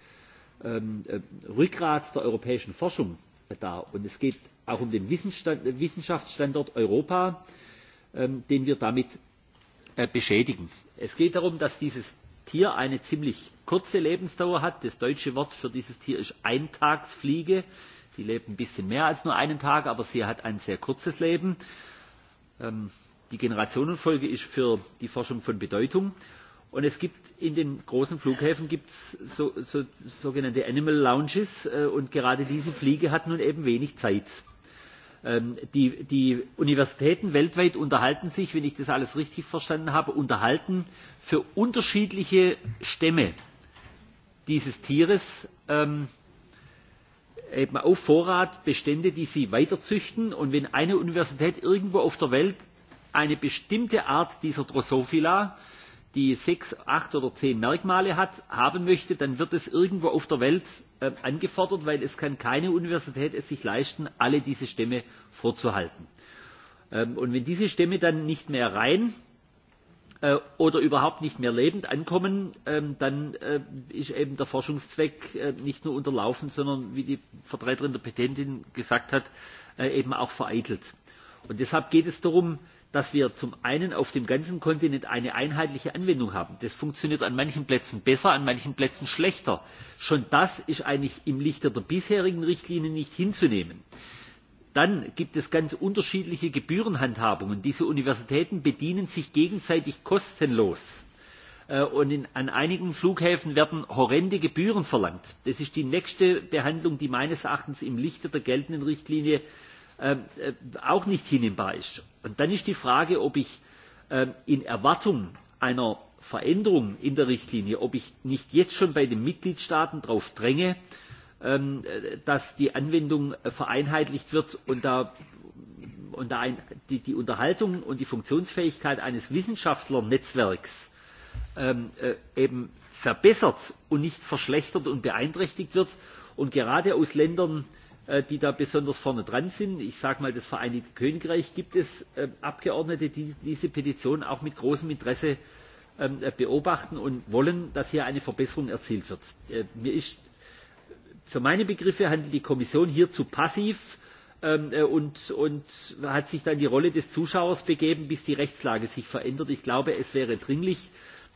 Rückgrat der europäischen Forschung dar. Und es geht auch um den Wissenschaftsstandort Europa, den wir damit beschädigen. Es geht darum, dass dieses Tier eine ziemlich kurze Lebensdauer hat. Das deutsche Wort für dieses Tier ist Eintagsfliege. Die lebt ein bisschen mehr als nur einen Tag, aber sie hat ein sehr kurzes Leben. Die Generationenfolge ist für die Forschung von Bedeutung. Und es gibt in den großen Flughäfen gibt's so, so, sogenannte Animal Lounges äh, und gerade diese Fliege hat nun eben wenig Zeit. Ähm, die, die Universitäten weltweit unterhalten sich, wenn ich das alles richtig verstanden habe, unterhalten für unterschiedliche Stämme dieses Tieres ähm, eben auf Vorrat Bestände, die sie weiter züchten. Und wenn eine Universität irgendwo auf der Welt eine bestimmte Art dieser Drosophila, die sechs, acht oder zehn Merkmale hat, haben möchte, dann wird es irgendwo auf der Welt äh, angefordert, weil es kann keine Universität es sich leisten, alle diese Stämme vorzuhalten. Ähm, und wenn diese Stämme dann nicht mehr rein oder überhaupt nicht mehr lebend ankommen, dann ist eben der Forschungszweck nicht nur unterlaufen, sondern wie die Vertreterin der Petentin gesagt hat, eben auch vereitelt. Und deshalb geht es darum, dass wir zum einen auf dem ganzen Kontinent eine einheitliche Anwendung haben. Das funktioniert an manchen Plätzen besser, an manchen Plätzen schlechter. Schon das ist eigentlich im Lichte der bisherigen Richtlinie nicht hinzunehmen. Dann gibt es ganz unterschiedliche Gebührenhandhabungen. Diese Universitäten bedienen sich gegenseitig kostenlos. Und in, an einigen Flughäfen werden horrende Gebühren verlangt. Das ist die nächste Behandlung, die meines Erachtens im Lichte der geltenden Richtlinie auch nicht hinnehmbar ist. Und dann ist die Frage, ob ich in Erwartung einer Veränderung in der Richtlinie, ob ich nicht jetzt schon bei den Mitgliedstaaten darauf dränge, dass die Anwendung vereinheitlicht wird und da, und da ein, die, die Unterhaltung und die Funktionsfähigkeit eines Wissenschaftlernetzwerks ähm, äh, eben verbessert und nicht verschlechtert und beeinträchtigt wird. Und gerade aus Ländern, äh, die da besonders vorne dran sind, ich sage mal das Vereinigte Königreich, gibt es äh, Abgeordnete, die diese Petition auch mit großem Interesse beobachten und wollen, dass hier eine Verbesserung erzielt wird. Mir ist für meine Begriffe handelt die Kommission hier zu passiv und, und hat sich dann die Rolle des Zuschauers begeben, bis die Rechtslage sich verändert. Ich glaube, es wäre dringlich,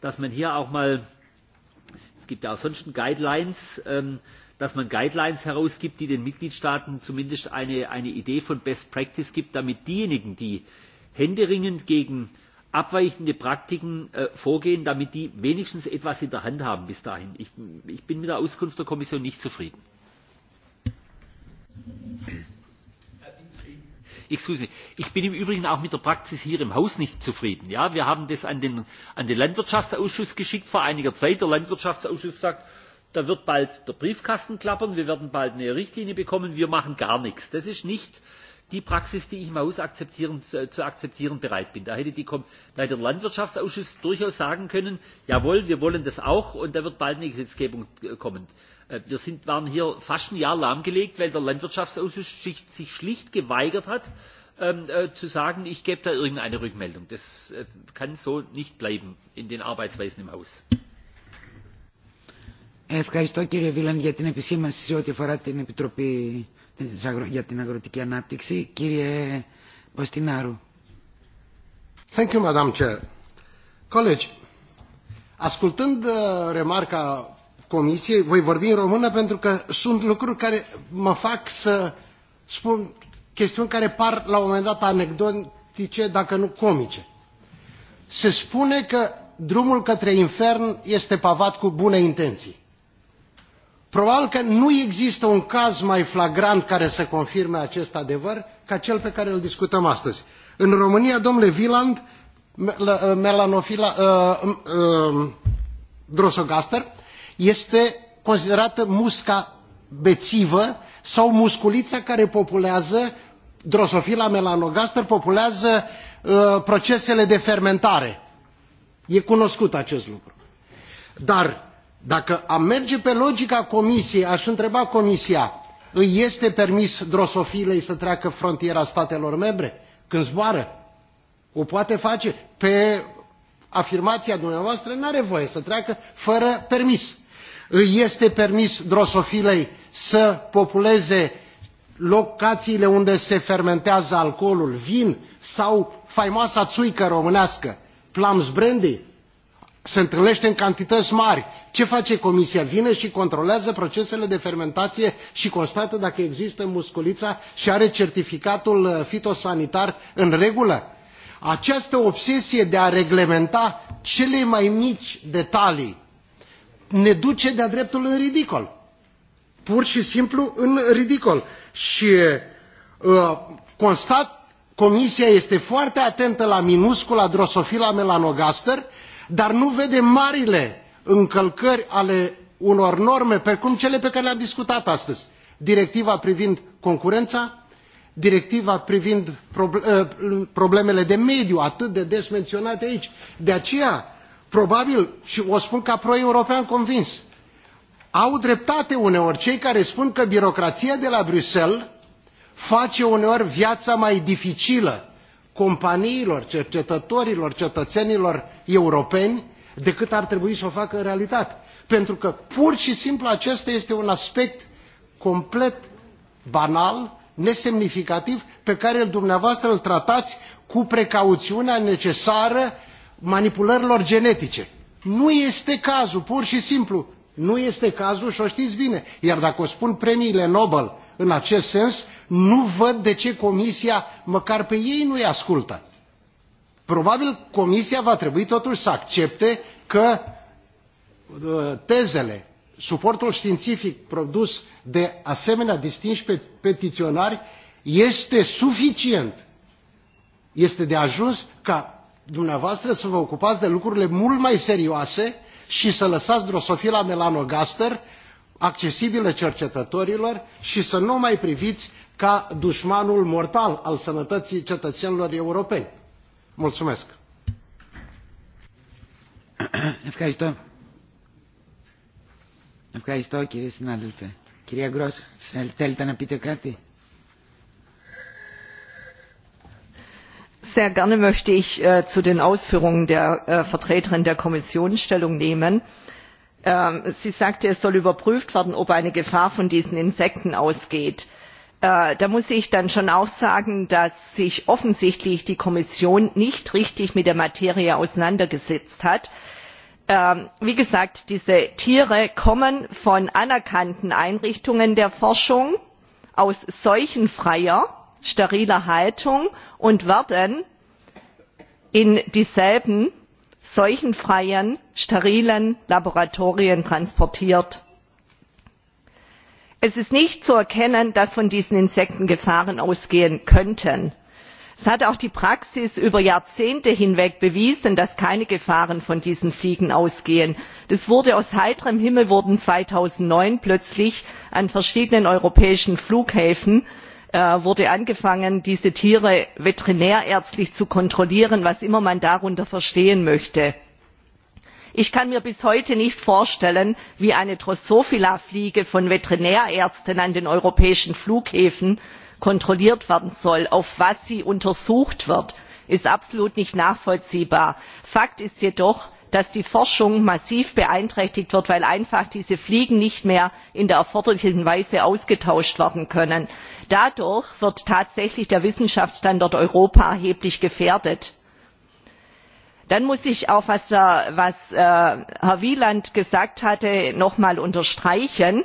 dass man hier auch mal, es gibt ja auch sonst Guidelines, dass man Guidelines herausgibt, die den Mitgliedstaaten zumindest eine, eine Idee von Best Practice gibt, damit diejenigen, die händeringend gegen abweichende Praktiken vorgehen, damit die wenigstens etwas in der Hand haben bis dahin. Ich, bin mit der Auskunft der Kommission nicht zufrieden. Ich bin im Übrigen auch mit der Praxis hier im Haus nicht zufrieden. Ja, wir haben das an den, an den Landwirtschaftsausschuss geschickt vor einiger Zeit. Der Landwirtschaftsausschuss sagt, da wird bald der Briefkasten klappern, wir werden bald eine Richtlinie bekommen, wir machen gar nichts. Das ist nicht äh, die Praxis, die ich im Haus akzeptieren, zu akzeptieren bereit bin. Da hätte, die, da hätte der Landwirtschaftsausschuss durchaus sagen können, jawohl, wir wollen das auch und da wird bald eine Gesetzgebung kommen. Wir sind, waren hier fast ein Jahr lahmgelegt, weil der Landwirtschaftsausschuss sich schlicht geweigert hat, zu sagen, ich gebe da irgendeine Rückmeldung. Das kann so nicht bleiben in den Arbeitsweisen im Haus. Ευχαριστώ κύριε Βίλαν για την επισήμανση σε ό,τι αφορά την Επιτροπή για την αγροτική ανάπτυξη. Κύριε Ποστινάρου. Thank you, Madam Chair. Colegi, ascultând remarca Comisiei, voi vorbi în română pentru că sunt lucruri care mă fac să spun chestiuni care par la un moment dat anecdotice, dacă nu comice. Se spune că drumul către infern este pavat cu bune intenții. Probabil că nu există un caz mai flagrant care să confirme acest adevăr ca cel pe care îl discutăm astăzi. În România, domnule Viland, melanofila, uh, uh, drosogaster, este considerată musca bețivă sau musculița care populează, drosofila melanogaster, populează uh, procesele de fermentare. E cunoscut acest lucru. Dar Dacă am merge pe logica Comisiei, aș întreba Comisia, îi este permis drosofilei să treacă frontiera statelor membre când zboară? O poate face? Pe afirmația dumneavoastră nu are voie să treacă fără permis. Îi este permis drosofilei să populeze locațiile unde se fermentează alcoolul, vin sau faimoasa țuică românească, plums brandy? se întâlnește în cantități mari. Ce face Comisia? Vine și controlează procesele de fermentație și constată dacă există musculița și are certificatul fitosanitar în regulă? Această obsesie de a reglementa cele mai mici detalii ne duce de-a dreptul în ridicol. Pur și simplu în ridicol. Și uh, constat, Comisia este foarte atentă la minuscula drosofila melanogaster, dar nu vede marile încălcări ale unor norme precum cele pe care le am discutat astăzi directiva privind concurența directiva privind problemele de mediu atât de des menționate aici. de aceea probabil și o spun ca pro european convins au dreptate uneori cei care spun că birocrația de la bruxelles face uneori viața mai dificilă companiilor, cercetătorilor, cetățenilor europeni decât ar trebui să o facă în realitate. Pentru că pur și simplu acesta este un aspect complet banal, nesemnificativ, pe care dumneavoastră îl tratați cu precauțiunea necesară manipulărilor genetice. Nu este cazul, pur și simplu. Nu este cazul și o știți bine. Iar dacă o spun premiile Nobel în acest sens, nu văd de ce Comisia măcar pe ei nu îi ascultă. Probabil Comisia va trebui totuși să accepte că tezele, suportul științific produs de asemenea distinși petiționari este suficient, este de ajuns ca dumneavoastră să vă ocupați de lucrurile mult mai serioase și să lăsați drosofila melanogaster accesibile cercetătorilor și să nu mai priviți ca dușmanul mortal al sănătății cetățenilor europeni. Mulțumesc! Ευχαριστώ. Ευχαριστώ κύριε συνάδελφε. Κυρία Γκρός, θέλετε να πείτε κάτι? Sehr gerne möchte ich äh, zu den Ausführungen der äh, Vertreterin der Kommission Stellung nehmen sie sagte es soll überprüft werden ob eine gefahr von diesen insekten ausgeht. da muss ich dann schon auch sagen dass sich offensichtlich die kommission nicht richtig mit der materie auseinandergesetzt hat. wie gesagt diese tiere kommen von anerkannten einrichtungen der forschung aus seuchenfreier steriler haltung und werden in dieselben seuchenfreien sterilen laboratorien transportiert. es ist nicht zu erkennen dass von diesen insekten gefahren ausgehen könnten. es hat auch die praxis über jahrzehnte hinweg bewiesen dass keine gefahren von diesen fliegen ausgehen. aus heiterem himmel wurden zweitausendneun plötzlich an verschiedenen europäischen flughäfen wurde angefangen diese tiere veterinärärztlich zu kontrollieren was immer man darunter verstehen möchte. ich kann mir bis heute nicht vorstellen wie eine drosophila fliege von veterinärärzten an den europäischen flughäfen kontrolliert werden soll. auf was sie untersucht wird ist absolut nicht nachvollziehbar. fakt ist jedoch dass die forschung massiv beeinträchtigt wird weil einfach diese fliegen nicht mehr in der erforderlichen weise ausgetauscht werden können dadurch wird tatsächlich der wissenschaftsstandort europa erheblich gefährdet. dann muss ich auch was herr wieland gesagt hatte noch einmal unterstreichen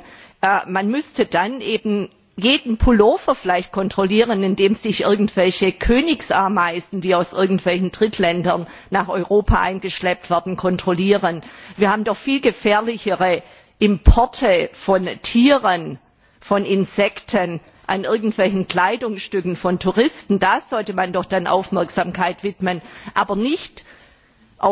man müsste dann eben jeden pullover vielleicht kontrollieren in dem sich irgendwelche königsameisen die aus irgendwelchen drittländern nach europa eingeschleppt werden kontrollieren. wir haben doch viel gefährlichere importe von tieren von insekten an irgendwelchen kleidungsstücken von touristen da sollte man doch dann aufmerksamkeit widmen aber nicht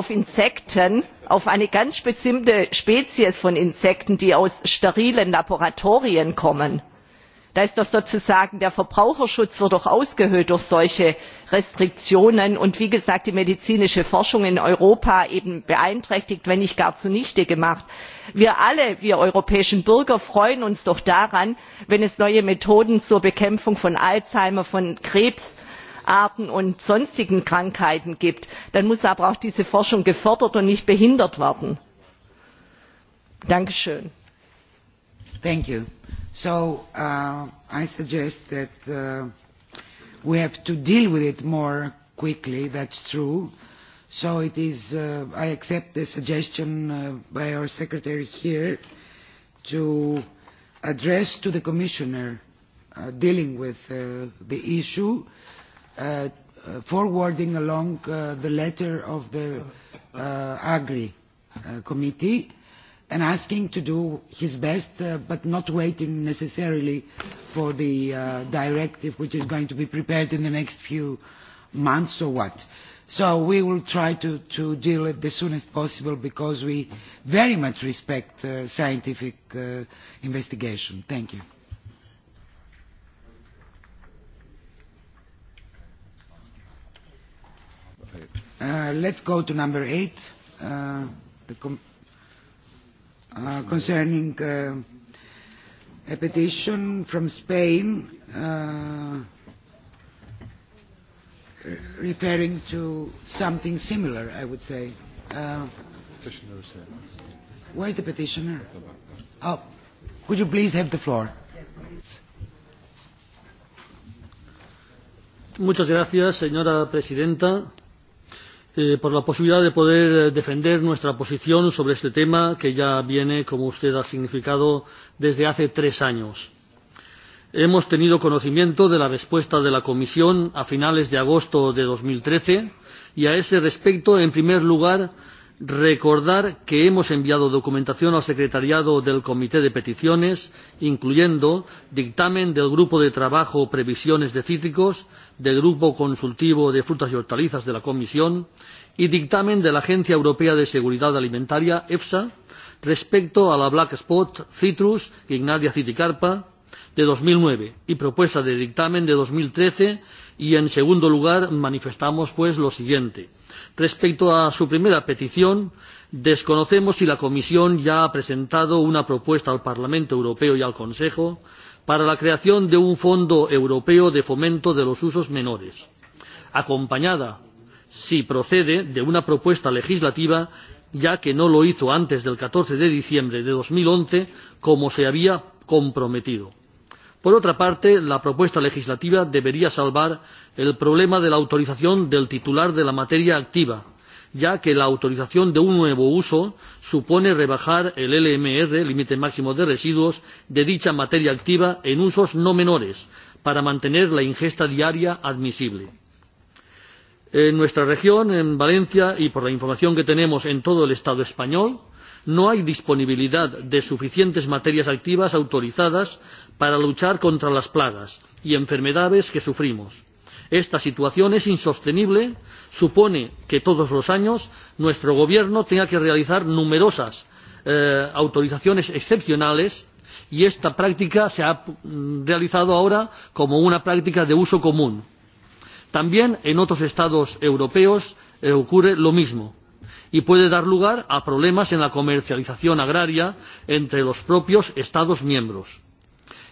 insekten auf eine ganz bestimmte spezies von insekten die aus sterilen laboratorien kommen da ist doch sozusagen der verbraucherschutz ausgehöhlt durch solche restriktionen und wie gesagt die medizinische forschung in europa eben beeinträchtigt wenn nicht gar zunichte gemacht. wir alle wir europäischen bürger freuen uns doch daran wenn es neue methoden zur bekämpfung von alzheimer von krebsarten und sonstigen krankheiten gibt. dann muss aber auch diese forschung gefördert und nicht behindert werden. danke schön. So uh, I suggest that uh, we have to deal with it more quickly, that's true. So it is, uh, I accept the suggestion uh, by our secretary here to address to the commissioner uh, dealing with uh, the issue, uh, forwarding along uh, the letter of the uh, Agri uh, committee and asking to do his best, uh, but not waiting necessarily for the uh, directive, which is going to be prepared in the next few months or what. So we will try to, to deal it as soon as possible because we very much respect uh, scientific uh, investigation. Thank you. Uh, let's go to number eight. Uh, the concerning uh, a petition from Spain uh, referring to something similar, I would say. Uh, where is the petitioner? Oh, could you please have the floor? Muchas gracias, señora presidenta por la posibilidad de poder defender nuestra posición sobre este tema que ya viene, como usted ha significado, desde hace tres años. Hemos tenido conocimiento de la respuesta de la Comisión a finales de agosto de dos mil trece y a ese respecto, en primer lugar, recordar que hemos enviado documentación al secretariado del comité de peticiones incluyendo dictamen del grupo de trabajo previsiones de cítricos del grupo consultivo de frutas y hortalizas de la comisión y dictamen de la agencia europea de seguridad alimentaria EFSA, respecto a la black spot citrus ignadia citicarpa de dos mil nueve y propuesta de dictamen de dos mil trece y en segundo lugar manifestamos lo siguiente Respecto a su primera petición, desconocemos si la Comisión ya ha presentado una propuesta al Parlamento Europeo y al Consejo para la creación de un Fondo Europeo de Fomento de los Usos Menores, acompañada, si procede, de una propuesta legislativa, ya que no lo hizo antes del catorce de diciembre de dos mil once, como se había comprometido por otra parte la propuesta legislativa debería salvar el problema de la autorización del titular de la materia activa ya que la autorización de un nuevo uso supone rebajar el lmr límite máximo de residuos de dicha materia activa en usos no menores para mantener la ingesta diaria admisible. en nuestra región en valencia y por la información que tenemos en todo el estado español no hay disponibilidad de suficientes materias activas autorizadas para luchar contra las plagas y enfermedades que sufrimos. Esta situación es insostenible, supone que todos los años nuestro Gobierno tenga que realizar numerosas autorizaciones excepcionales y esta práctica se ha realizado ahora como una práctica de uso común. También en otros Estados europeos ocurre lo mismo y puede dar lugar a problemas en la comercialización agraria entre los propios Estados miembros.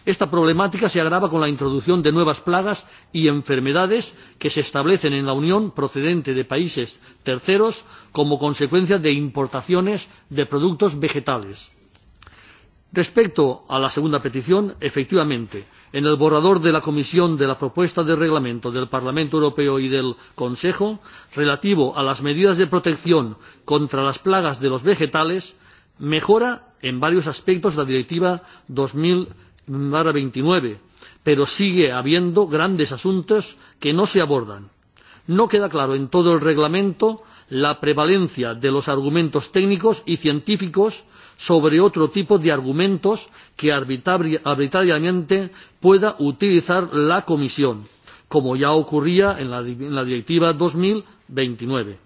Esta problemática se agrava con la introducción de nuevas plagas y enfermedades que se establecen en la Unión procedente de países terceros como consecuencia de importaciones de productos vegetales. Respecto a la segunda petición, efectivamente, en el borrador de la Comisión de la propuesta de reglamento del Parlamento Europeo y del Consejo relativo a las medidas de protección contra las plagas de los vegetales, mejora en varios aspectos la Directiva dos mil veintinueve, pero sigue habiendo grandes asuntos que no se abordan. No queda claro en todo el reglamento la prevalencia de los argumentos técnicos y científicos sobre otro tipo de argumentos que arbitrariamente pueda utilizar la Comisión, como ya ocurría en la, Directiva dos mil veintinueve.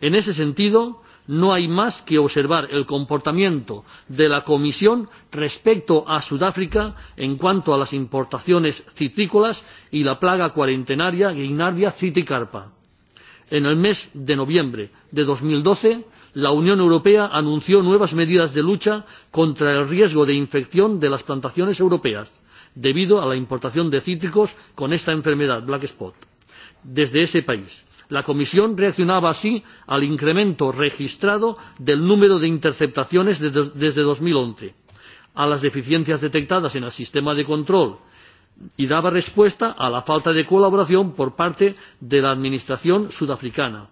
En ese sentido, no hay más que observar el comportamiento de la Comisión respecto a Sudáfrica en cuanto a las importaciones citrícolas y la plaga cuarentenaria Guinardia citicarpa. En el mes de noviembre de dos mil doce la Unión Europea anunció nuevas medidas de lucha contra el riesgo de infección de las plantaciones europeas debido a la importación de cítricos con esta enfermedad, black spot, desde ese país. La Comisión reaccionaba así al incremento registrado del número de interceptaciones desde dos mil once, a las deficiencias detectadas en el sistema de control y daba respuesta a la falta de colaboración por parte de la Administración sudafricana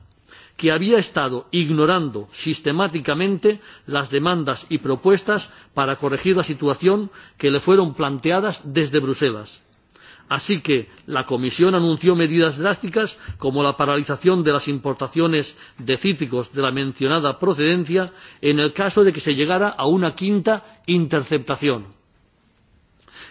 que había estado ignorando sistemáticamente las demandas y propuestas para corregir la situación que le fueron planteadas desde Bruselas. Así que la Comisión anunció medidas drásticas como la paralización de las importaciones de cítricos de la mencionada procedencia en el caso de que se llegara a una quinta interceptación.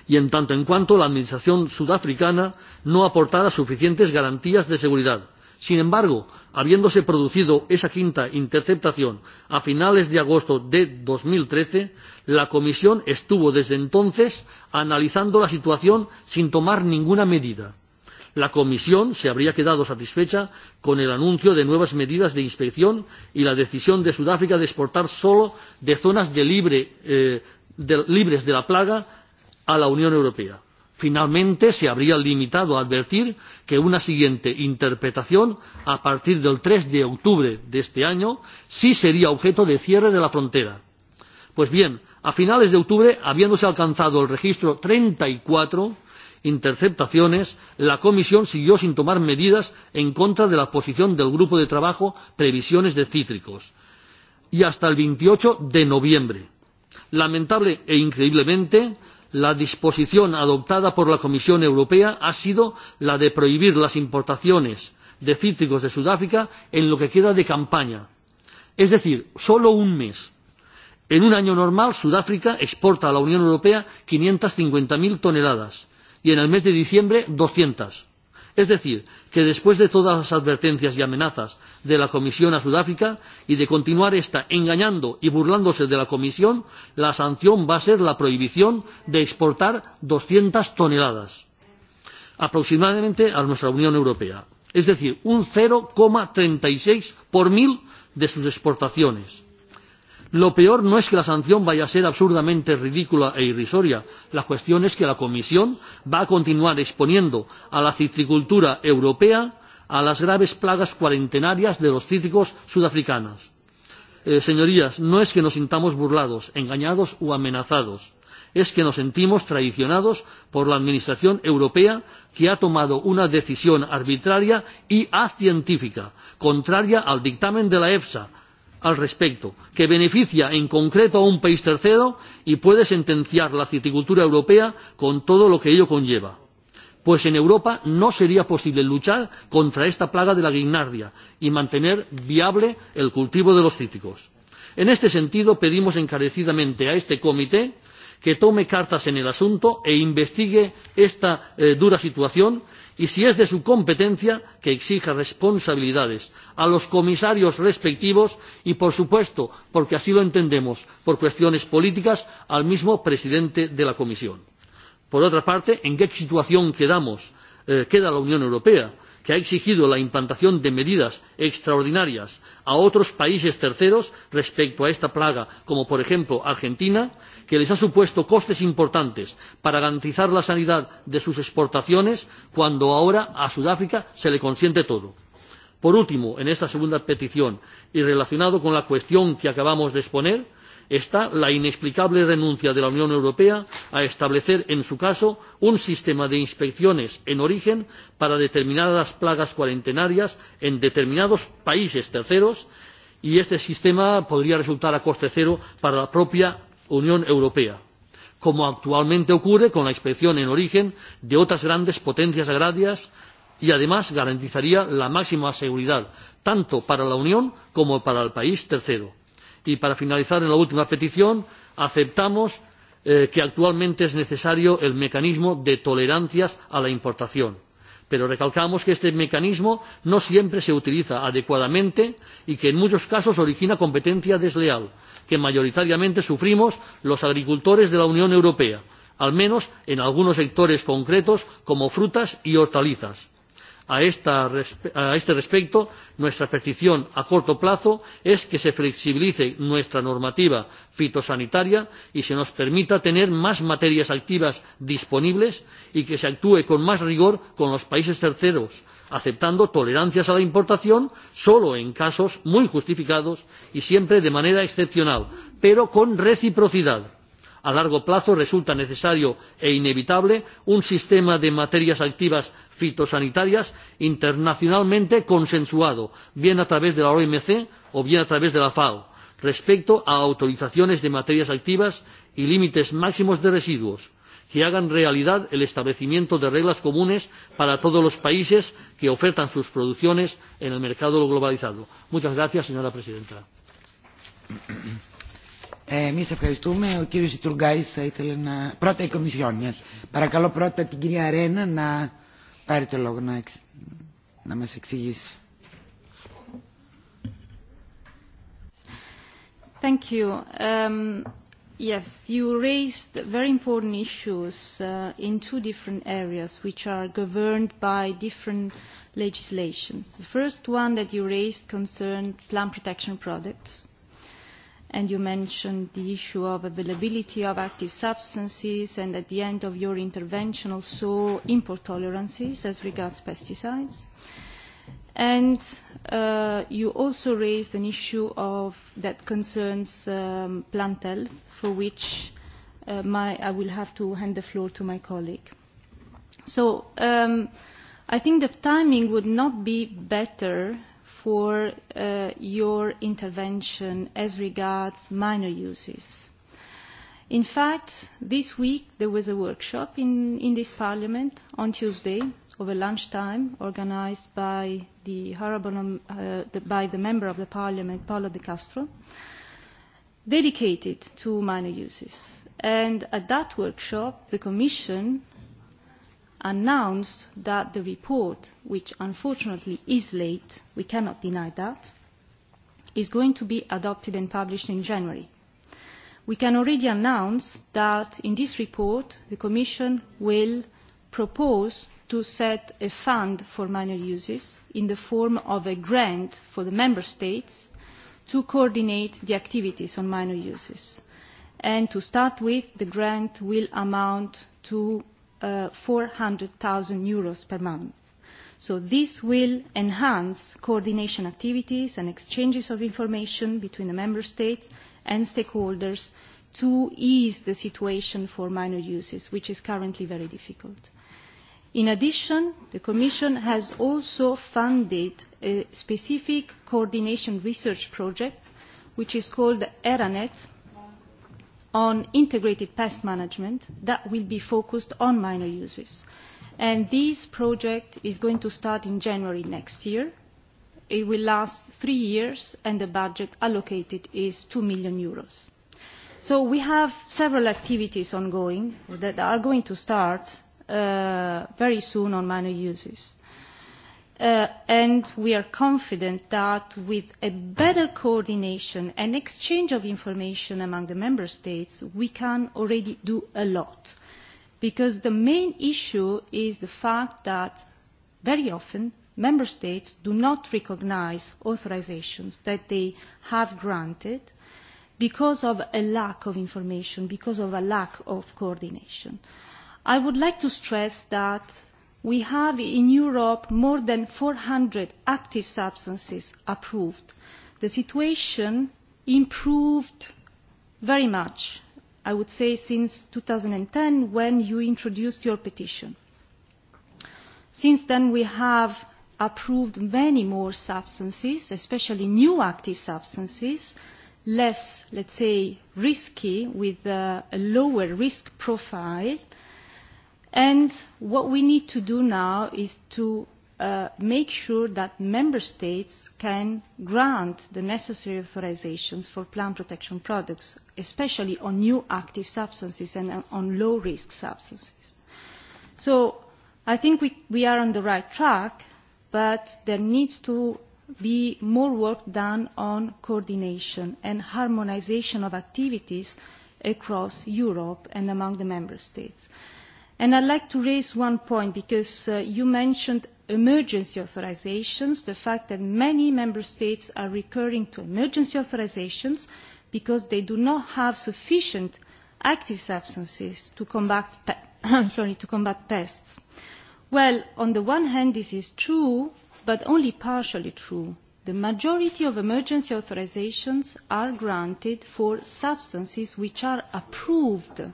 Y en tanto en cuanto la Administración sudafricana no aportara suficientes garantías de seguridad Sin embargo, habiéndose producido esa quinta interceptación a finales de agosto de dos mil trece la comisión estuvo desde entonces analizando la situación sin tomar ninguna medida. la comisión se habría quedado satisfecha con el anuncio de nuevas medidas de inspección y la decisión de sudáfrica de exportar solo de zonas libres de la plaga a la unión europea Finalmente, se habría limitado a advertir que una siguiente interpretación, a partir del 3 de octubre de este año, sí sería objeto de cierre de la frontera. Pues bien, a finales de octubre, habiéndose alcanzado el registro 34 interceptaciones, la Comisión siguió sin tomar medidas en contra de la posición del Grupo de Trabajo Previsiones de Cítricos. Y hasta el 28 de noviembre. Lamentable e increíblemente, la disposición adoptada por la Comisión Europea ha sido la de prohibir las importaciones de cítricos de Sudáfrica en lo que queda de campaña. Es decir, solo un mes. En un año normal, Sudáfrica exporta a la Unión Europea quinientos cincuenta cero toneladas y en el mes de diciembre doscientos. Es decir, que después de todas las advertencias y amenazas de la Comisión a Sudáfrica y de continuar esta engañando y burlándose de la Comisión, la sanción va a ser la prohibición de exportar doscientas toneladas aproximadamente a nuestra Unión Europea, es decir, un cero treinta y seis por mil de sus exportaciones Lo peor no es que la sanción vaya a ser absurdamente ridícula e irrisoria. La cuestión es que la Comisión va a continuar exponiendo a la citricultura europea a las graves plagas cuarentenarias de los cítricos sudafricanos. Eh, señorías, no es que nos sintamos burlados, engañados o amenazados. Es que nos sentimos traicionados por la Administración Europea que ha tomado una decisión arbitraria y acientífica, contraria al dictamen de la EFSA, al respecto, que beneficia en concreto a un país tercero y puede sentenciar la citicultura europea con todo lo que ello conlleva. Pues en Europa no sería posible luchar contra esta plaga de la guirnalda y mantener viable el cultivo de los cítricos. En este sentido, pedimos encarecidamente a este comité que tome cartas en el asunto e investigue esta dura situación y si es de su competencia que exija responsabilidades a los comisarios respectivos y por supuesto porque así lo entendemos por cuestiones políticas al mismo presidente de la comisión. por otra parte en qué situación queda la unión europea que ha exigido la implantación de medidas extraordinarias a otros países terceros respecto a esta plaga como por ejemplo argentina y que les ha supuesto costes importantes para garantizar la sanidad de sus exportaciones cuando ahora a Sudáfrica se le consiente todo. Por último, en esta segunda petición y relacionado con la cuestión que acabamos de exponer, está la inexplicable renuncia de la Unión Europea a establecer, en su caso, un sistema de inspecciones en origen para determinadas plagas cuarentenarias en determinados países terceros y este sistema podría resultar a coste cero para la propia Unión Europea, como actualmente ocurre con la inspección en origen de otras grandes potencias agrarias y además garantizaría la máxima seguridad tanto para la Unión como para el país tercero. Y para finalizar en la última petición, aceptamos que actualmente es necesario el mecanismo de tolerancias a la importación pero recalcamos que este mecanismo no siempre se utiliza adecuadamente y que en muchos casos origina competencia desleal que mayoritariamente sufrimos los agricultores de la unión europea al menos en algunos sectores concretos como frutas y hortalizas. A, este respecto, nuestra petición a corto plazo es que se flexibilice nuestra normativa fitosanitaria y se nos permita tener más materias activas disponibles y que se actúe con más rigor con los países terceros, aceptando tolerancias a la importación solo en casos muy justificados y siempre de manera excepcional, pero con reciprocidad A largo plazo resulta necesario e inevitable un sistema de materias activas fitosanitarias internacionalmente consensuado, bien a través de la OMC o bien a través de la FAO, respecto a autorizaciones de materias activas y límites máximos de residuos que hagan realidad el establecimiento de reglas comunes para todos los países que ofertan sus producciones en el mercado globalizado. Muchas gracias, señora presidenta. Εμείς ευχαριστούμε. Ο κύριος Ιτουργκάης θα ήθελε να... Πρώτα η Κομισιόν. Παρακαλώ πρώτα την κυρία Ρένα να πάρει το λόγο να, εξ... να μας εξηγήσει. Thank you. Um, yes, you raised very important issues uh, in two different areas which are governed by different legislations. The first one that you raised concerned plant protection products and you mentioned the issue of availability of active substances and at the end of your intervention also import tolerances as regards pesticides. And uh, you also raised an issue of, that concerns um, plant health, for which uh, my, I will have to hand the floor to my colleague. So um, I think the timing would not be better for uh, your intervention as regards minor uses. In fact, this week there was a workshop in, in this parliament on Tuesday over lunchtime organized by the, Harabon, uh, the, by the member of the parliament, Paolo De Castro, dedicated to minor uses. And at that workshop, the Commission announced that the report, which unfortunately is late, we cannot deny that, is going to be adopted and published in January. We can already announce that in this report the Commission will propose to set a fund for minor uses in the form of a grant for the Member States to coordinate the activities on minor uses. And to start with, the grant will amount to uh, 400,000 euros per month. So this will enhance coordination activities and exchanges of information between the member states and stakeholders to ease the situation for minor uses, which is currently very difficult. In addition, the Commission has also funded a specific coordination research project, which is called ERANET, on integrated pest management that will be focused on minor uses. this project is going to start in January next year. It will last three years, and the budget allocated is 2 million euros. So we have several activities ongoing that are going to start very soon on minor uses and we are confident that with a better coordination and exchange of information among the member states, we can already do a lot. Because the main issue is the fact that very often member states do not recognise authorisations that they have granted because of a lack of information, because of a lack of coordination. I would like to stress that we have in Europe more than 400 active substances approved. The situation improved very much, I would say, since 2010 when you introduced your petition. Since then, we have approved many more substances, especially new active substances, less, let's say, risky, with a lower risk profile, And what we need to do now is to uh, make sure that member states can grant the necessary authorizations for plant protection products, especially on new active substances and on low-risk substances. So I think we, we are on the right track, but there needs to be more work done on coordination and harmonization of activities across Europe and among the member states. Uh, And I'd like to raise one point because uh, you mentioned emergency authorisations, the fact that many member states are recurring to emergency authorisations because they do not have sufficient active substances to combat, sorry, to combat pests. Well, on the one hand, this is true, but only partially true. The majority of emergency authorisations are granted for substances which are approved uh,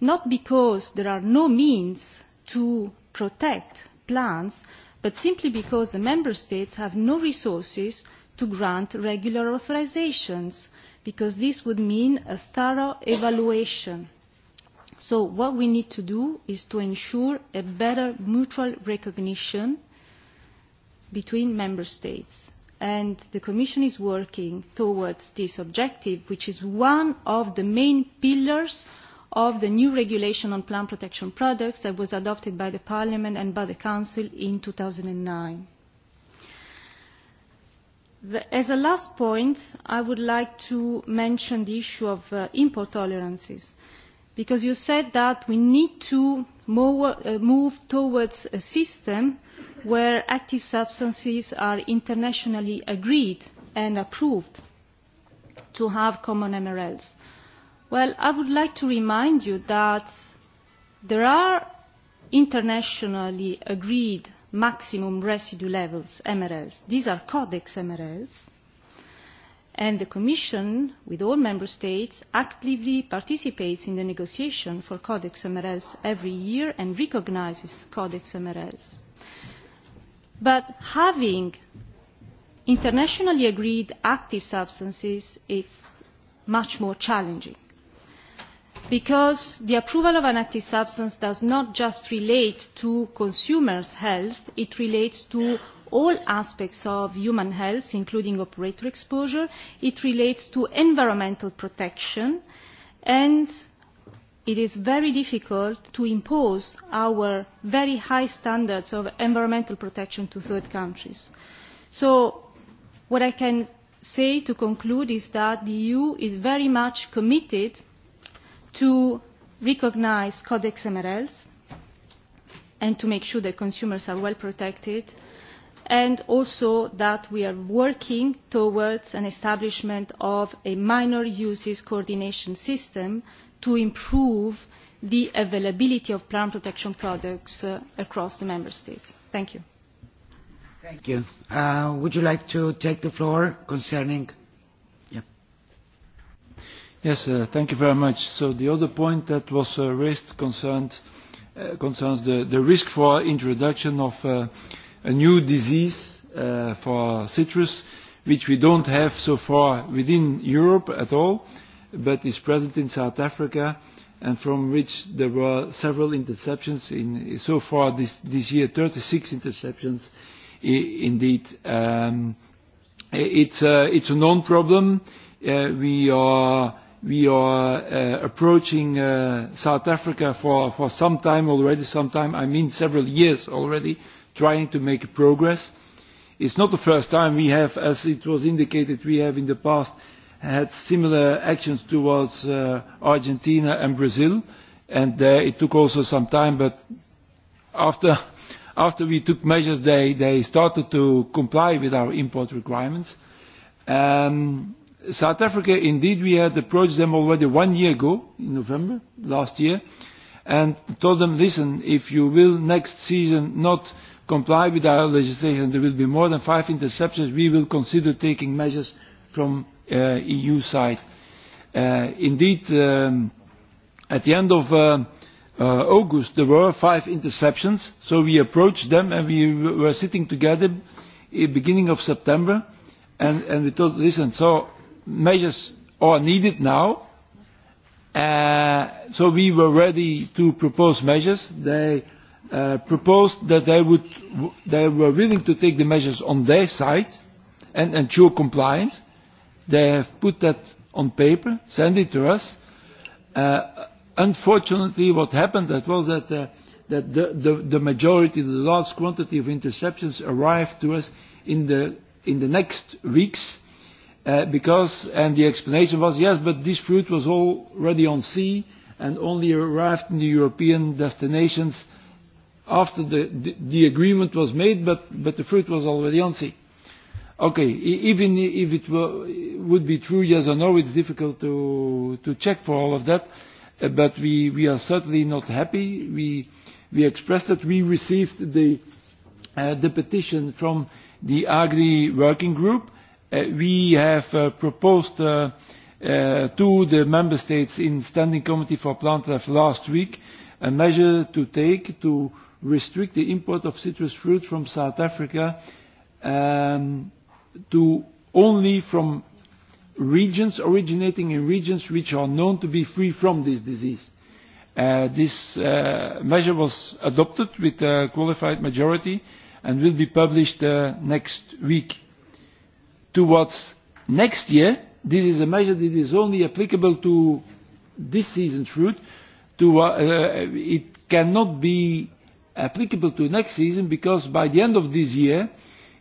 not because there are no means to protect plants, but simply because the member states have no resources to grant regular authorisations, because this would mean a thorough evaluation. So what we need to do is to ensure a better mutual recognition between member states. And the Commission is working towards this objective, which is one of the main pillars of the new regulation on plant protection products that was adopted by the Parliament and by the Council in 2009. The, as a last point, I would like to mention the issue of uh, import tolerances, because you said that we need to more, uh, move towards a system where active substances are internationally agreed and approved to have common MRLs. Uh, Well, I would like to remind you that there are internationally agreed maximum residue levels, MRLs. These are Codex MRLs. And the Commission, with all Member States, actively participates in the negotiation for Codex MRLs every year and recognizes Codex MRLs. But having internationally agreed active substances, it's much more challenging because the approval of an active substance does not just relate to consumers' health, it relates to all aspects of human health, including operator exposure. It relates to environmental protection, and it is very difficult to impose our very high standards of environmental protection to third countries. So what I can say to conclude is that the EU is very much committed to recognise Codex MRLs and to make sure that consumers are well protected, and also that we are working towards an establishment of a minor uses coordination system to improve the availability of plant protection products uh, across the member states. Thank you. Thank you. Uh, would you like to take the floor concerning Yes, uh, thank you very much. So the other point that was uh, raised concerned, uh, concerns the, the risk for introduction of uh, a new disease uh, for citrus, which we don't have so far within Europe at all, but is present in South Africa, and from which there were several interceptions in so far this, this year, 36 interceptions I indeed. Um, it's, uh, it's a known problem. Uh, we are We are uh, approaching uh, South Africa for, for some time already, some time, I mean several years already, trying to make progress. It's not the first time we have, as it was indicated, we have in the past had similar actions towards uh, Argentina and Brazil, and uh, it took also some time, but after, after we took measures, they, they started to comply with our import requirements. Um, South Africa, indeed, we had approached them already one year ago, in November last year, and told them, listen, if you will next season not comply with our legislation, there will be more than five interceptions, we will consider taking measures from uh, EU side. Uh, indeed, um, at the end of uh, uh, August, there were five interceptions, so we approached them and we were sitting together at the beginning of September, and, and we told, listen, so measures are needed now. Uh, so we were ready to propose measures. They uh, proposed that they, would, they were willing to take the measures on their side and ensure compliance. They have put that on paper, sent it to us. Uh, unfortunately, what happened that was that, uh, that the, the, the majority, the large quantity of interceptions arrived to us in the, in the next weeks uh, because, and the explanation was, yes, but this fruit was already on sea and only arrived in the European destinations after the, the, the agreement was made, but, but the fruit was already on sea. Okay, even if it were, would be true, yes or no, it's difficult to, to check for all of that, uh, but we, we are certainly not happy. We, we expressed that we received the, uh, the petition from the Agri Working Group, we have proposed to the member states in standing committee for plant life last week a measure to take to restrict the import of citrus fruit from South Africa to only from regions originating in regions which are known to be free from this disease. Uh, this uh, measure was adopted with a qualified majority and will be published uh, next week towards next year, this is a measure that is only applicable to this season's fruit. To, uh, it cannot be applicable to next season because by the end of this year,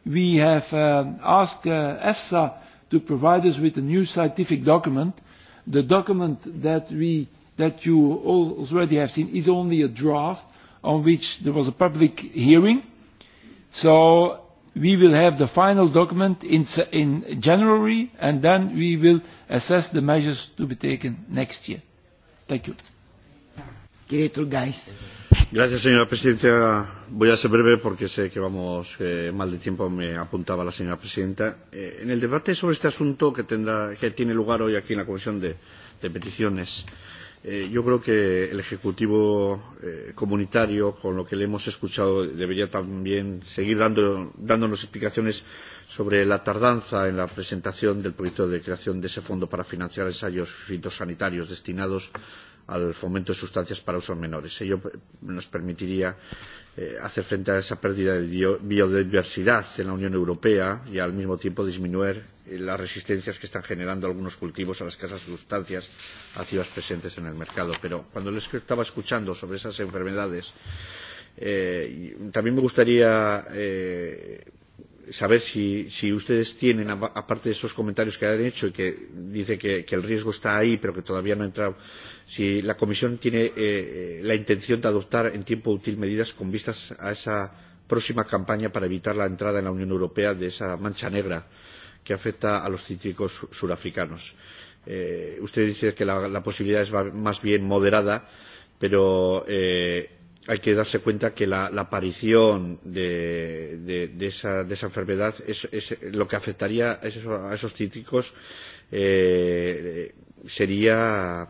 we have uh, asked uh, EFSA to provide us with a new scientific document. The document that, we, that you all already have seen is only a draft on which there was a public hearing. So we will have the final document in, in January and then we will assess the measures to be taken next year. Thank you. Gracias, señora presidenta. Voy a ser breve porque sé que vamos eh, mal de tiempo, me apuntaba la señora presidenta. Eh, en el debate sobre este asunto que, tendrá, que tiene lugar hoy aquí en la Comisión de, de Peticiones, eh, Eh, yo creo que el Ejecutivo eh, comunitario, con lo que le hemos escuchado, debería también seguir dando, dándonos explicaciones sobre la tardanza en la presentación del proyecto de creación de ese fondo para financiar ensayos fitosanitarios destinados al fomento de sustancias para usos menores. Ello nos permitiría eh, hacer frente a esa pérdida de biodiversidad en la Unión Europea y al mismo tiempo disminuir las resistencias que están generando algunos cultivos a las escasas sustancias activas presentes en el mercado. Pero cuando les estaba escuchando sobre esas enfermedades, eh, también me gustaría eh, saber si, si ustedes tienen, aparte de esos comentarios que han hecho y que dice que, que el riesgo está ahí, pero que todavía no ha entrado, si la Comisión tiene eh, la intención de adoptar en tiempo útil medidas con vistas a esa próxima campaña para evitar la entrada en la Unión Europea de esa mancha negra que afecta a los cítricos surafricanos. Eh, usted dice que la, la posibilidad es más bien moderada, pero eh, hay que darse cuenta que la, la aparición de, de, de, esa, de esa enfermedad es, es lo que afectaría a esos, a esos cítricos eh, sería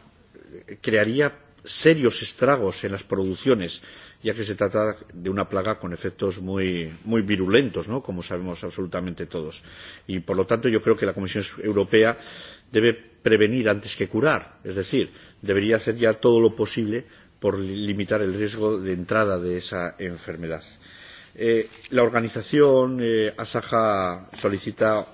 crearía serios estragos en las producciones ya que se trata de una plaga con efectos muy, muy virulentos, ¿no? como sabemos absolutamente todos. Y, por lo tanto, yo creo que la Comisión Europea debe prevenir antes que curar, es decir, debería hacer ya todo lo posible por limitar el riesgo de entrada de esa enfermedad. Eh, la organización eh, ASAJA solicita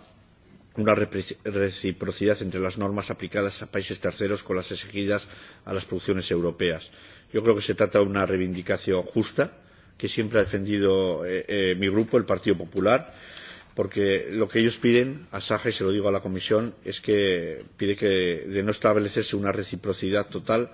una reciprocidad entre las normas aplicadas a países terceros con las exigidas a las producciones europeas. Yo creo que se trata de una reivindicación justa que siempre ha defendido eh, eh, mi grupo, el Partido Popular, porque lo que ellos piden a Saja, y se lo digo a la Comisión, es que pide que de no establecerse una reciprocidad total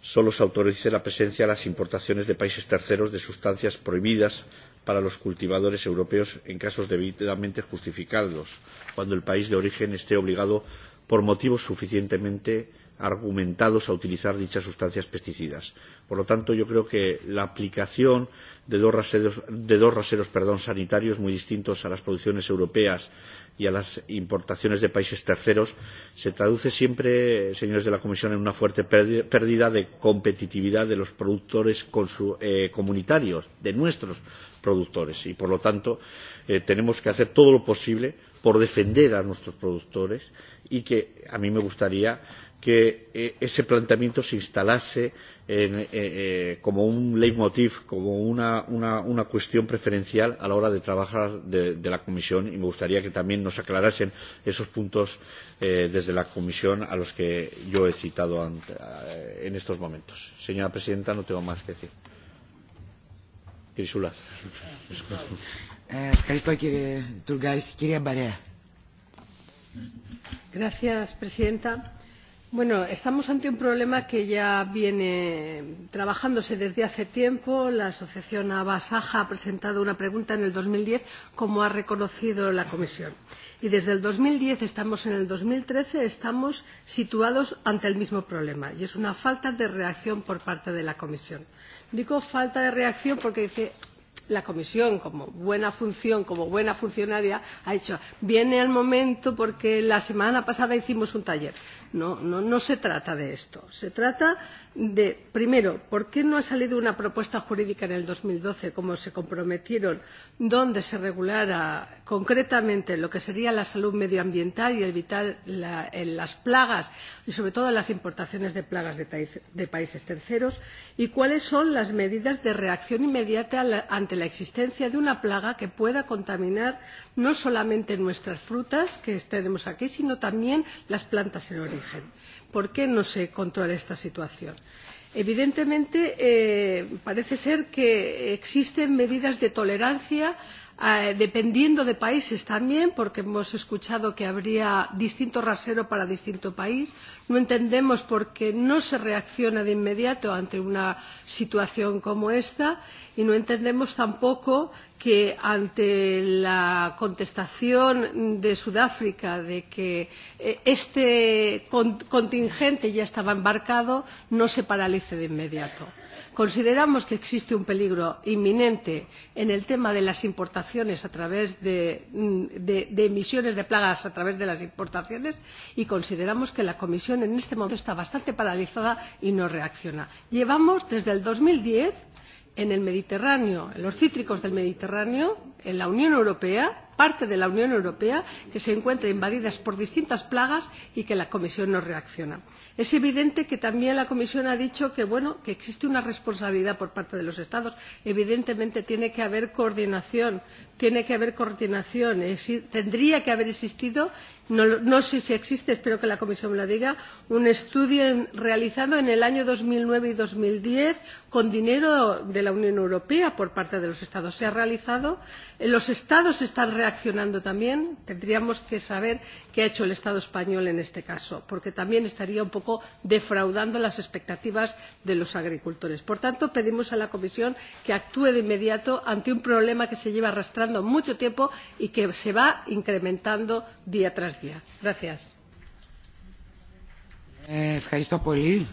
solo se autorice la presencia de las importaciones de países terceros de sustancias prohibidas para los cultivadores europeos en casos debidamente justificados, cuando el país de origen esté obligado por motivos suficientemente argumentados a utilizar dichas sustancias pesticidas. Por lo tanto, yo creo que la aplicación de dos raseros, de dos raseros perdón, sanitarios muy distintos a las producciones europeas y a las importaciones de países terceros se traduce siempre, señores de la Comisión, en una fuerte pérdida de competitividad de los productores comunitarios, de nuestros productores. Y, por lo tanto, tenemos que hacer todo lo posible por defender a nuestros productores y que a mí me gustaría que ese planteamiento se instalase en, eh, como un leitmotiv, como una, una, una cuestión preferencial a la hora de trabajar de, de la Comisión y me gustaría que también nos aclarasen esos puntos eh, desde la Comisión a los que yo he citado ante, eh, en estos momentos. Señora Presidenta, no tengo más que decir. Crisula. Gracias, Presidenta Bueno, estamos ante un problema que ya viene trabajándose desde hace tiempo. La asociación Abasaja ha presentado una pregunta en el 2010, como ha reconocido la Comisión. Y desde el 2010 estamos en el 2013, estamos situados ante el mismo problema. Y es una falta de reacción por parte de la Comisión. Digo falta de reacción porque dice la comisión, como buena función, como buena funcionaria, ha dicho Viene el momento porque la semana pasada hicimos un taller. No, no, no se trata de esto. Se trata de, primero, ¿por qué no ha salido una propuesta jurídica en el doce, como se comprometieron, donde se regulara concretamente lo que sería la salud medioambiental y evitar la, en las plagas y, sobre todo, las importaciones de plagas de, de países terceros? ¿Y cuáles son las medidas de reacción inmediata ante la existencia de una plaga que pueda contaminar no solamente nuestras frutas que tenemos aquí sino también las plantas en origen. por qué no se controla esta situación? evidentemente parece ser que existen medidas de tolerancia a dependiendo de países también, porque hemos escuchado que habría distinto rasero para distinto país. No entendemos por qué no se reacciona de inmediato ante una situación como esta y no entendemos tampoco que ante la contestación de Sudáfrica de que este contingente ya estaba embarcado no se paralice de inmediato consideramos que existe un peligro inminente en el tema de las importaciones a través de, emisiones de plagas a través de las importaciones y consideramos que la comisión en este momento está bastante paralizada y no reacciona. llevamos desde dos mil diez en el mediterráneo en los cítricos del mediterráneo en la unión europea parte de la Unión Europea que se encuentra invadida por distintas plagas y que la Comisión no reacciona. Es evidente que también la Comisión ha dicho que, bueno, que existe una responsabilidad por parte de los Estados. Evidentemente tiene que haber coordinación, tiene que haber coordinación, tendría que haber existido no, no sé si existe, espero que la Comisión me lo diga, un estudio en, realizado en el año nueve y dos mil diez, con dinero de la Unión Europea por parte de los Estados. Se ha realizado. Los Estados están reaccionando también. Tendríamos que saber qué ha hecho el Estado español en este caso, porque también estaría un poco defraudando las expectativas de los agricultores. Por tanto, pedimos a la Comisión que actúe de inmediato ante un problema que se lleva arrastrando mucho tiempo y que se va incrementando día tras día Ευχαριστώ πολύ.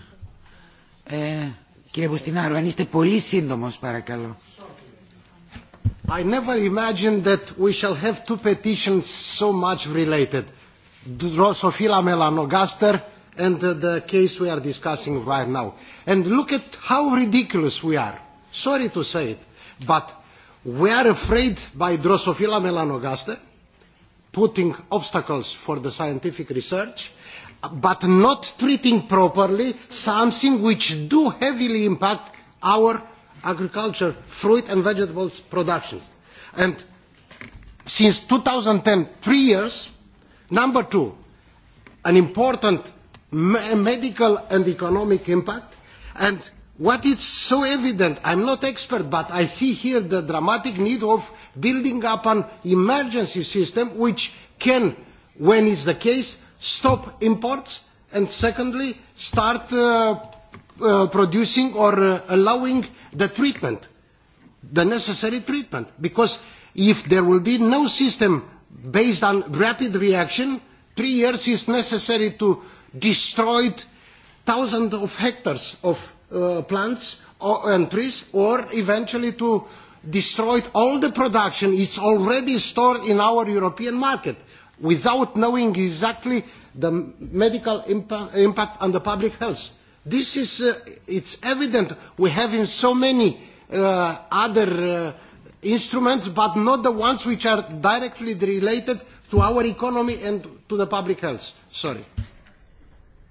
Ε, κύριε αν είστε πολύ σύντομος, παρακαλώ. I never imagined that we shall have two petitions so much related. Drosophila melanogaster and the case we are discussing right now. And look at how ridiculous we are. Sorry to say it, but we are afraid by Drosophila melanogaster putting obstacles for the scientific research, but not treating properly something which do heavily impact our agriculture, fruit and vegetables production. And since 2010, three years, number two, an important medical and economic impact, and What is so evident, I'm not expert, but I see here the dramatic need of building up an emergency system which can, when is the case, stop imports and secondly, start uh, uh, producing or uh, allowing the treatment, the necessary treatment. Because if there will be no system based on rapid reaction, three years is necessary to destroy thousands of hectares of uh, plants or, and trees or eventually to destroy all the production it's already stored in our European market without knowing exactly the medical impa impact on the public health. This is, uh, it's evident we have in so many uh, other uh, instruments, but not the ones which are directly related to our economy and to the public health. Sorry.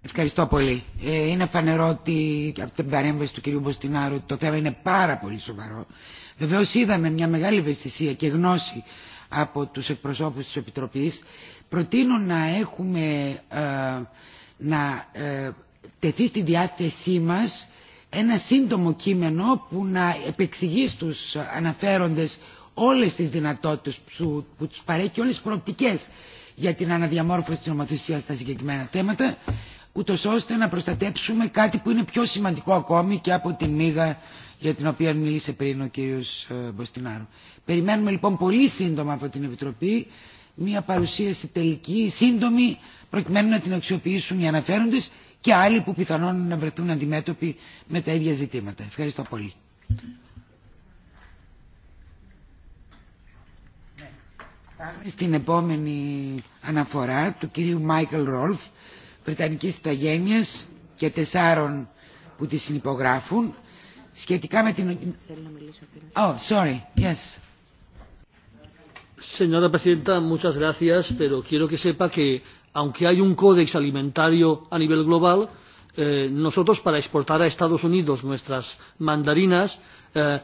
Ευχαριστώ πολύ. Ε, είναι φανερό ότι από την παρέμβαση του κυρίου Μποστινάρου το θέμα είναι πάρα πολύ σοβαρό. Βεβαίω είδαμε μια μεγάλη ευαισθησία και γνώση από του εκπροσώπου τη Επιτροπή. Προτείνω να έχουμε ε, να ε, τεθεί στη διάθεσή μα ένα σύντομο κείμενο που να επεξηγεί στου αναφέροντε όλες τις δυνατότητες που, που τους παρέχει, όλες τις προοπτικές για την αναδιαμόρφωση της νομοθεσίας στα συγκεκριμένα θέματα ούτω ώστε να προστατέψουμε κάτι που είναι πιο σημαντικό ακόμη και από τη μίγα για την οποία μίλησε πριν ο κύριος Μποστινάρου. Περιμένουμε λοιπόν πολύ σύντομα από την Επιτροπή μια παρουσίαση τελική, σύντομη, προκειμένου να την αξιοποιήσουν οι αναφέροντες και άλλοι που πιθανόν να βρεθούν αντιμέτωποι με τα ίδια ζητήματα. Ευχαριστώ πολύ. Πάμε στην επόμενη αναφορά του κυρίου Μάικλ Ρόλφ Βρετανική Ταγένεια και τεσσάρων που τη συνυπογράφουν σχετικά με την... Oh, sorry, yes. Señora Presidenta, muchas gracias, pero quiero que sepa que, aunque hay un códex alimentario a nivel global, eh, nosotros para exportar a Estados Unidos nuestras mandarinas eh,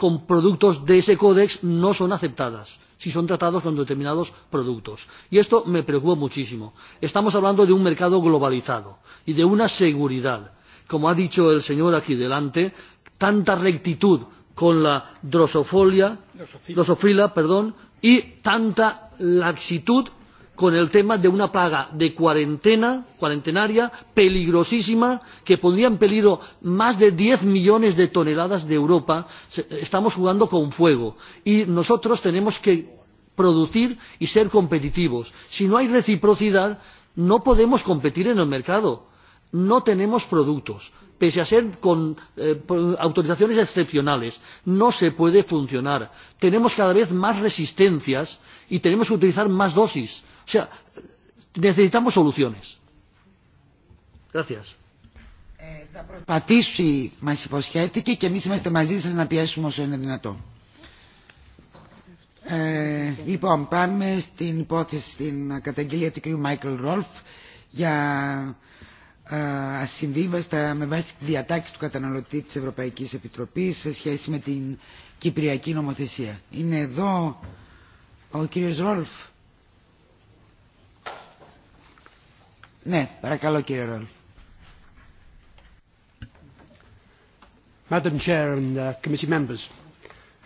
con productos de ese códex no son aceptadas si son tratados con determinados productos. Y esto me preocupa muchísimo. Estamos hablando de un mercado globalizado y de una seguridad. Como ha dicho el señor aquí delante, tanta rectitud con la drosofolia, drosofila, perdón, y tanta laxitud con el tema de una paga de cuarentena, cuarentenaria, peligrosísima, que pondría en peligro más de diez millones de toneladas de Europa. Estamos jugando con fuego y nosotros tenemos que producir y ser competitivos. Si no hay reciprocidad, no podemos competir en el mercado. No tenemos productos pese a ser con eh, autorizaciones excepcionales, no se puede funcionar. Tenemos cada vez más resistencias y tenemos que utilizar más dosis. O sea, necesitamos soluciones. Gracias. Θα προσπαθήσει, μας υποσχέθηκε και εμείς είμαστε μαζί σας να πιέσουμε όσο είναι δυνατό. Ε, λοιπόν, πάμε στην υπόθεση, στην καταγγελία του κ. Μάικλ Ρόλφ για ασυμβίβαστα με βάση τη διατάξη του καταναλωτή της Ευρωπαϊκής Επιτροπής σε σχέση με την Κυπριακή νομοθεσία. Είναι εδώ ο κύριος Ρόλφ. Ναι, παρακαλώ κύριε Ρόλφ. Madam Chair and uh, committee members,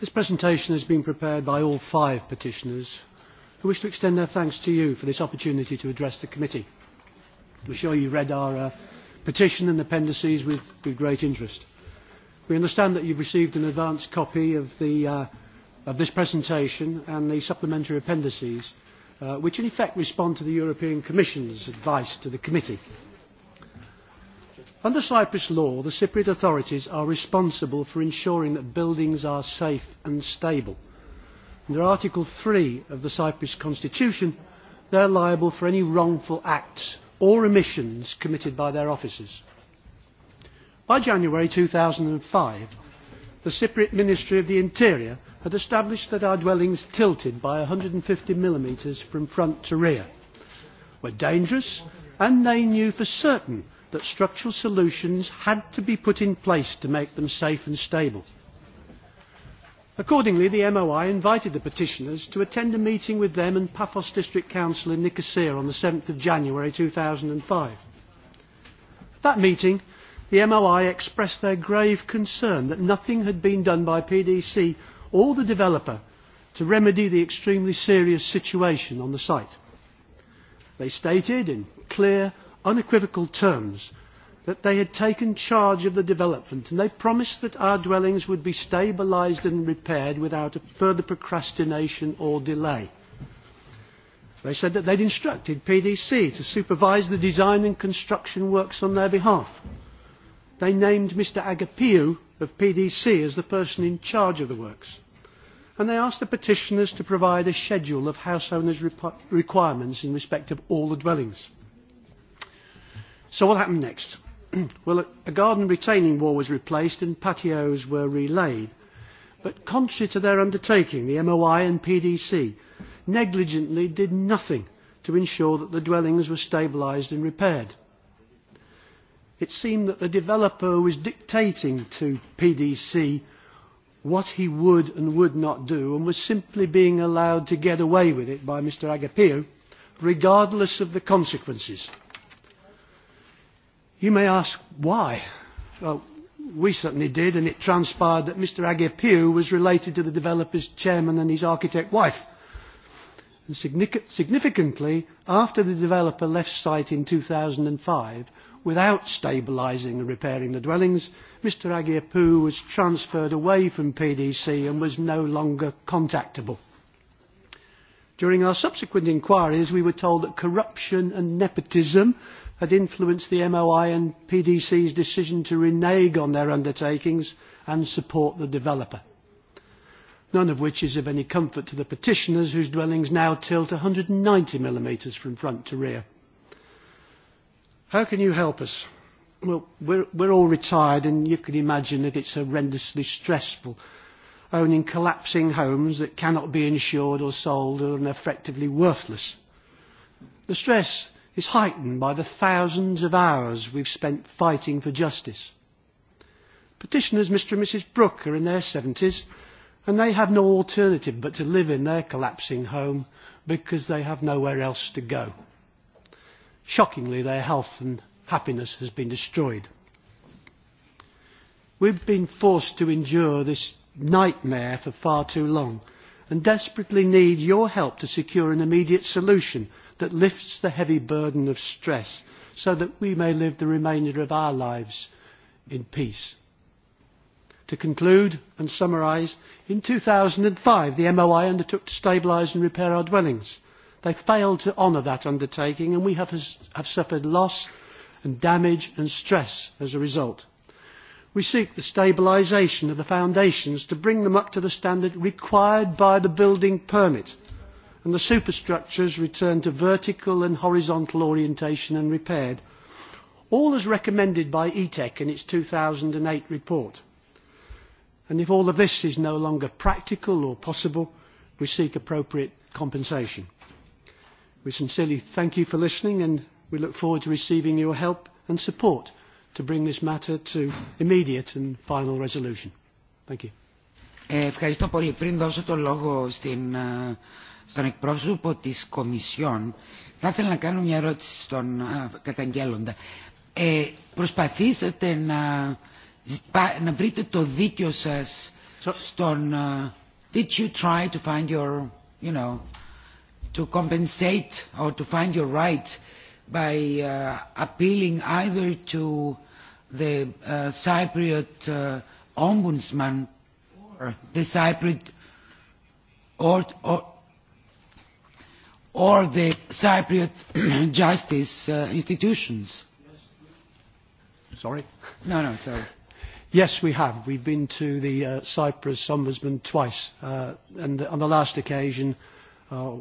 this presentation has been prepared by all five petitioners who wish to extend their thanks to you for this opportunity to address the committee. I'm sure you read our uh, petition and appendices with, with great interest. We understand that you've received an advance copy of, the, uh, of this presentation and the supplementary appendices, uh, which in effect respond to the European Commission's advice to the Committee. Under Cyprus law, the Cypriot authorities are responsible for ensuring that buildings are safe and stable. Under Article 3 of the Cyprus Constitution, they are liable for any wrongful acts or omissions committed by their officers. By January two thousand five, the Cypriot Ministry of the Interior had established that our dwellings tilted by one hundred and fifty millimetres from front to rear, were dangerous, and they knew for certain that structural solutions had to be put in place to make them safe and stable. Accordingly, the MOI invited the petitioners to attend a meeting with them and Paphos District Council in Nicosia on the 7th of January 2005. At that meeting, the MOI expressed their grave concern that nothing had been done by PDC or the developer to remedy the extremely serious situation on the site. They stated in clear, unequivocal terms that they had taken charge of the development and they promised that our dwellings would be stabilised and repaired without further procrastination or delay. They said that they'd instructed PDC to supervise the design and construction works on their behalf. They named Mr Agapiu of PDC as the person in charge of the works. And they asked the petitioners to provide a schedule of house owners' requirements in respect of all the dwellings. So what happened next? well, a garden retaining wall was replaced and patios were relaid. But contrary to their undertaking, the MOI and PDC negligently did nothing to ensure that the dwellings were stabilised and repaired. It seemed that the developer was dictating to PDC what he would and would not do and was simply being allowed to get away with it by Mr Agapio, regardless of the consequences. You may ask why. Well, we certainly did, and it transpired that Mr Agepiu was related to the developer's chairman and his architect wife. And significantly, after the developer left site in 2005, without stabilising and repairing the dwellings, Mr Agiapu was transferred away from PDC and was no longer contactable. During our subsequent inquiries, we were told that corruption and nepotism had influenced the MOI and PDC's decision to renege on their undertakings and support the developer. None of which is of any comfort to the petitioners whose dwellings now tilt 190 millimetres from front to rear. How can you help us? Well, we're, we're all retired and you can imagine that it's horrendously stressful owning collapsing homes that cannot be insured or sold and are effectively worthless. The stress is heightened by the thousands of hours we've spent fighting for justice. Petitioners Mr and Mrs Brooke are in their 70s and they have no alternative but to live in their collapsing home because they have nowhere else to go. Shockingly, their health and happiness has been destroyed. We've been forced to endure this nightmare for far too long and desperately need your help to secure an immediate solution that lifts the heavy burden of stress so that we may live the remainder of our lives in peace. To conclude and summarise, in 2005 the MOI undertook to stabilise and repair our dwellings. They failed to honour that undertaking and we have, have suffered loss and damage and stress as a result. We seek the stabilisation of the foundations to bring them up to the standard required by the building permit – and the superstructures returned to vertical and horizontal orientation and repaired, all as recommended by ETEC in its 2008 report. And if all of this is no longer practical or possible, we seek appropriate compensation. We sincerely thank you for listening and we look forward to receiving your help and support to bring this matter to immediate and final resolution. Thank you. Ευχαριστώ πολύ. Πριν δώσω το λόγο στην στον εκπρόσωπο της Κομισιόν, θα ήθελα να κάνω μια ερώτηση στον καταγγέλλοντα. Ε, προσπαθήσατε να, να βρείτε το δίκιο σας στον... uh, Did you try to find your, you know, to compensate or to find your right by uh, appealing either to the uh, Cypriot uh, ombudsman or the Cypriot or, or or the Cypriot justice uh, institutions? Sorry? No, no, sorry. Yes, we have. We've been to the uh, Cyprus ombudsman twice, uh, and on the last occasion, uh,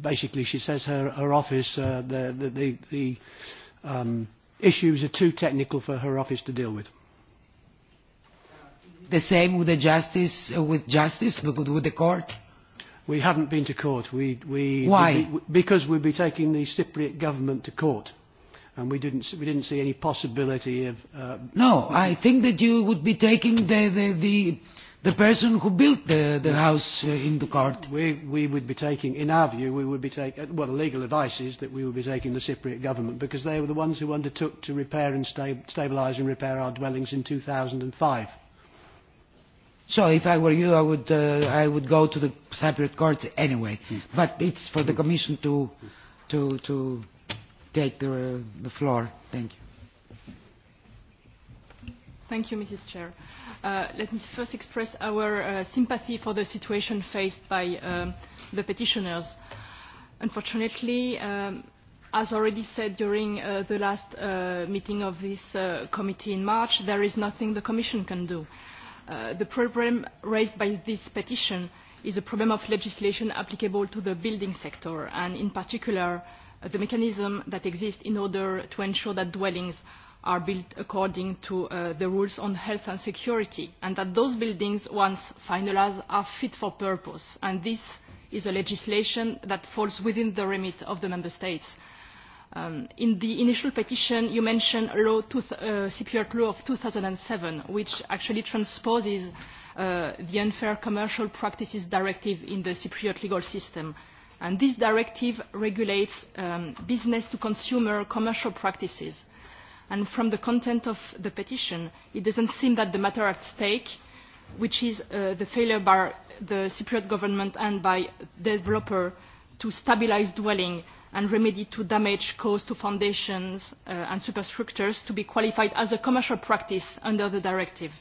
basically, she says her, her office, uh, the, the, the, the um, issues are too technical for her office to deal with. The same with the justice, uh, with justice, with the court. We haven't been to court. We, we, Why? We, because we'd be taking the Cypriot government to court. And we didn't, we didn't see any possibility of... Uh, no, I think that you would be taking the, the, the, the person who built the, the house uh, in the court. We, we would be taking, in our view, we would be taking... Well, the legal advice is that we would be taking the Cypriot government because they were the ones who undertook to repair and sta stabilise and repair our dwellings in 2005 So if I were you, I would, uh, I would go to the Cypriot courts anyway. Mm. But it's for the Commission to, to, to take the, uh, the floor. Thank you. Thank you, Mrs. Chair. Uh, let me first express our uh, sympathy for the situation faced by uh, the petitioners. Unfortunately, um, As already said during uh, the last uh, meeting of this uh, committee in March, there is nothing the Commission can do. Uh, the problem raised by this petition is a problem of legislation applicable to the building sector and in particular the mechanism that exists in order to ensure that dwellings are built according to the rules on health and security and that those buildings once finalised are fit for purpose and this is a legislation that falls within the remit of the member states. Um, in the initial petition, you mentioned law to uh, CPR law of 2007, which actually transposes uh, the Unfair Commercial Practices Directive in the Cypriot legal system. And this directive regulates um, business-to-consumer commercial practices. And from the content of the petition, it doesn't seem that the matter at stake which is uh, the failure by the Cypriot government and by the developer to stabilize dwelling and remedy to damage caused to foundations and superstructures to be qualified as a commercial practice under the directive.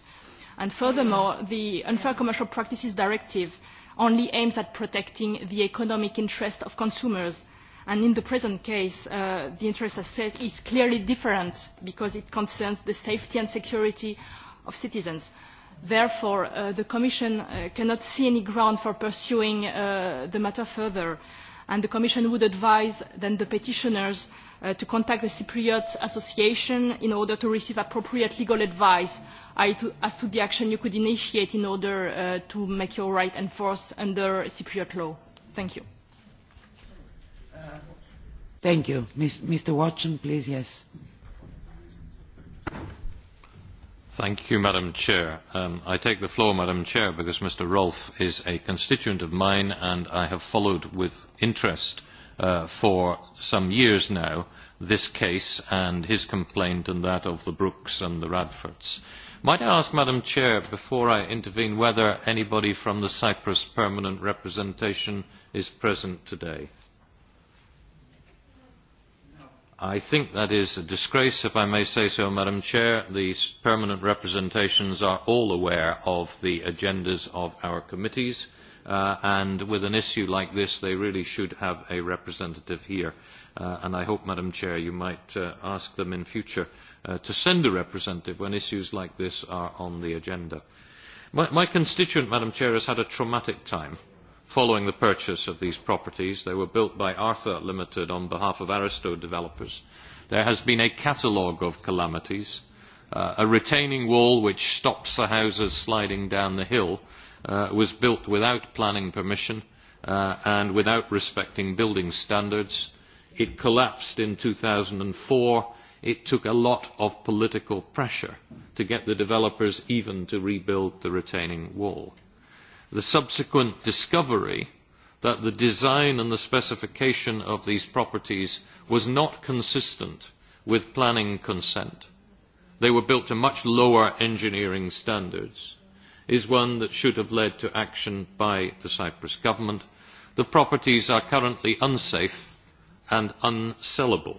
furthermore, the Unfair Commercial Practices Directive only aims at protecting the economic interest of consumers. And in the present case, the interest as said is clearly different because it concerns the safety and security of citizens. Therefore, the Commission cannot see any ground for pursuing the matter further and the Commission would advise then the petitioners to contact the Cypriot Association in order to receive appropriate legal advice as to the action you could initiate in order to make your right enforced under Cypriot law. Thank you. Thank you. Mr. Watson, please, yes madam president i take the floor because mr rolfe is a constituent of mine and i have followed with interest for some years now this case and his complaint and that of the brooks and the radfords. might i ask madam president before i intervene whether anybody from the cyprus permanent representation is present today? I think that is a disgrace, if I may say so, Madam Chair. The permanent representations are all aware of the agendas of our committees, and with an issue like this, they really should have a representative here. and I hope, Madam Chair, you might ask them in future to send a representative when issues like this are on the agenda. My, my constituent, Madam Chair, has had a traumatic time following the purchase of these properties. They were built by Arthur Limited on behalf of Aristo developers. There has been a catalogue of calamities, uh, a retaining wall which stops the houses sliding down the hill uh, was built without planning permission uh, and without respecting building standards. It collapsed in 2004. It took a lot of political pressure to get the developers even to rebuild the retaining wall the subsequent discovery that the design and the specification of these properties was not consistent with planning consent. They were built to much lower engineering standards, is one that should have led to action by the Cyprus government. The properties are currently unsafe and unsellable.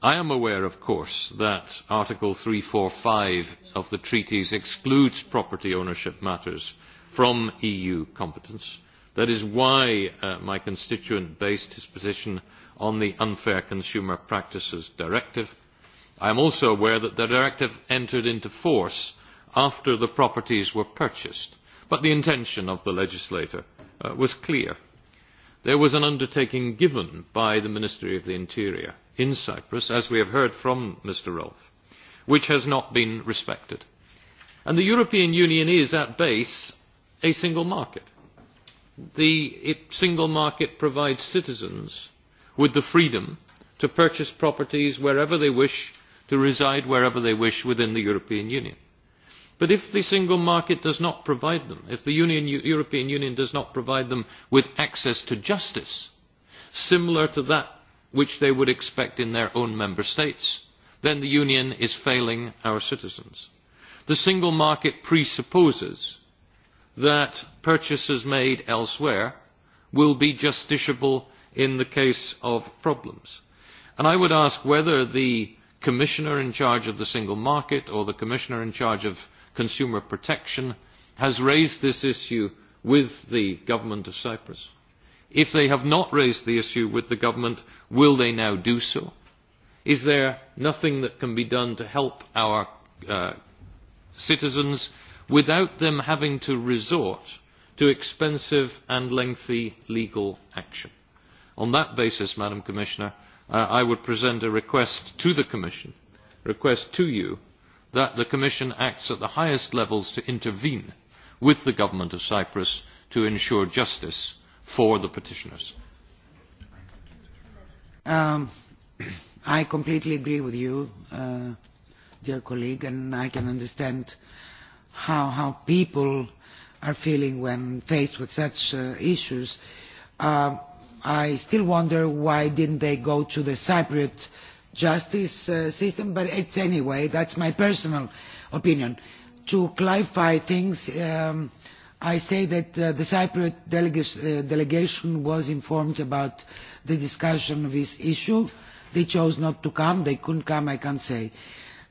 I am aware, of course, that Article three hundred and forty five of the treaties excludes property ownership matters from EU competence. That is why my constituent based his position on the Unfair Consumer Practices Directive. I am also aware that the directive entered into force after the properties were purchased, but the intention of the legislator was clear. There was an undertaking given by the Ministry of the Interior in Cyprus, as we have heard from Mr. Rolfe, which has not been respected. And the European Union is, at base, a single market. The single market provides citizens with the freedom to purchase properties wherever they wish, to reside wherever they wish within the European Union. But if the single market does not provide them, if the Union, European Union does not provide them with access to justice, similar to that which they would expect in their own member states, then the Union is failing our citizens. The single market presupposes that purchases made elsewhere will be justiciable in the case of problems. And I would ask whether the commissioner in charge of the single market or the commissioner in charge of consumer protection has raised this issue with the government of Cyprus. If they have not raised the issue with the government, will they now do so? Is there nothing that can be done to help our uh, citizens without them having to resort to expensive and lengthy legal action. On that basis, Madam Commissioner, uh, I would present a request to the Commission, request to you, that the Commission acts at the highest levels to intervene with the Government of Cyprus to ensure justice for the petitioners. Um, I completely agree with you, uh, dear colleague, and I can understand uh, how, how people are feeling when faced with such uh, issues. Uh, I still wonder why didn't they go to the Cypriot justice uh, system, but it's anyway, that's my personal opinion. To clarify things, um, I say that uh, the Cypriot delega uh, delegation was informed about the discussion of this issue. They chose not to come. They couldn't come, I can't say.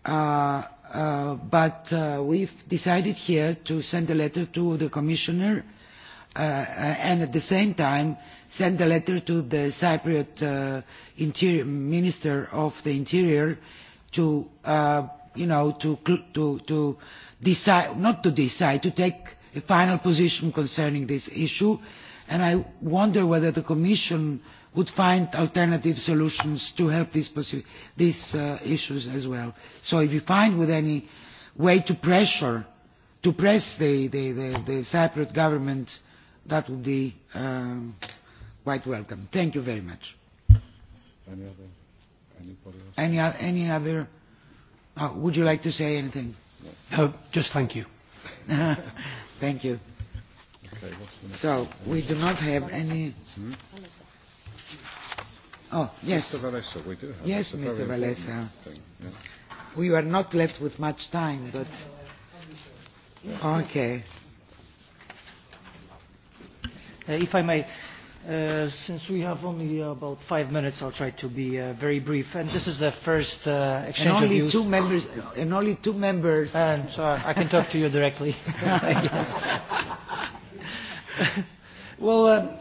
Uh, but uh, we've decided here to send a letter to the Commissioner uh, and at the same time send a letter to the Cypriot uh, interior, Minister of the Interior to, uh, you know, to, to, to decide, not to decide, to take a final position concerning this issue. And I wonder whether the Commission uh, would find alternative solutions to help these, these uh, issues as well. So if you find with any way to pressure, to press the, the, the, the Cypriot government, that would be um, quite welcome. Thank you very much. Any other? Any, any other? Uh, would you like to say anything? No, just thank you. thank you. So we do not have any. Hmm? Oh, yes. Mr. Valesa, we do have yes, Mr. Valesa. Thing, yeah. We were not left with much time, but. Okay. Uh, if I may, uh, since we have only about five minutes, I'll try to be uh, very brief. And this is the first uh, exchange and only of views. Two members, and only two members. And so I can talk to you directly, I guess. well, uh,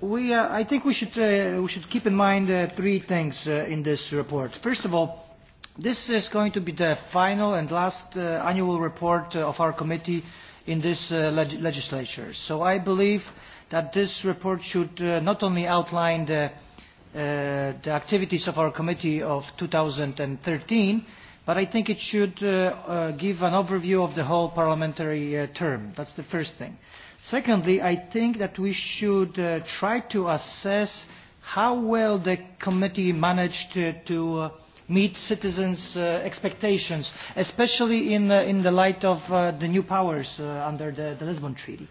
we, uh, I think we should, uh, we should keep in mind uh, three things uh, in this report. First of all, this is going to be the final and last uh, annual report uh, of our committee in this uh, leg legislature. So I believe that this report should uh, not only outline the, uh, the activities of our committee of 2013, but I think it should uh, uh, give an overview of the whole parliamentary uh, term. That's the first thing. Uh, Secondly, I think that we should uh, try to assess how well the committee managed to, to uh, meet citizens' uh, expectations, especially in, uh, in the light of uh, the new powers uh, under the, the Lisbon Treaty.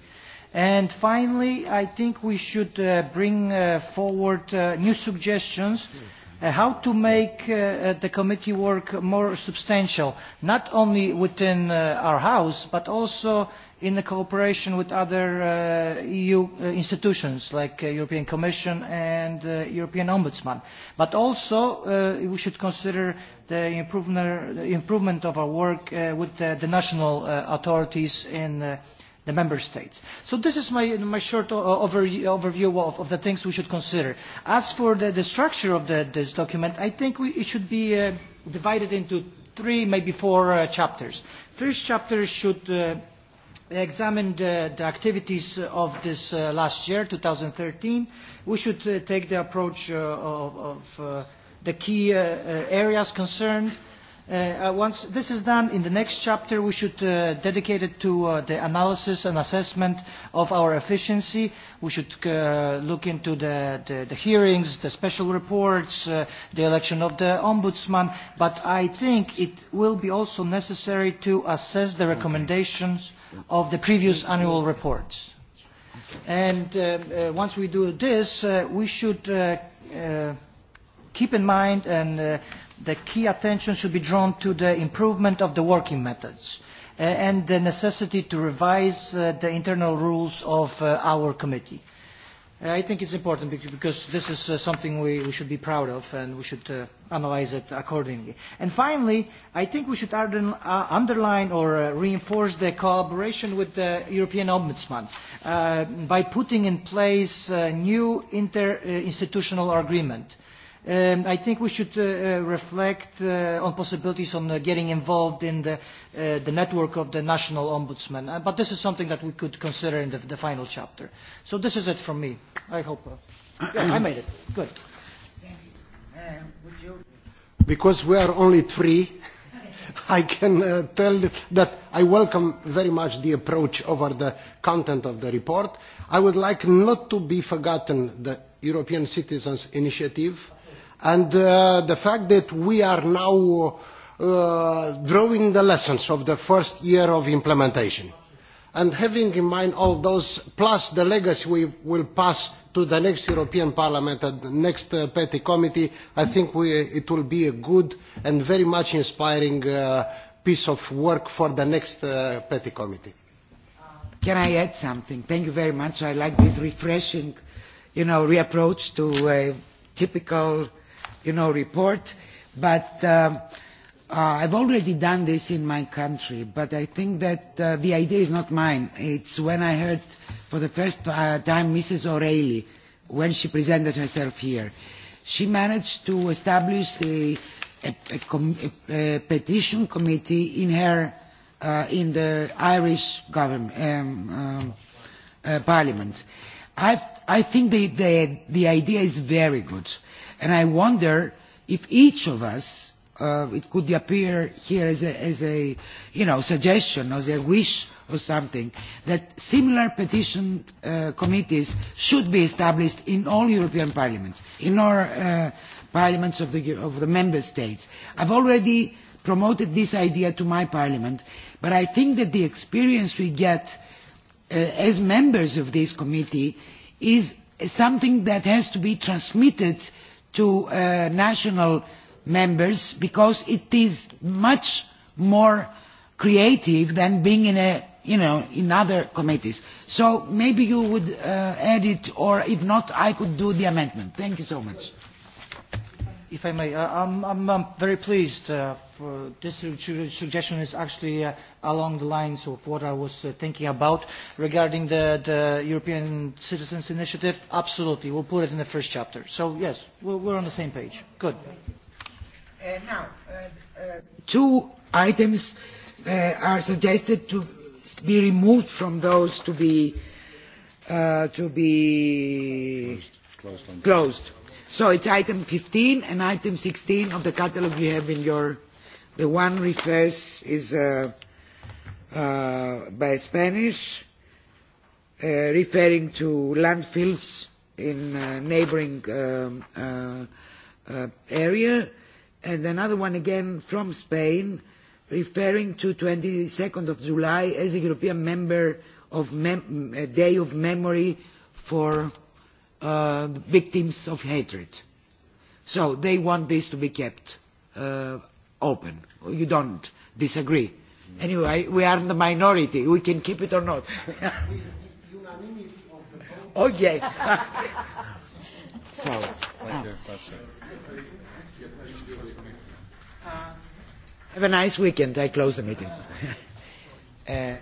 And finally, I think we should uh, bring uh, forward uh, new suggestions yes how to make the committee work more substantial, not only within our House, but also in the cooperation with other EU institutions like the European Commission and the European Ombudsman. But also we should consider the improvement of our work with the, national authorities in the member states. So this is my, my short over, overview of, of the things we should consider. As for the, the structure of the, this document, I think we, it should be uh, divided into three, maybe four uh, chapters. First chapter should uh, examine the, the activities of this uh, last year, 2013. We should uh, take the approach uh, of, of uh, the key uh, areas concerned, Uh, once this is done, in the next chapter we should uh, dedicate it to uh, the analysis and assessment of our efficiency. We should uh, look into the, the, the hearings, the special reports, uh, the election of the ombudsman. But I think it will be also necessary to assess the recommendations of the previous annual reports. And uh, uh, once we do this, uh, we should uh, uh, keep in mind and uh, the key attention should be drawn to the improvement of the working methods and the necessity to revise the internal rules of our committee. I think it's important because this is something we, we should be proud of and we should uh, analyze it accordingly. And finally, I think we should underline or reinforce the collaboration with the European Ombudsman by putting in place a new interinstitutional agreement uh, Um, I think we should uh, reflect uh, on possibilities on uh, getting involved in the, uh, the network of the national ombudsman, uh, but this is something that we could consider in the, the final chapter. So this is it from me. I hope. Uh, yeah, I made it. Good. Because we are only three, I can uh, tell that I welcome very much the approach over the content of the report. I would like not to be forgotten the European Citizens Initiative And uh, the fact that we are now uh, drawing the lessons of the first year of implementation and having in mind all those, plus the legacy we will pass to the next European Parliament and the next uh, Petty Committee, I think we, it will be a good and very much inspiring uh, piece of work for the next uh, Petty Committee. Can I add something? Thank you very much. I like this refreshing, you know, reapproach to a typical you know, report. But uh, uh, I've already done this in my country, but I think that uh, the idea is not mine. It's when I heard for the first uh, time Mrs. O'Reilly when she presented herself here. She managed to establish a, a, a, com, a, a petition committee in her uh, in the Irish government um, um, uh, parliament. I, I think the, the, the idea is very good. Uh, And I wonder if each of us, uh, it could appear here as a, as a you know, suggestion or as a wish or something, that similar petition uh, committees should be established in all European parliaments, in all uh, parliaments of the, of the member states. I've already promoted this idea to my parliament, but I think that the experience we get uh, as members of this committee is something that has to be transmitted uh, to uh, national members because it is much more creative than being in a you know in other committees so maybe you would uh, add it or if not i could do the amendment thank you so much if I may, uh, I'm, I'm, I'm very pleased. Uh, for this suggestion is actually uh, along the lines of what I was uh, thinking about regarding the, the European Citizens Initiative. Absolutely, we'll put it in the first chapter. So yes, we're, we're on the same page. Good. Uh, now, uh, uh, two items uh, are suggested to be removed from those to be uh, to be closed. closed So it's item 15 and item 16 of the catalogue you have in your... The one refers is uh, uh, by Spanish, uh, referring to landfills in uh, neighboring um, uh, uh, area, and another one again from Spain, referring to 22nd of July as a European member of mem- Day of Memory for uh, victims of hatred. So they want this to be kept uh, open. You don't disagree. Anyway, we are in the minority. We can keep it or not. okay. so. Have a nice weekend. I close the meeting. uh,